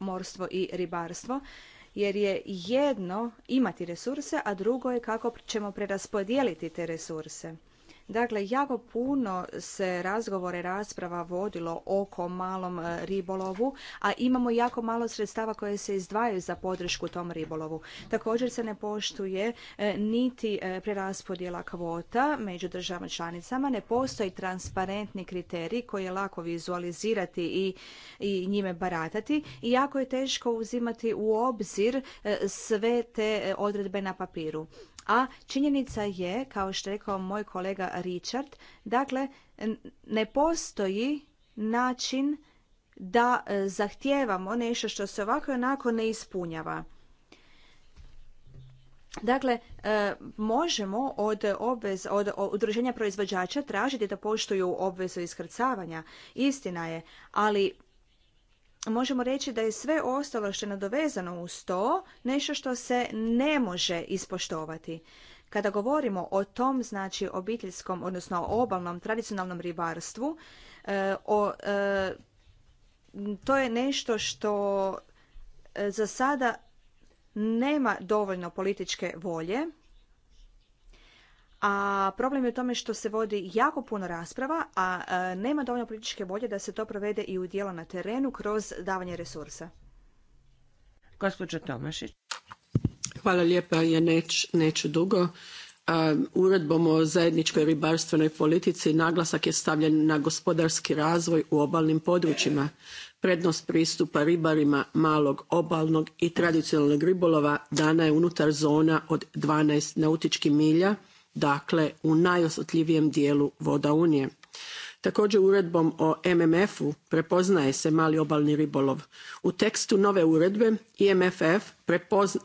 morstvo i ribarstvo jer je jedno imati resurse, a drugo je kako ćemo preraspodijeliti te resurse. Dakle, jako puno se razgovore, rasprava vodilo oko malom e, ribolovu, a imamo jako malo sredstava koje se izdvajaju za podršku tom ribolovu. Također se ne poštuje e, niti e, preraspodjela kvota među državama članicama, ne postoji transparentni kriterij koji je lako vizualizirati i, i njime baratati i jako je teško uzimati u obzir sve te odredbe na papiru a činjenica je, kao što je rekao moj kolega Richard, dakle ne postoji način da e, zahtijevamo nešto što se ovako i onako ne ispunjava. Dakle, e, možemo od, obvez, od udruženja proizvođača tražiti da poštuju obvezu iskrcavanja. Istina je, ali možemo reći da je sve ostalo što je nadovezano uz to nešto što se ne može ispoštovati. Kada govorimo o tom, znači obiteljskom, odnosno obalnom, tradicionalnom ribarstvu, e, o, e, to je nešto što e, za sada nema dovoljno političke volje a problem je u tome što se vodi jako puno rasprava, a e, nema dovoljno političke volje da se to provede i u djelo na terenu kroz davanje resursa. Gospođa Tomašić. Hvala lijepa, ja neću dugo. E, uredbom o zajedničkoj ribarstvenoj politici naglasak je stavljen na gospodarski razvoj u obalnim područjima. Prednost pristupa ribarima malog obalnog i tradicionalnog ribolova dana je unutar zona od 12 nautičkih milja dakle u najosjetljivijem dijelu voda unije. također uredbom o mmf u prepoznaje se mali obalni ribolov. u tekstu nove uredbe i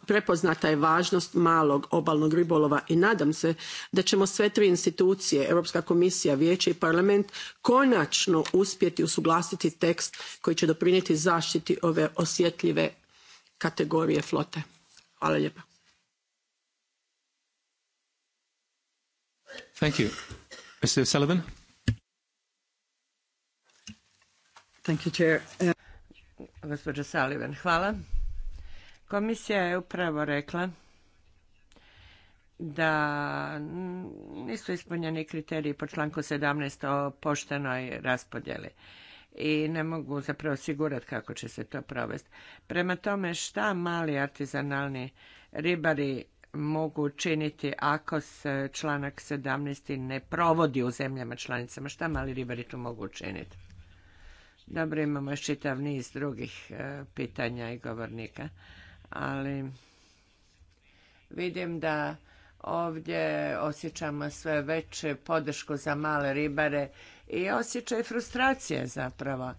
prepoznata je važnost malog obalnog ribolova i nadam se da ćemo sve tri institucije europska komisija vijeće i parlament konačno uspjeti usuglasiti tekst koji će doprinijeti zaštiti ove osjetljive kategorije flote. hvala lijepa. Thank you. Mr. Sullivan? Thank you, Chair. Uh, Sullivan, hvala. Komisija je upravo rekla da nisu ispunjeni kriteriji po članku 17 o poštenoj raspodjeli i ne mogu zapravo osigurati kako će se to provesti. Prema tome šta mali artizanalni ribari mogu učiniti ako se članak 17. ne provodi u zemljama članicama. Šta mali ribari tu mogu učiniti? Dobro, imamo još čitav niz drugih e, pitanja i govornika, ali vidim da ovdje osjećamo sve veće podršku za male ribare i osjećaj frustracije zapravo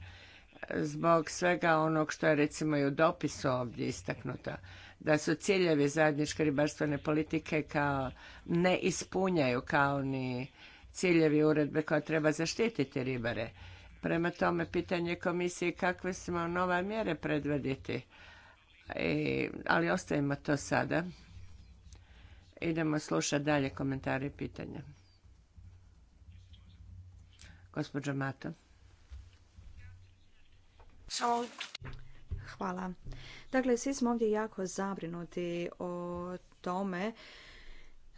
zbog svega onog što je recimo i u dopisu ovdje istaknuto da su ciljevi zajedničke ribarstvene politike kao ne ispunjaju kao ni ciljevi uredbe koja treba zaštititi ribare. Prema tome, pitanje komisije kakve smo nove mjere predvediti. ali ostavimo to sada. Idemo slušati dalje komentare i pitanja. Gospođo Mato. Hvala. Dakle, svi smo ovdje jako zabrinuti o tome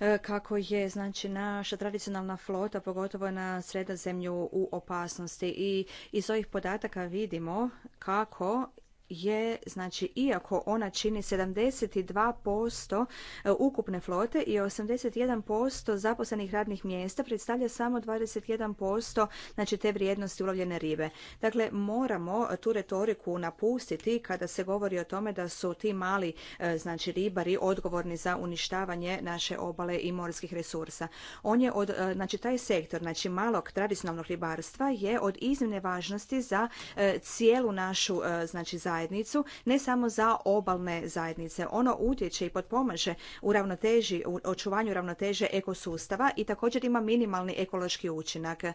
e, kako je znači naša tradicionalna flota pogotovo na sredozemlju u opasnosti i iz ovih podataka vidimo kako je, znači, iako ona čini 72% e, ukupne flote i 81% zaposlenih radnih mjesta, predstavlja samo 21% znači, te vrijednosti ulovljene ribe. Dakle, moramo tu retoriku napustiti kada se govori o tome da su ti mali e, znači, ribari odgovorni za uništavanje naše obale i morskih resursa. On je od, e, znači, taj sektor, znači, malog tradicionalnog ribarstva je od iznimne važnosti za cijelu našu, znači, zajednicu zajednicu, ne samo za obalne zajednice. Ono utječe i potpomaže u ravnoteži, u očuvanju ravnoteže ekosustava i također ima minimalni ekološki učinak. E,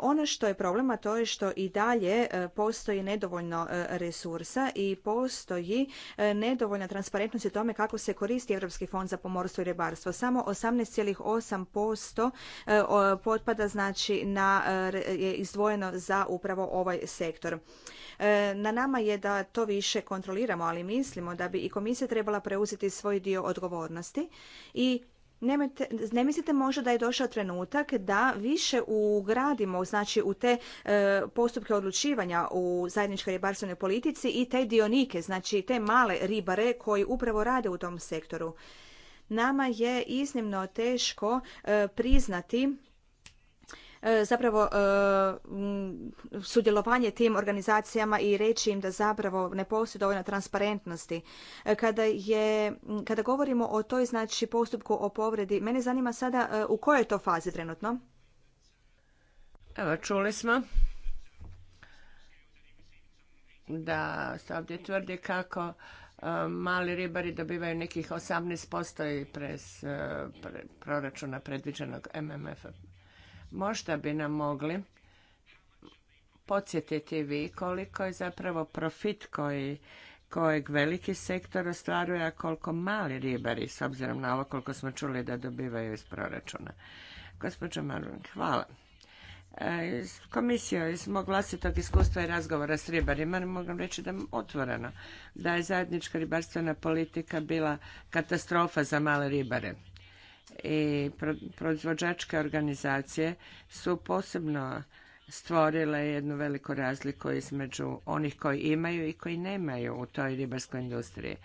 ono što je problema to je što i dalje e, postoji nedovoljno e, resursa i postoji nedovoljna transparentnost u tome kako se koristi Europski fond za pomorstvo i ribarstvo. Samo 18,8% potpada znači na je izdvojeno za upravo ovaj sektor. Na nama je da to više kontroliramo, ali mislimo da bi i komisija trebala preuzeti svoj dio odgovornosti i ne mislite možda da je došao trenutak da više ugradimo znači u te e, postupke odlučivanja u zajedničkoj ribarstvenoj politici i te dionike, znači te male ribare koji upravo rade u tom sektoru. Nama je iznimno teško e, priznati E, zapravo e, sudjelovanje tim organizacijama i reći im da zapravo ne postoji dovoljno transparentnosti. E, kada, je, kada govorimo o toj znači postupku o povredi, mene zanima sada u kojoj je to fazi trenutno? Evo, čuli smo da se ovdje tvrdi kako mali ribari dobivaju nekih 18% pres, pre, proračuna predviđenog MMF-a Možda bi nam mogli podsjetiti vi koliko je zapravo profit koji kojeg veliki sektor ostvaruje, a koliko mali ribari, s obzirom na ovo koliko smo čuli da dobivaju iz proračuna. Gospođo Marun, hvala. E, Komisija iz mog vlastitog iskustva i razgovora s ribarima mogu reći da otvoreno da je zajednička ribarstvena politika bila katastrofa za male ribare i proizvođačke organizacije su posebno stvorile jednu veliku razliku između onih koji imaju i koji nemaju u toj ribarskoj industriji.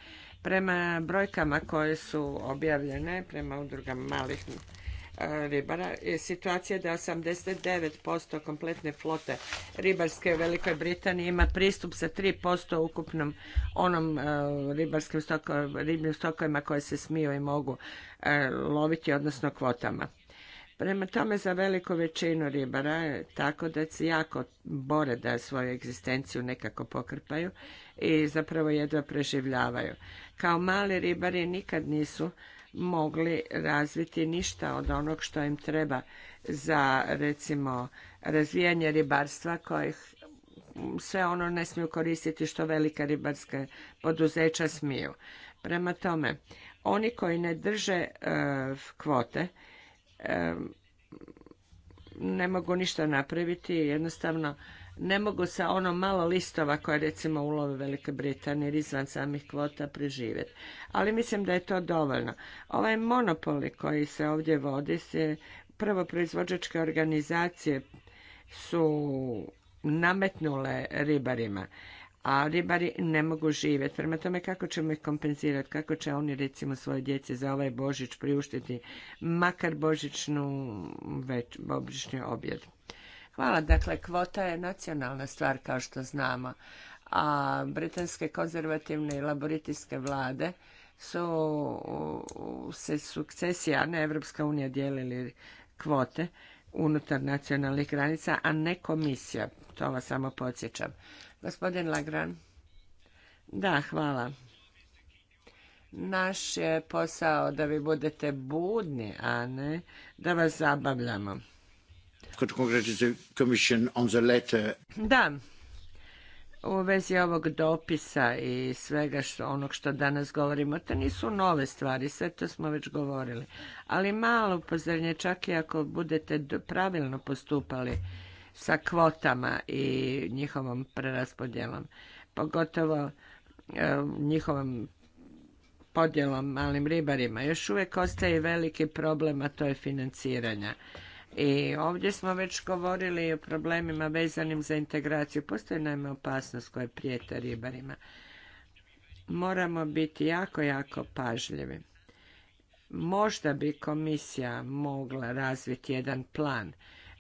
Prema brojkama koje su objavljene prema udrugama malih e, ribara je situacija da 89% kompletne flote ribarske u Velikoj Britaniji ima pristup sa 3% ukupnom onom e, ribarskim stokovima koje se smiju i mogu E, loviti, odnosno kvotama. Prema tome za veliku većinu ribara tako da se jako bore da svoju egzistenciju nekako pokrpaju i zapravo jedva preživljavaju. Kao mali ribari nikad nisu mogli razviti ništa od onog što im treba za recimo razvijanje ribarstva kojih sve ono ne smiju koristiti što velika ribarska poduzeća smiju. Prema tome, oni koji ne drže e, kvote e, ne mogu ništa napraviti, jednostavno ne mogu sa ono malo listova koje recimo ulove Velike Britanije izvan samih kvota preživjeti. Ali mislim da je to dovoljno. Ovaj monopol koji se ovdje vodi se prvo proizvođačke organizacije su nametnule ribarima a ribari ne mogu živjeti. Prema tome kako ćemo ih kompenzirati, kako će oni recimo svoje djeci za ovaj Božić priuštiti makar božićnu već, božićni objed. Hvala. Dakle, kvota je nacionalna stvar kao što znamo, a britanske konzervativne i laboritijske vlade su se sukcesija na Evropska unija dijelili kvote unutar nacionalnih granica, a ne komisija. To vas samo podsjećam. Gospodin Lagran. Da, hvala. Naš je posao da vi budete budni, a ne da vas zabavljamo. Da, u vezi ovog dopisa i svega što, onog što danas govorimo, to nisu nove stvari, sve to smo već govorili. Ali malo upozornje, čak i ako budete pravilno postupali sa kvotama i njihovom preraspodjelom. Pogotovo e, njihovom podjelom malim ribarima. Još uvijek ostaje veliki problem, a to je financiranja. I ovdje smo već govorili o problemima vezanim za integraciju. Postoji najme opasnost koja prijeta ribarima. Moramo biti jako, jako pažljivi. Možda bi komisija mogla razviti jedan plan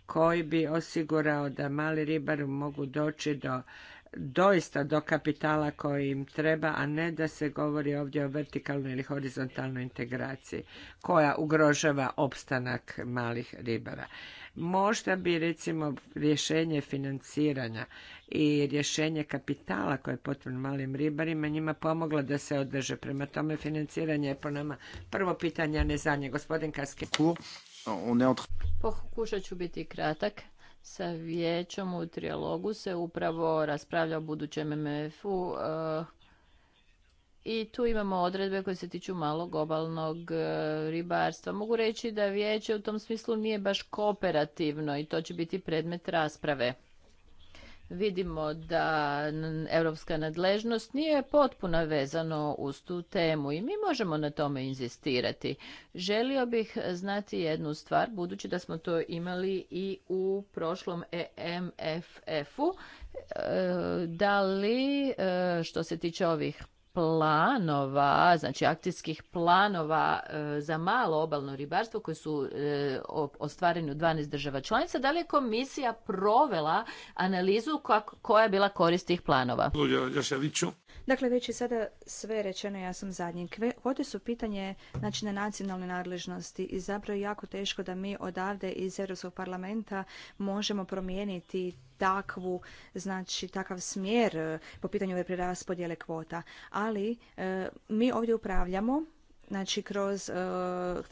koji bi osigurao da mali ribari mogu doći do doista do kapitala koji im treba, a ne da se govori ovdje o vertikalnoj ili horizontalnoj integraciji koja ugrožava opstanak malih ribara. Možda bi recimo rješenje financiranja i rješenje kapitala koje je potrebno malim ribarima njima pomogla da se održe. Prema tome financiranje je po nama prvo pitanje, a ne zadnje. Gospodin Kaskin. Pokušat ću biti kratak. Sa vijećom u trijalogu se upravo raspravlja o budućem MMF-u eh, i tu imamo odredbe koje se tiču malog obalnog eh, ribarstva. Mogu reći da vijeće u tom smislu nije baš kooperativno i to će biti predmet rasprave vidimo da europska nadležnost nije potpuno vezano uz tu temu i mi možemo na tome inzistirati. Želio bih znati jednu stvar, budući da smo to imali i u prošlom EMFF-u, e, da li e, što se tiče ovih planova, znači akcijskih planova e, za malo obalno ribarstvo koji su e, ostvareni u 12 država članica, da li je komisija provela analizu koja je bila korist tih planova? Dakle, već je sada sve rečeno, ja sam zadnji. Kvote su pitanje znači, na nacionalne nadležnosti i zapravo je jako teško da mi odavde iz Europskog parlamenta možemo promijeniti takvu, znači takav smjer e, po pitanju ove preraspodjele kvota, ali e, mi ovdje upravljamo znači kroz e,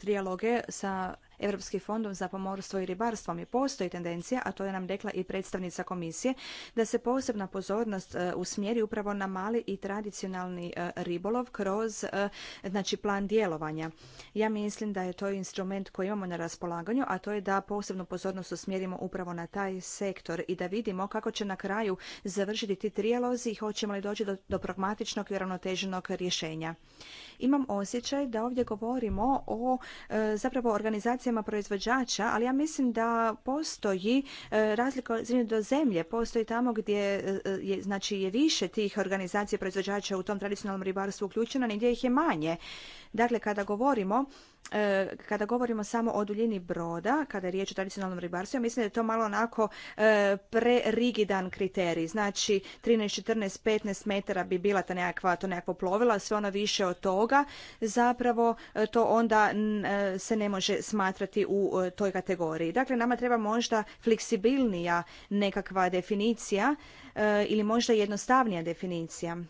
trijaloge sa Evropski fondom za pomorstvo i ribarstvo mi postoji tendencija, a to je nam rekla i predstavnica komisije, da se posebna pozornost e, usmjeri upravo na mali i tradicionalni e, ribolov kroz e, znači, plan djelovanja. Ja mislim da je to instrument koji imamo na raspolaganju, a to je da posebnu pozornost usmjerimo upravo na taj sektor i da vidimo kako će na kraju završiti ti trijalozi i hoćemo li doći do, pragmatičnog i ravnoteženog rješenja. Imam osjećaj da ovdje govorimo o e, zapravo organizacijama zahtjevima proizvođača, ali ja mislim da postoji e, razlika do zemlje. Postoji tamo gdje e, je, znači, je više tih organizacija proizvođača u tom tradicionalnom ribarstvu uključeno, negdje ih je manje. Dakle, kada govorimo e, kada govorimo samo o duljini broda, kada je riječ o tradicionalnom ribarstvu, mislim da je to malo onako e, prerigidan kriterij. Znači, 13, 14, 15 metara bi bila ta nekakva, to nekakvo plovila, sve ono više od toga, zapravo e, to onda se ne može smatrati u toj kategoriji. Dakle, nama treba možda fleksibilnija nekakva definicija E, ili možda jednostavnija definicija. E,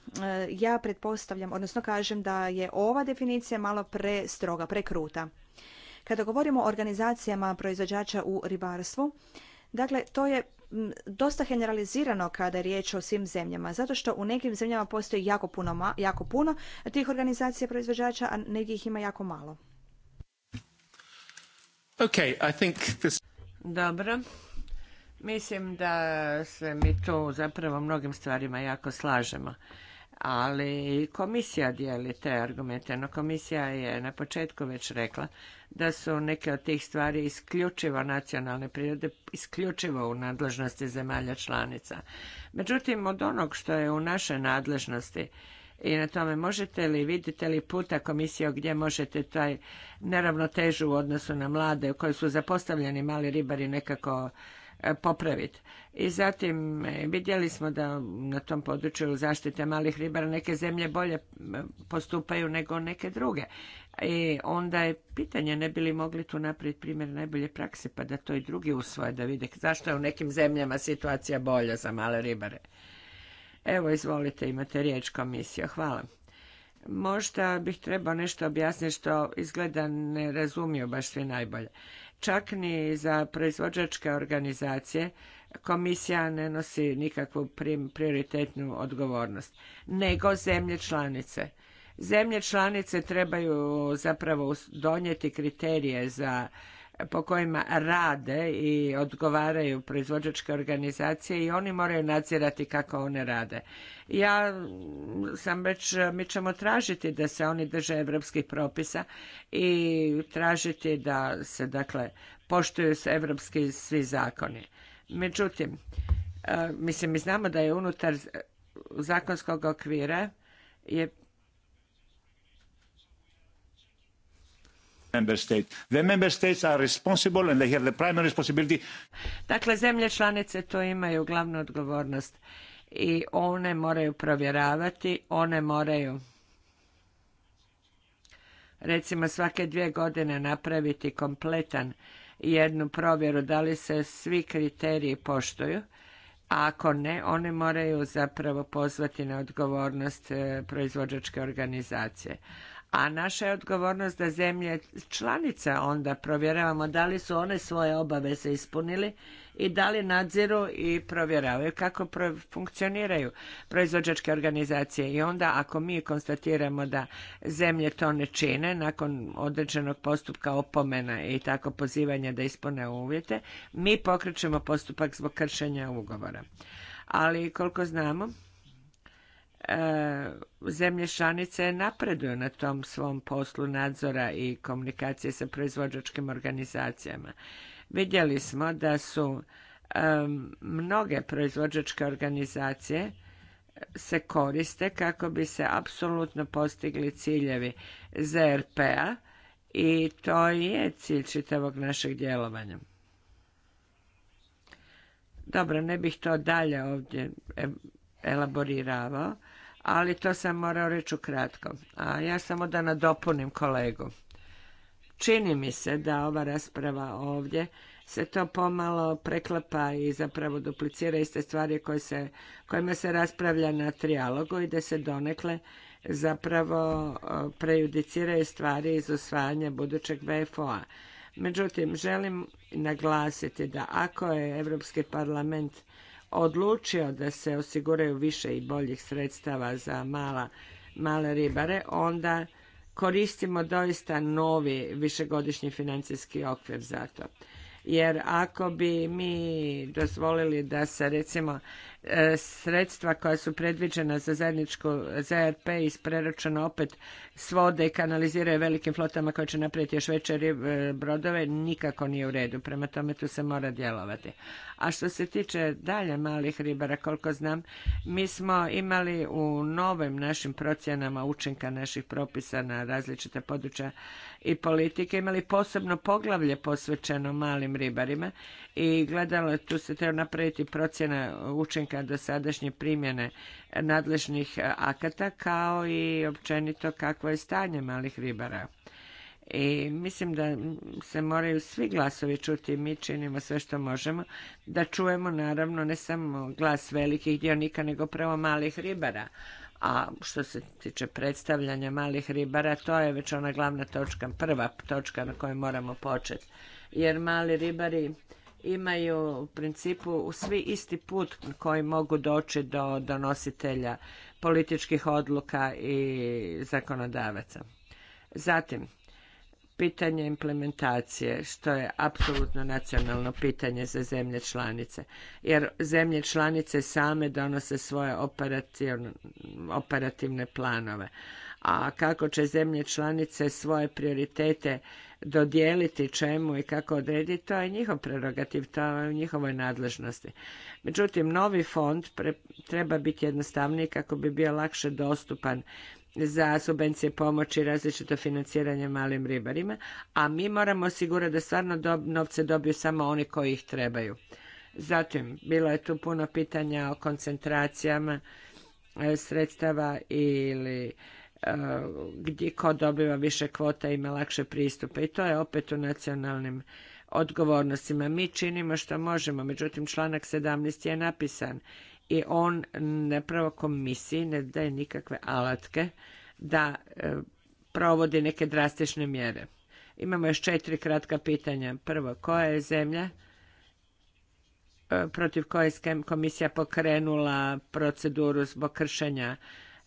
ja pretpostavljam, odnosno kažem da je ova definicija malo prestroga, prekruta. Kada govorimo o organizacijama proizvođača u ribarstvu, dakle to je dosta generalizirano kada je riječ o svim zemljama, zato što u nekim zemljama postoji jako puno, jako puno tih organizacija proizvođača, a negdje ih ima jako malo. Dobro, Mislim da se mi tu zapravo mnogim stvarima jako slažemo. Ali komisija dijeli te argumente. No komisija je na početku već rekla da su neke od tih stvari isključivo nacionalne prirode, isključivo u nadležnosti zemalja članica. Međutim, od onog što je u našoj nadležnosti i na tome možete li, vidite li puta komisije gdje možete taj neravnotežu u odnosu na mlade u kojoj su zapostavljeni mali ribari nekako popraviti. I zatim e, vidjeli smo da na tom području zaštite malih ribara neke zemlje bolje e, postupaju nego neke druge. I onda je pitanje ne bi li mogli tu napraviti primjer najbolje prakse pa da to i drugi usvoje da vide zašto je u nekim zemljama situacija bolja za male ribare. Evo izvolite, imate riječ komisija. Hvala. Možda bih trebao nešto objasniti što izgleda ne razumiju baš svi najbolje čak ni za proizvođačke organizacije komisija ne nosi nikakvu prioritetnu odgovornost, nego zemlje članice. Zemlje članice trebaju zapravo donijeti kriterije za po kojima rade i odgovaraju proizvođačke organizacije i oni moraju nadzirati kako one rade. Ja sam već, mi ćemo tražiti da se oni drže evropskih propisa i tražiti da se dakle poštuju se evropski svi zakoni. Međutim, e, mislim mi znamo da je unutar zakonskog okvira je member The member states are responsible and they have the primary responsibility. Dakle, zemlje članice to imaju glavnu odgovornost i one moraju provjeravati, one moraju recimo svake dvije godine napraviti kompletan jednu provjeru da li se svi kriteriji poštuju, a ako ne, one moraju zapravo pozvati na odgovornost eh, proizvođačke organizacije a naša je odgovornost da zemlje članice onda provjeravamo da li su one svoje obaveze ispunili i da li nadziru i provjeravaju kako funkcioniraju proizvođačke organizacije. I onda ako mi konstatiramo da zemlje to ne čine nakon određenog postupka opomena i tako pozivanja da ispune uvjete, mi pokrećemo postupak zbog kršenja ugovora. Ali koliko znamo, E, zemlje članice napreduju na tom svom poslu nadzora i komunikacije sa proizvođačkim organizacijama. Vidjeli smo da su e, mnoge proizvođačke organizacije se koriste kako bi se apsolutno postigli ciljevi ZRP-a i to je cilj čitavog našeg djelovanja. Dobro, ne bih to dalje ovdje elaborirao, ali to sam morao reći ukratko. A ja samo da nadopunim kolegu. Čini mi se da ova rasprava ovdje se to pomalo preklapa i zapravo duplicira iste stvari koje se, kojima se raspravlja na trijalogu i da se donekle zapravo prejudiciraju stvari iz usvajanja budućeg VFO-a. Međutim, želim naglasiti da ako je Europski parlament odlučio da se osiguraju više i boljih sredstava za mala, male ribare, onda koristimo doista novi višegodišnji financijski okvir za to. Jer ako bi mi dozvolili da se recimo e, sredstva koja su predviđena za zajedničku ZRP e iz opet svode i kanaliziraju velikim flotama koje će napraviti još veće e, brodove nikako nije u redu. Prema tome tu se mora djelovati. A što se tiče dalje malih ribara, koliko znam, mi smo imali u novim našim procjenama učinka naših propisa na različite područja i politike imali posebno poglavlje posvećeno malim ribarima i gledalo tu se treba napraviti procjena učinka dosadašnje primjene nadležnih e, akata kao i općenito kako kakvo je stanje malih ribara. I mislim da se moraju svi glasovi čuti mi činimo sve što možemo da čujemo naravno ne samo glas velikih dionika nego prvo malih ribara. A što se tiče predstavljanja malih ribara, to je već ona glavna točka, prva točka na kojoj moramo početi. Jer mali ribari imaju u principu svi isti put koji mogu doći do donositelja političkih odluka i zakonodavaca. Zatim, pitanje implementacije, što je apsolutno nacionalno pitanje za zemlje članice, jer zemlje članice same donose svoje operativne planove, a kako će zemlje članice svoje prioritete dodijeliti čemu i kako odrediti, to je njihov prerogativ, to je u njihovoj nadležnosti. Međutim, novi fond treba biti jednostavniji kako bi bio lakše dostupan za subvencije pomoći i različito financiranje malim ribarima, a mi moramo osigurati da stvarno novce dobiju samo oni koji ih trebaju. Zatim, bilo je tu puno pitanja o koncentracijama e, sredstava ili gdje ko dobiva više kvota ima lakše pristupe i to je opet u nacionalnim odgovornostima. Mi činimo što možemo, međutim članak 17 je napisan i on nepravo komisiji ne daje nikakve alatke da e, provodi neke drastične mjere. Imamo još četiri kratka pitanja. Prvo, koja je zemlja e, protiv koje je komisija pokrenula proceduru zbog kršenja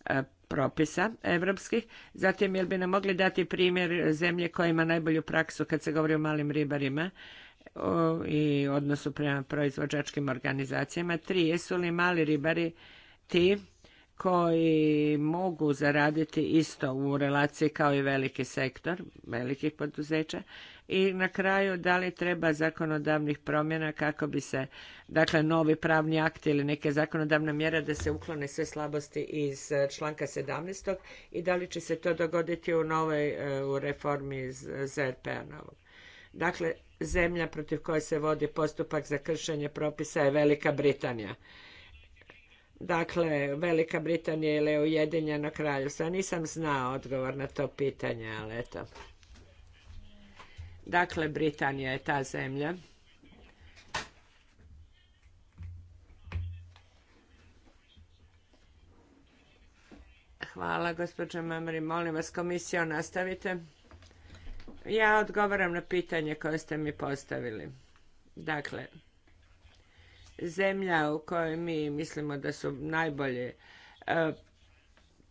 e, propisa europskih. Zatim, jel bi nam mogli dati primjer zemlje koja ima najbolju praksu kad se govori o malim ribarima i odnosu prema proizvođačkim organizacijama. Tri, jesu li mali ribari ti koji mogu zaraditi isto u relaciji kao i veliki sektor velikih poduzeća i na kraju da li treba zakonodavnih promjena kako bi se dakle novi pravni akt ili neke zakonodavne mjere da se uklone sve slabosti iz e, članka 17. i da li će se to dogoditi u novoj e, u reformi ZRP-a novog. Dakle, zemlja protiv koje se vodi postupak za kršenje propisa je Velika Britanija. Dakle, Velika Britanija ili Ujedinjeno kraljevstvo. Nisam znao odgovor na to pitanje, ali eto. Dakle, Britanija je ta zemlja. Hvala, gospođo Mamri. Molim vas, komisija, nastavite. Ja odgovaram na pitanje koje ste mi postavili. Dakle, zemlja u kojoj mi mislimo da su najbolje e,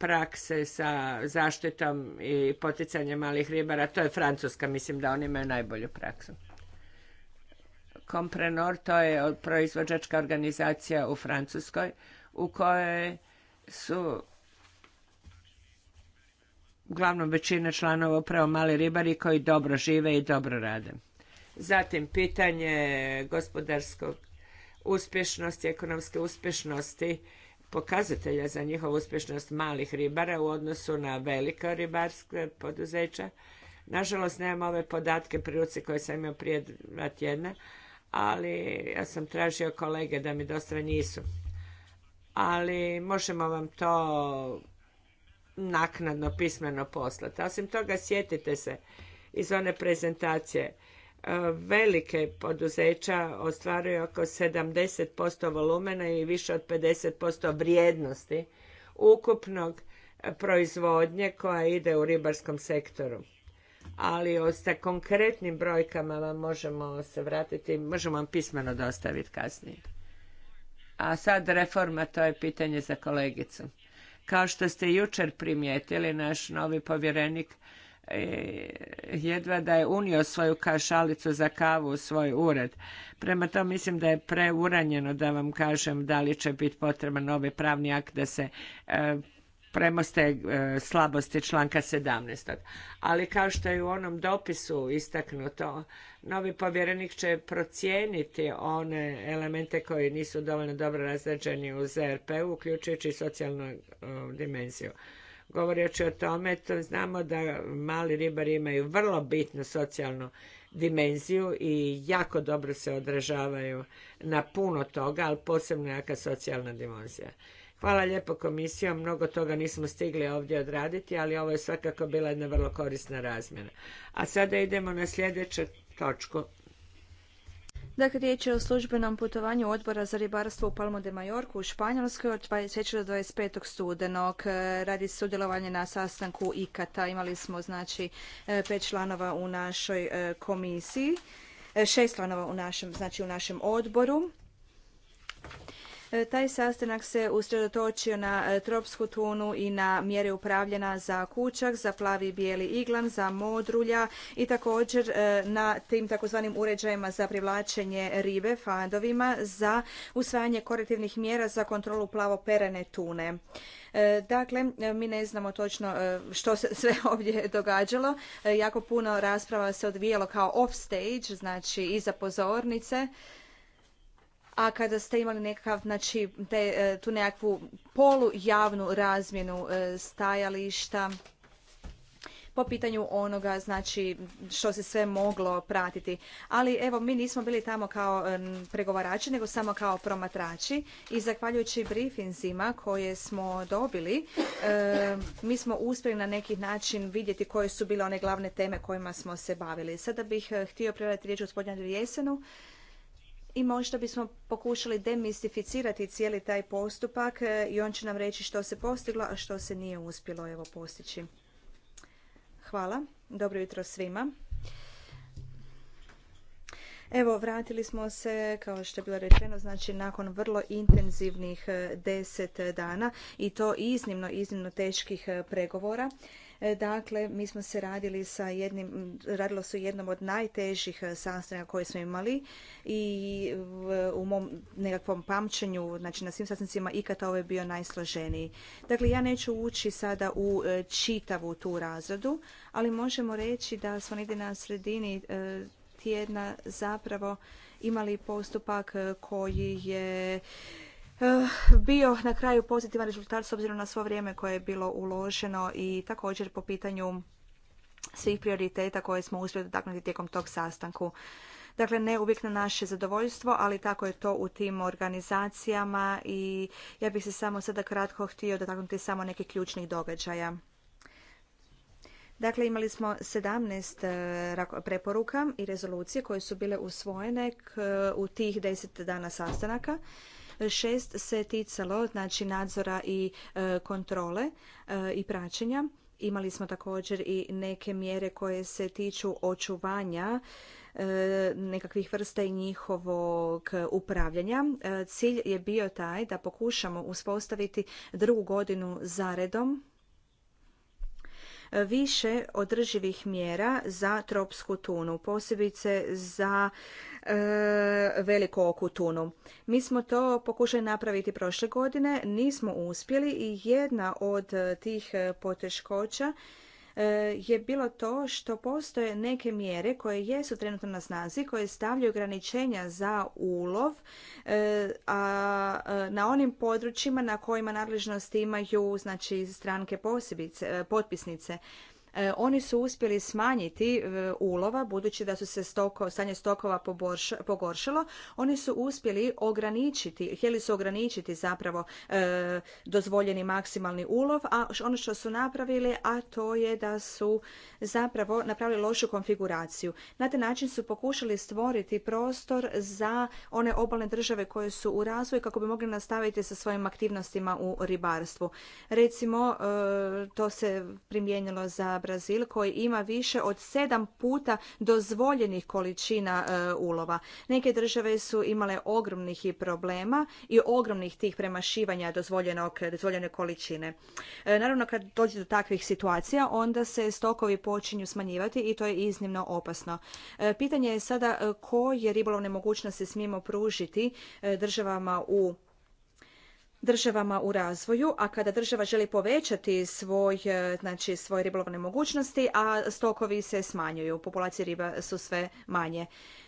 prakse sa zaštitom i poticanjem malih ribara, to je Francuska, mislim da oni imaju najbolju praksu. Comprenor, to je proizvođačka organizacija u Francuskoj u kojoj su uglavnom većina članova upravo mali ribari koji dobro žive i dobro rade. Zatim, pitanje gospodarskog uspješnosti, ekonomske uspješnosti pokazatelja za njihovu uspješnost malih ribara u odnosu na velika ribarska poduzeća. Nažalost, nemam ove podatke pri ruci koje sam imao prije dva tjedna, ali ja sam tražio kolege da mi dosta nisu. Ali možemo vam to naknadno pismeno poslati. Osim toga, sjetite se iz one prezentacije velike poduzeća ostvaruju oko 70% volumena i više od 50% vrijednosti ukupnog proizvodnje koja ide u ribarskom sektoru. Ali sa konkretnim brojkama vam možemo se vratiti, možemo vam pismeno dostaviti kasnije. A sad reforma, to je pitanje za kolegicu. Kao što ste jučer primijetili, naš novi povjerenik E, jedva da je unio svoju kašalicu za kavu u svoj ured. Prema tome mislim da je preuranjeno da vam kažem da li će biti potreban novi pravni akt da se e, premoste e, slabosti članka 17. Ali kao što je u onom dopisu istaknuto, novi povjerenik će procijeniti one elemente koji nisu dovoljno dobro razrađeni u ZRP, uključujući socijalnu dimenziju govoreći o tome, to znamo da mali ribari imaju vrlo bitnu socijalnu dimenziju i jako dobro se odražavaju na puno toga, ali posebno jaka socijalna dimenzija. Hvala lijepo komisijom, mnogo toga nismo stigli ovdje odraditi, ali ovo je svakako bila jedna vrlo korisna razmjena. A sada idemo na sljedeću točku Dakle, riječ je o službenom putovanju odbora za ribarstvo u Palmo de Majorku u Španjolskoj od 23. do 25. studenog. E, radi sudjelovanje na sastanku IKATA. Imali smo znači e, pet članova u našoj e, komisiji, šest članova u znači u našem odboru. E, taj sastanak se usredotočio na e, tropsku tunu i na mjere upravljena za kućak, za plavi i bijeli iglan, za modrulja i također e, na tim takozvanim uređajima za privlačenje ribe, fandovima, za usvajanje korektivnih mjera za kontrolu plavo plavoperene tune. Dakle, mi ne znamo točno što se sve ovdje događalo. Jako puno rasprava se odvijalo kao off stage, znači iza pozornice a kada ste imali nekakav, znači, te, e, tu nekakvu polujavnu razmjenu e, stajališta po pitanju onoga znači što se sve moglo pratiti. Ali evo mi nismo bili tamo kao e, pregovarači nego samo kao promatrači i zahvaljujući briefinzima koje smo dobili mi smo uspjeli na neki način vidjeti koje su bile one glavne teme kojima smo se bavili. Sada bih htio predati riječ gospodinu Jesenu i možda bismo pokušali demistificirati cijeli taj postupak e, i on će nam reći što se postiglo, a što se nije uspjelo evo postići. Hvala. Dobro jutro svima. Evo, vratili smo se, kao što je bilo rečeno, znači nakon vrlo intenzivnih e, deset dana i to iznimno, iznimno teških e, pregovora. E, dakle, mi smo se radili sa jednim, radilo se jednom od najtežih e, sastanaka koje smo imali i u mom nekakvom pamćenju, znači na svim sastancima ikad ovo je bio najsloženiji. Dakle, ja neću ući sada u e, čitavu tu razradu, ali možemo reći da smo negdje na sredini tjedna zapravo imali postupak koji je Eh, bio na kraju pozitivan rezultat s obzirom na svo vrijeme koje je bilo uloženo i također po pitanju svih prioriteta koje smo uspjeli dotaknuti tijekom tog sastanku. Dakle, ne uvijek na naše zadovoljstvo, ali tako je to u tim organizacijama i ja bih se samo sada kratko htio dotaknuti samo nekih ključnih događaja. Dakle, imali smo 17 eh, preporuka i rezolucije koje su bile usvojene eh, u tih 10 dana sastanaka Šest se ticalo znači nadzora i e, kontrole e, i praćenja. Imali smo također i neke mjere koje se tiču očuvanja e, nekakvih vrsta i njihovog upravljanja. Cilj je bio taj da pokušamo uspostaviti drugu godinu zaredom više održivih mjera za tropsku tunu, posebice za e, veliko oku tunu. Mi smo to pokušali napraviti prošle godine, nismo uspjeli i jedna od tih poteškoća E, je bilo to što postoje neke mjere koje jesu trenutno na snazi, koje stavljaju ograničenja za ulov e, a e, na onim područjima na kojima nadležnost imaju znači, stranke potpisnice. E, oni su uspjeli smanjiti e, ulova budući da su se stoko, stanje stokova pogoršalo. Oni su uspjeli ograničiti, htjeli su ograničiti zapravo e, dozvoljeni maksimalni ulov, a ono što su napravili, a to je da su zapravo napravili lošu konfiguraciju. Na taj način su pokušali stvoriti prostor za one obalne države koje su u razvoju kako bi mogli nastaviti sa svojim aktivnostima u ribarstvu. Recimo, to se primijenilo za Brazil koji ima više od sedam puta dozvoljenih količina e, ulova. Neke države su imale ogromnih i problema i ogromnih tih premašivanja dozvoljene količine. E, naravno kad dođe do takvih situacija onda se stokovi počinju smanjivati i to je iznimno opasno. E, pitanje je sada koje ribolovne mogućnosti smijemo pružiti državama u državama u razvoju, a kada država želi povećati svoj, e, znači, svoje ribolovne mogućnosti, a stokovi se smanjuju, populacije riba su sve manje.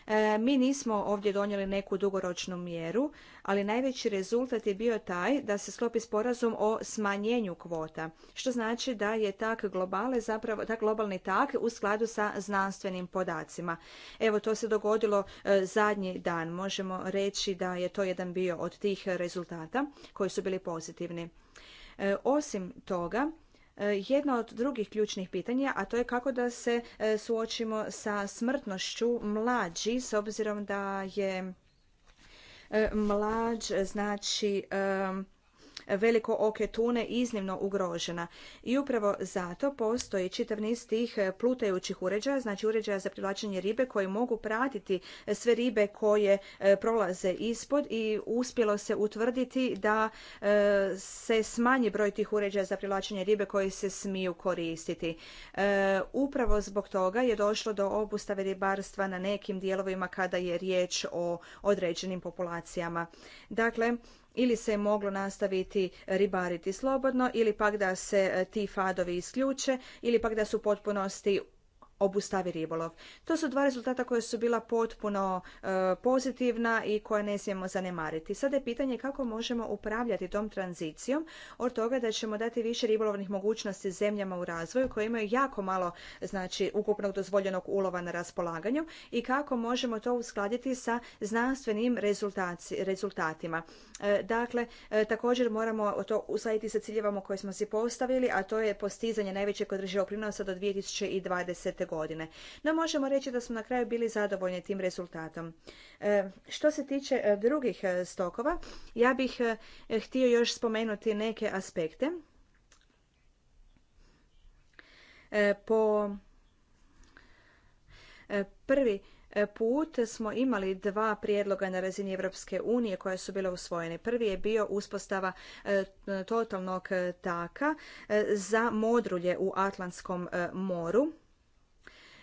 E, mi nismo ovdje donijeli neku dugoročnu mjeru, ali najveći rezultat je bio taj da se sklopi sporazum o smanjenju kvota, što znači da je tak globale zapravo, tak globalni tak u skladu sa znanstvenim podacima. Evo, to se dogodilo e, zadnji dan. Možemo reći da je to jedan bio od tih rezultata koji su bili pozitivni. E, osim toga, E, jedno od drugih ključnih pitanja, a to je kako da se e, suočimo sa smrtnošću mlađi, s obzirom da je e, mlađ znači veliko oke tune iznimno ugrožena. I upravo zato postoji čitav niz tih e, plutajućih uređaja, znači uređaja za privlačenje ribe koji mogu pratiti e, sve ribe koje e, prolaze ispod i uspjelo se utvrditi da se smanji broj tih uređaja za privlačenje ribe koji se smiju koristiti. Upravo zbog toga je došlo do obustave ribarstva na nekim dijelovima kada je riječ o određenim populacijama. Dakle, ili se moglo nastaviti ribariti slobodno ili pak da se e, ti fadovi isključe ili pak da su u potpunosti obustavi ribolov. To su dva rezultata koja su bila potpuno e, pozitivna i koja ne smijemo zanemariti. Sada je pitanje kako možemo upravljati tom tranzicijom od toga da ćemo dati više ribolovnih mogućnosti zemljama u razvoju koje imaju jako malo znači ukupnog dozvoljenog ulova na raspolaganju i kako možemo to uskladiti sa znanstvenim rezultatima. E, dakle, e, također moramo to uskladiti sa ciljevama koje smo si postavili, a to je postizanje najvećeg održivog prinosa do 2020 godine. No možemo reći da smo na kraju bili zadovoljni tim rezultatom. E, što se tiče e, drugih e, stokova, ja bih htio još spomenuti neke aspekte. Po prvi put smo imali dva prijedloga na razini Europske unije koja su bila usvojene. Prvi je bio uspostava totalnog taka za modrulje u Atlantskom moru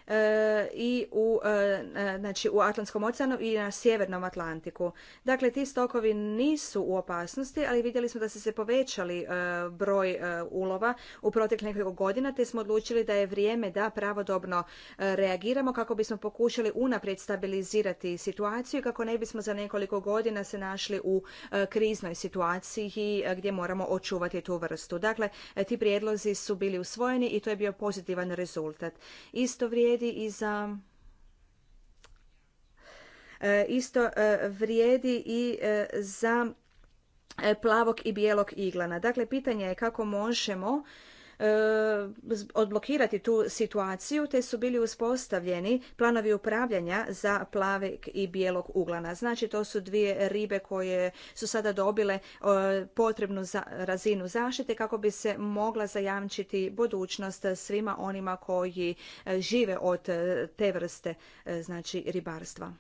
E, i u, e, e, znači, u Atlantskom oceanu i na Sjevernom Atlantiku. Dakle, ti stokovi nisu u opasnosti, ali vidjeli smo da se se povećali broj ulova u proteklih nekoliko godina, te smo odlučili da je vrijeme da pravodobno reagiramo kako bismo pokušali unaprijed stabilizirati situaciju i kako ne bismo za nekoliko godina se našli u kriznoj situaciji gdje moramo očuvati tu vrstu. Dakle, ti prijedlozi su bili usvojeni i to je bio pozitivan rezultat. Isto vrijeme vrijedi i za e, isto e, vrijedi i e, za plavog i bijelog iglana. Dakle, pitanje je kako možemo E, odblokirati tu situaciju, te su bili uspostavljeni planovi upravljanja za plavek i bijelog uglana. Znači, to su dvije ribe koje su sada dobile e, potrebnu razinu zaštite kako bi se mogla zajamčiti budućnost svima onima koji e, žive od te vrste znači ribarstva.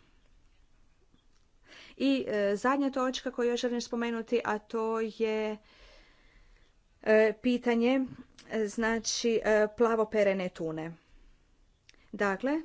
I zadnja točka koju još želim spomenuti, a to je E, pitanje e, znači e, plavoperene tune. Dakle,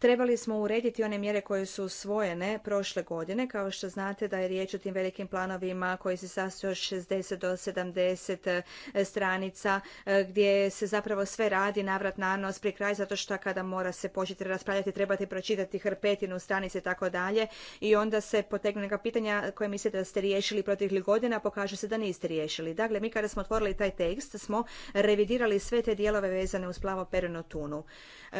Trebali smo urediti one mjere koje su usvojene prošle godine. Kao što znate da je riječ o tim velikim planovima koji se sastoje od 60 do 70 e, stranica e, gdje se zapravo sve radi navrat na nos pri kraj zato što kada mora se početi raspravljati trebate pročitati hrpetinu stranice i tako dalje i onda se potegnu neka pitanja koje mislite da ste riješili proteklih godina pokaže se da niste riješili. Dakle, mi kada smo otvorili taj tekst smo revidirali sve te dijelove vezane uz plavo perenotunu tunu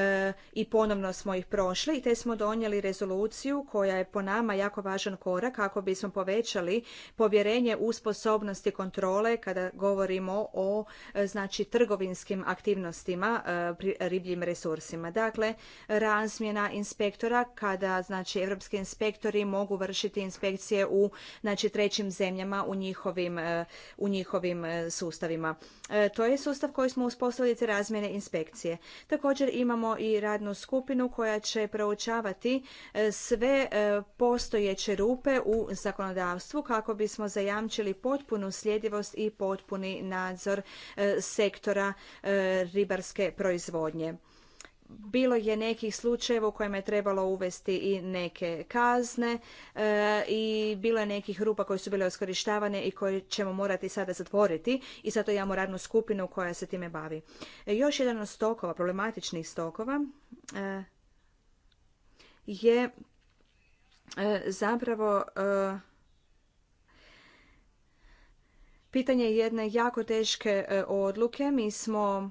e, i ponovno smo ih prošli, te smo donijeli rezoluciju koja je po nama jako važan korak kako bismo povećali povjerenje u sposobnosti kontrole kada govorimo o e, znači trgovinskim aktivnostima e, ribljim resursima. Dakle, razmjena inspektora kada znači europski inspektori mogu vršiti inspekcije u znači trećim zemljama u njihovim, e, u njihovim sustavima. To je sustav koji smo uspostavili razmjene inspekcije. Također imamo i radnu skupinu koja će proučavati e, sve e, postojeće rupe u zakonodavstvu kako bismo zajamčili potpunu sljedivost i potpuni nadzor e, sektora ribarske proizvodnje bilo je nekih slučajeva u kojima je trebalo uvesti i neke kazne i bilo je nekih rupa koje su bile iskorištavane i koje ćemo morati sada zatvoriti i zato imamo radnu skupinu koja se time bavi. još jedan od stokova, problematičnih stokova, je e, zapravo e, pitanje jedne jako teške e, odluke. Mi smo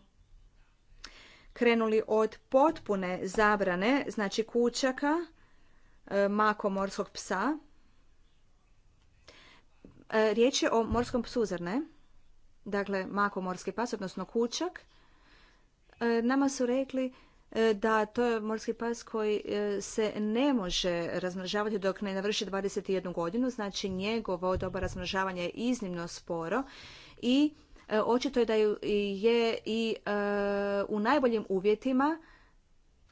krenuli od potpune zabrane, znači kućaka, mako morskog psa. Riječ je o morskom psu, zar ne? Dakle, mako morski pas, odnosno kućak. Nama su rekli E, da to je morski pas koji e, se ne može razmnožavati dok ne navrši 21 godinu, znači njegovo doba razmnožavanja je iznimno sporo i e, očito je da je i u najboljim uvjetima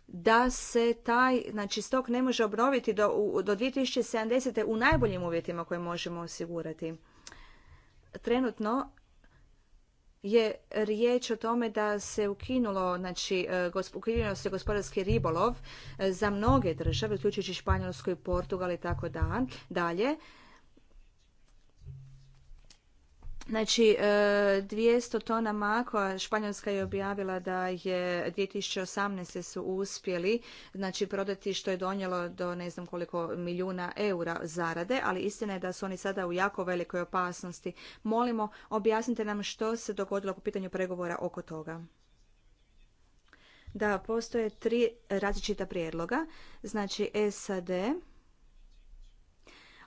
da se taj znači stok ne može obnoviti do, do 2070. u najboljim uvjetima koje možemo osigurati. Trenutno je riječ o tome da se ukinulo, znači e, ukinulo se gospodarski ribolov e, za mnoge države, uključujući Španjolsku i Portugal i tako dalje, Znači, 200 e, tona mako, Španjolska je objavila da je 2018. su uspjeli znači, prodati što je donijelo do ne znam koliko milijuna eura zarade, ali istina je da su oni sada u jako velikoj opasnosti. Molimo, objasnite nam što se dogodilo po pitanju pregovora oko toga. Da, postoje tri različita prijedloga. Znači, SAD,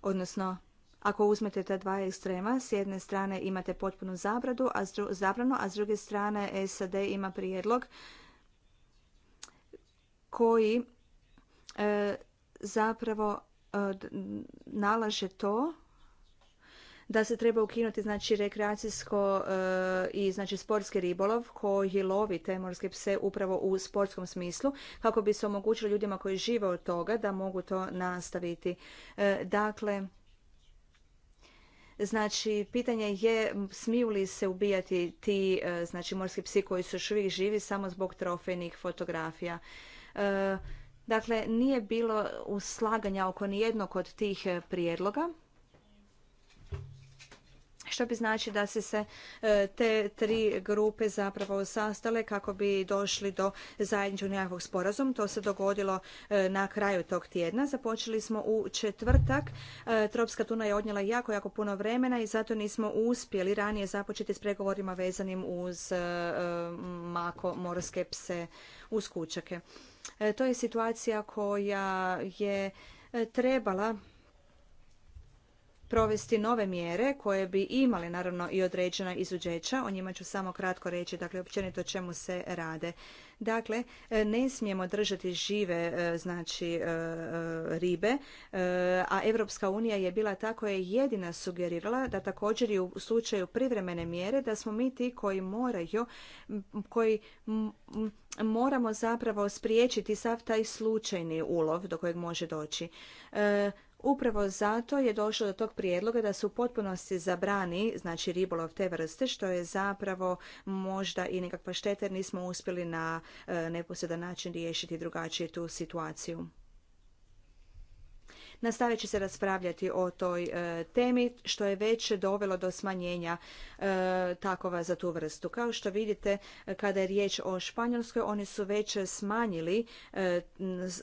odnosno ako uzmete ta dva ekstrema, s jedne strane imate potpunu zabradu, a zabranu, a s druge strane SAD ima prijedlog koji e, zapravo e, nalaže to da se treba ukinuti znači rekreacijsko e, i znači sportski ribolov koji lovi te morske pse upravo u sportskom smislu kako bi se omogućilo ljudima koji žive od toga da mogu to nastaviti. Dakle Znači, pitanje je smiju li se ubijati ti e, znači, morski psi koji su još uvijek živi samo zbog trofejnih fotografija. E, dakle, nije bilo uslaganja oko nijednog od tih e, prijedloga što bi znači da se se e, te tri grupe zapravo sastale kako bi došli do zajedničkog nekakvog sporazuma. To se dogodilo e, na kraju tog tjedna. Započeli smo u četvrtak. E, tropska tuna je odnijela jako, jako puno vremena i zato nismo uspjeli ranije započeti s pregovorima vezanim uz mako morske pse uz kućake. To je situacija koja je trebala provesti nove mjere koje bi imale naravno i određena izuđeća. O njima ću samo kratko reći, dakle općenito o čemu se rade. Dakle, e, ne smijemo držati žive e, znači e, ribe, a Europska unija je bila tako je jedina sugerirala da također i u slučaju privremene mjere da smo mi ti koji moraju, koji moramo zapravo spriječiti sav taj slučajni ulov do kojeg može doći. Upravo zato je došlo do tog prijedloga da se u potpunosti zabrani znači ribolov te vrste, što je zapravo možda i nekakva šteta jer nismo uspjeli na e, neposredan način riješiti drugačije tu situaciju. Nastavit će se raspravljati o toj e, temi što je već dovelo do smanjenja e, takova za tu vrstu. Kao što vidite kada je riječ o Španjolskoj oni su već smanjili e,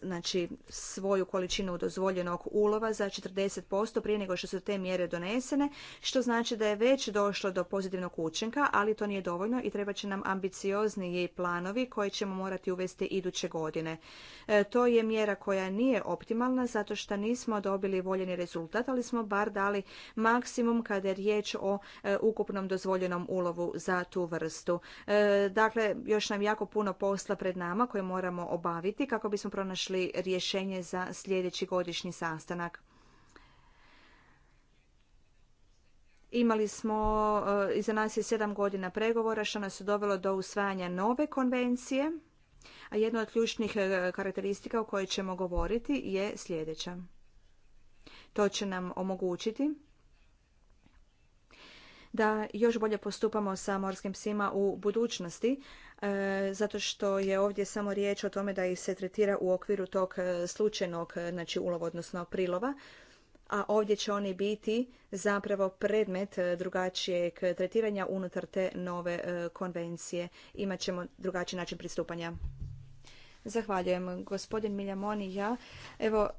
znači svoju količinu dozvoljenog ulova za 40% prije nego što su te mjere donesene što znači da je već došlo do pozitivnog učinka, ali to nije dovoljno i treba će nam ambiciozniji planovi koje ćemo morati uvesti iduće godine. To je mjera koja nije optimalna zato što nismo nismo dobili voljeni rezultat, ali smo bar dali maksimum kada je riječ o e, ukupnom dozvoljenom ulovu za tu vrstu. E, dakle, još nam jako puno posla pred nama koje moramo obaviti kako bismo pronašli rješenje za sljedeći godišnji sastanak. Imali smo, e, iza nas je sedam godina pregovora što nas je dovelo do usvajanja nove konvencije, a jedna od ključnih karakteristika o kojoj ćemo govoriti je sljedeća. To će nam omogućiti da još bolje postupamo sa morskim psima u budućnosti, e, zato što je ovdje samo riječ o tome da ih se tretira u okviru tog e, slučajnog e, znači ulova, odnosno prilova, a ovdje će oni biti zapravo predmet drugačijeg tretiranja unutar te nove konvencije. Imaćemo drugačiji način pristupanja. Zahvaljujem. Gospodin miljamoni i ja. Evo,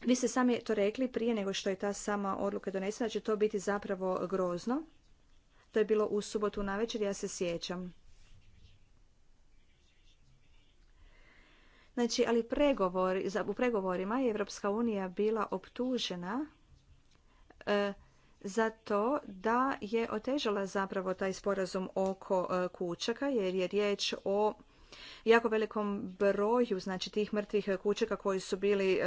vi ste sami to rekli prije nego što je ta sama odluka donesena, da će to biti zapravo grozno. To je bilo u subotu večer, ja se sjećam. Znači, ali pregovor, u pregovorima je Evropska unija bila optužena e, za to da je otežala zapravo taj sporazum oko e, kućaka, jer je riječ o jako velikom broju znači tih mrtvih kućeka koji su bili e,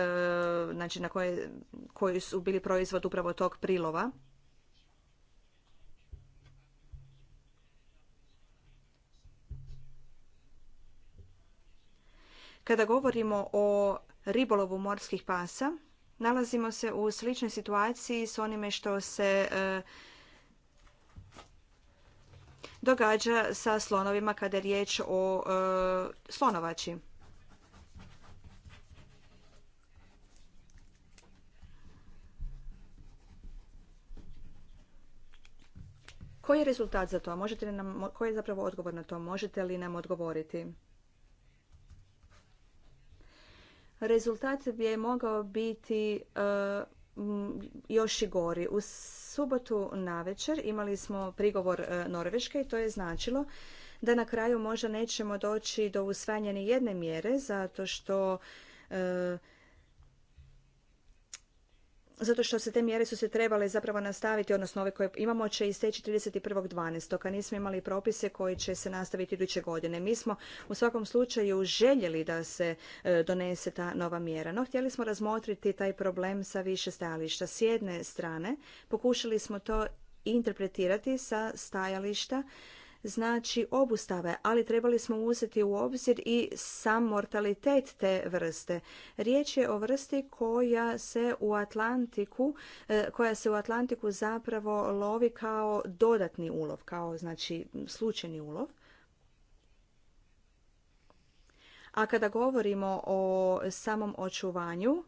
znači na koje koji su bili proizvod upravo tog prilova. Kada govorimo o ribolovu morskih pasa, nalazimo se u sličnoj situaciji s onime što se e, događa sa slonovima kada je riječ o e, slonovači. Koji je rezultat za to? Možete li nam, koji je zapravo odgovor na to? Možete li nam odgovoriti? Rezultat bi je mogao biti e, još i gori. U subotu navečer imali smo prigovor e, Norveške i to je značilo da na kraju možda nećemo doći do usvajanja ni jedne mjere zato što e, zato što se te mjere su se trebale zapravo nastaviti, odnosno ove koje imamo će isteći 31.12. a nismo imali propise koji će se nastaviti iduće godine. Mi smo u svakom slučaju željeli da se e, donese ta nova mjera, no htjeli smo razmotriti taj problem sa više stajališta. S jedne strane pokušali smo to interpretirati sa stajališta znači obustave, ali trebali smo uzeti u obzir i sam mortalitet te vrste. Riječ je o vrsti koja se u Atlantiku, e, koja se u Atlantiku zapravo lovi kao dodatni ulov, kao znači slučajni ulov. A kada govorimo o samom očuvanju,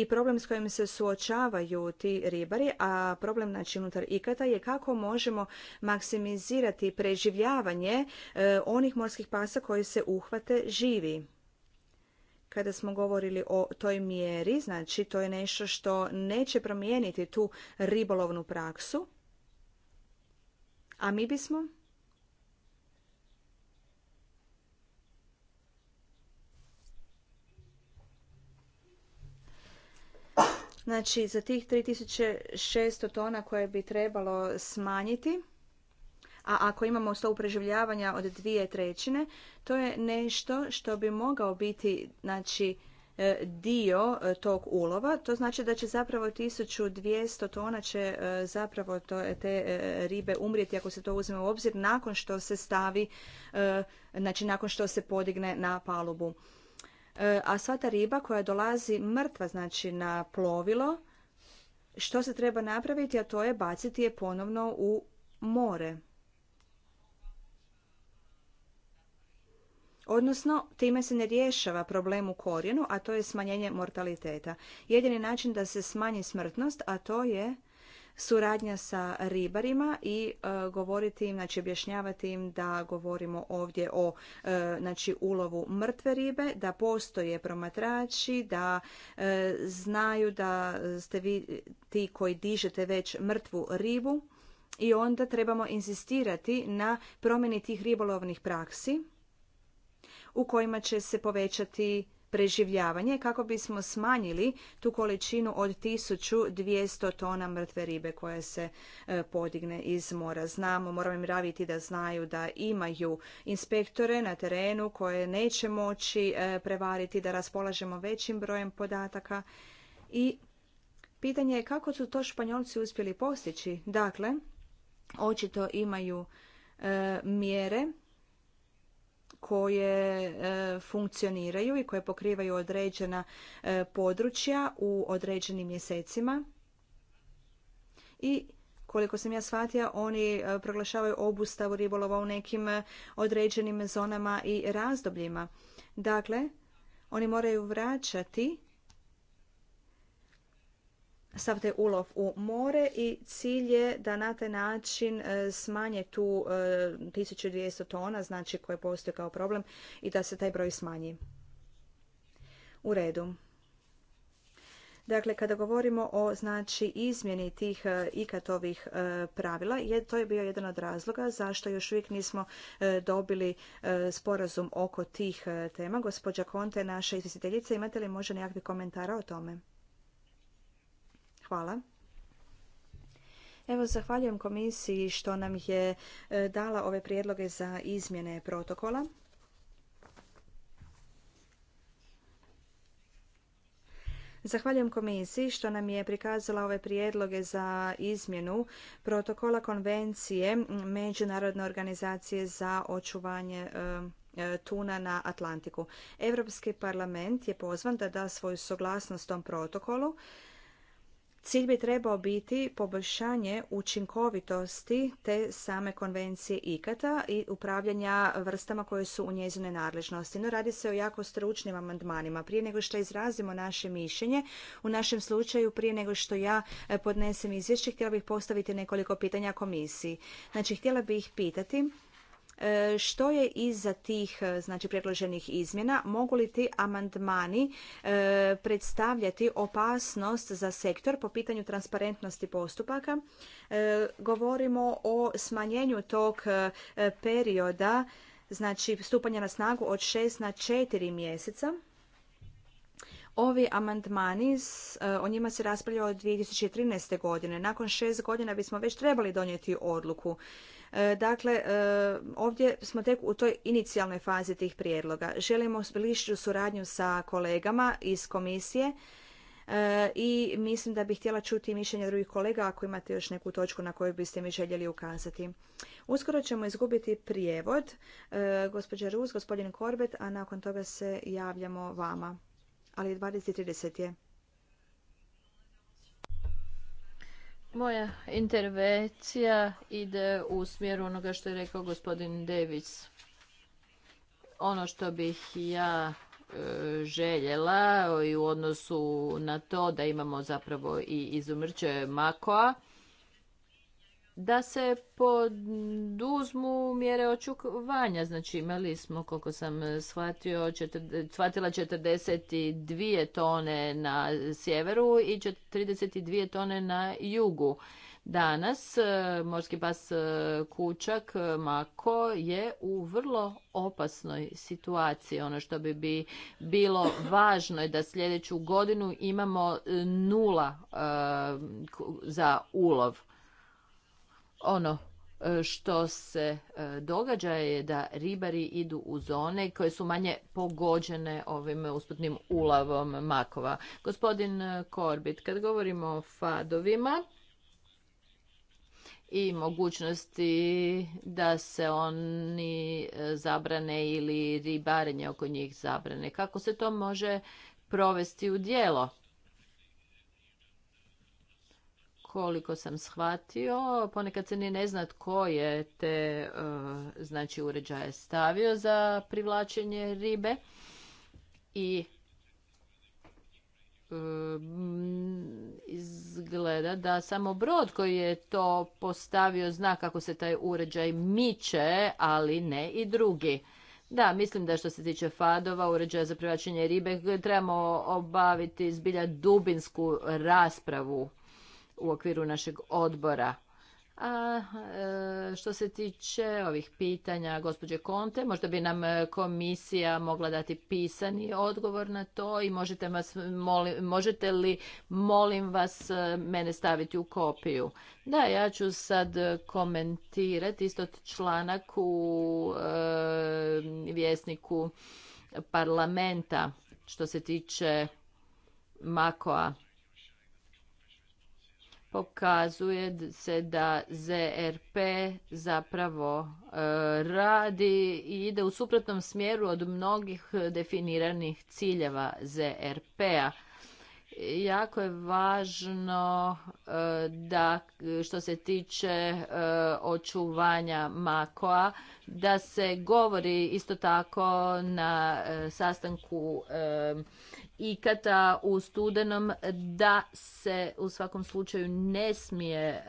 i problem s kojim se suočavaju ti ribari, a problem znači unutar ikata je kako možemo maksimizirati preživljavanje e, onih morskih pasa koji se uhvate živi kada smo govorili o toj mjeri, znači to je nešto što neće promijeniti tu ribolovnu praksu. A mi bismo Znači, za tih 3600 tona koje bi trebalo smanjiti, a ako imamo stopu preživljavanja od dvije trećine, to je nešto što bi mogao biti znači, e, dio e, tog ulova. To znači da će zapravo 1200 tona će e, zapravo te ribe umrijeti ako se to uzme u obzir nakon što se stavi, znači nakon što se podigne na palubu. E, a sva ta riba koja dolazi mrtva znači na plovilo, što se treba napraviti, a to je baciti je ponovno u more. Odnosno, time se ne rješava problem u korijenu, a to je smanjenje mortaliteta. Jedini način da se smanji smrtnost, a to je suradnja sa ribarima i e, govoriti im, znači objašnjavati im da govorimo ovdje o e, znači ulovu mrtve ribe, da postoje promatrači, da e, znaju da ste vi ti koji dižete već mrtvu ribu i onda trebamo inzistirati na promjeni tih ribolovnih praksi u kojima će se povećati preživljavanje kako bismo smanjili tu količinu od 1200 tona mrtve ribe koja se e, podigne iz mora. Znamo, moramo im raviti da znaju da imaju inspektore na terenu koje neće moći e, prevariti, da raspolažemo većim brojem podataka i Pitanje je kako su to Španjolci uspjeli postići. Dakle, očito imaju e, mjere koje e, funkcioniraju i koje pokrivaju određena e, područja u određenim mjesecima. I koliko sam ja shvatila, oni e, proglašavaju obustavu ribolova u nekim određenim zonama i razdobljima. Dakle, oni moraju vraćati sav taj ulov u more i cilj je da na taj način e, smanje tu 1200 e, tona, znači koje postoje kao problem i da se taj broj smanji. U redu. Dakle, kada govorimo o znači, izmjeni tih e, ikatovih pravila, je, to je bio jedan od razloga zašto još uvijek nismo dobili sporazum oko tih tema. Gospođa Konte, naša izvjestiteljica, imate li možda nekakvih komentara o tome? Hvala. Evo, zahvaljujem komisiji što nam je e, dala ove prijedloge za izmjene protokola. Zahvaljujem komisiji što nam je prikazala ove prijedloge za izmjenu protokola konvencije Međunarodne organizacije za očuvanje e, e, tuna na Atlantiku. Europski parlament je pozvan da da svoju suglasnost tom protokolu Cilj bi trebao biti poboljšanje učinkovitosti te same konvencije ikata i upravljanja vrstama koje su u njezinoj nadležnosti. No radi se o jako stručnim amandmanima. Prije nego što izrazimo naše mišljenje, u našem slučaju prije nego što ja eh, podnesem izvješće, htjela bih postaviti nekoliko pitanja komisiji. Znači, htjela bih ih pitati E, što je iza tih e, znači predloženih izmjena, mogu li ti amandmani e, predstavljati opasnost za sektor po pitanju transparentnosti postupaka. Govorimo o smanjenju tog perioda znači stupanja na snagu od šest na četiri mjeseca. Ovi amandmani, o njima se raspravljalo od 2013. godine. Nakon šest godina bismo već trebali donijeti odluku. E, dakle, e, ovdje smo tek u toj inicijalnoj fazi tih prijedloga. Želimo bližu suradnju sa kolegama iz komisije e, i mislim da bih htjela čuti mišljenje drugih kolega ako imate još neku točku na koju biste mi željeli ukazati. Uskoro ćemo izgubiti prijevod. Gospođa Rus, gospodin Korbet, a nakon toga se javljamo vama. Ali 20.30 je. Moja intervencija ide u smjeru onoga što je rekao gospodin Davis. Ono što bih ja e, željela i u odnosu na to da imamo zapravo i izumrće makoa, da se poduzmu mjere očuvanja. Znači imali smo, koliko sam shvatio, četir, shvatila 42 tone na sjeveru i 32 tone na jugu. Danas e, morski pas e, Kučak e, Mako je u vrlo opasnoj situaciji. Ono što bi, bi bilo važno je da sljedeću godinu imamo nula za ulov ono e, što se e, događa je da ribari idu u zone koje su manje pogođene ovim usputnim ulavom makova. Gospodin e, Korbit, kad govorimo o fadovima i mogućnosti da se oni zabrane ili ribarenje oko njih zabrane, kako se to može provesti u djelo? koliko sam shvatio, ponekad se ni ne zna tko je te e, znači, uređaje stavio za privlačenje ribe i e, izgleda da samo brod koji je to postavio zna kako se taj uređaj miče, ali ne i drugi. Da, mislim da što se tiče fadova, uređaja za privlačenje ribe, trebamo obaviti zbilja dubinsku raspravu u okviru našeg odbora. A e, što se tiče ovih pitanja gospođe Konte, možda bi nam e, komisija mogla dati pisani odgovor na to i možete, vas, možete li, molim vas, e, mene staviti u kopiju. Da, ja ću sad komentirati isto članak u e, vjesniku parlamenta što se tiče Makoa pokazuje se da ZRP zapravo e, radi i ide u suprotnom smjeru od mnogih definiranih ciljeva ZRP-a. Jako je važno e, da što se tiče e, očuvanja makoa, da se govori isto tako na sastanku ikata u studenom da se u svakom slučaju ne smije e,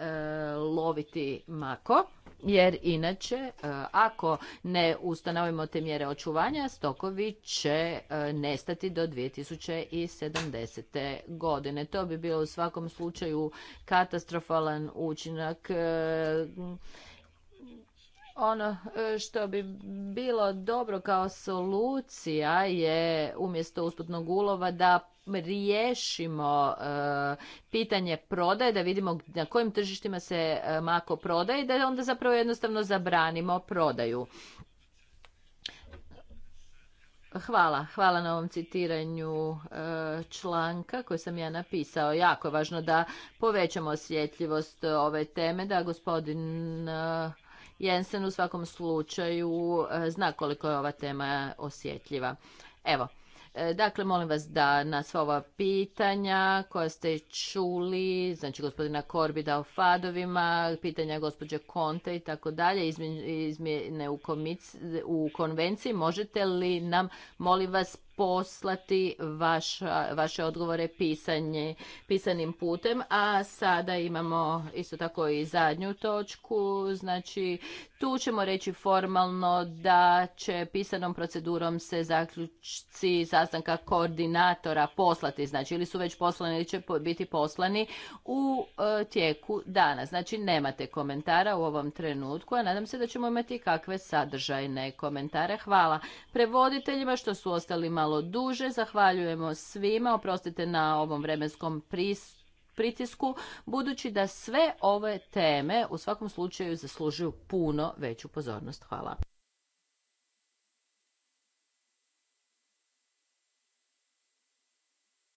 loviti mako jer inače e, ako ne ustanovimo te mjere očuvanja stokovi će e, nestati do 2070. godine. To bi bilo u svakom slučaju katastrofalan učinak e, ono e, što bi bilo dobro kao solucija je umjesto usputnog ulova da riješimo e, pitanje prodaje, da vidimo na kojim tržištima se e, mako prodaje i da onda zapravo jednostavno zabranimo prodaju. Hvala, hvala na ovom citiranju članka koji sam ja napisao. Jako je važno da povećamo osjetljivost ove teme, da gospodin Jensen u svakom slučaju e, zna koliko je ova tema osjetljiva. Evo, e, Dakle, molim vas da na sva ova pitanja koja ste čuli, znači gospodina Korbida o fadovima, pitanja gospođe Konte i tako dalje, izmjene u, u konvenciji, možete li nam, molim vas, poslati vaša, vaše odgovore pisanje, pisanim putem, a sada imamo isto tako i zadnju točku, znači tu ćemo reći formalno da će pisanom procedurom se zaključci sastanka koordinatora poslati, znači ili su već poslani ili će biti poslani u e, tijeku dana. Znači nemate komentara u ovom trenutku, a nadam se da ćemo imati kakve sadržajne komentare. Hvala prevoditeljima što su ostali malo malo duže. Zahvaljujemo svima, oprostite na ovom vremenskom pritisku, budući da sve ove teme u svakom slučaju zaslužuju puno veću pozornost. Hvala.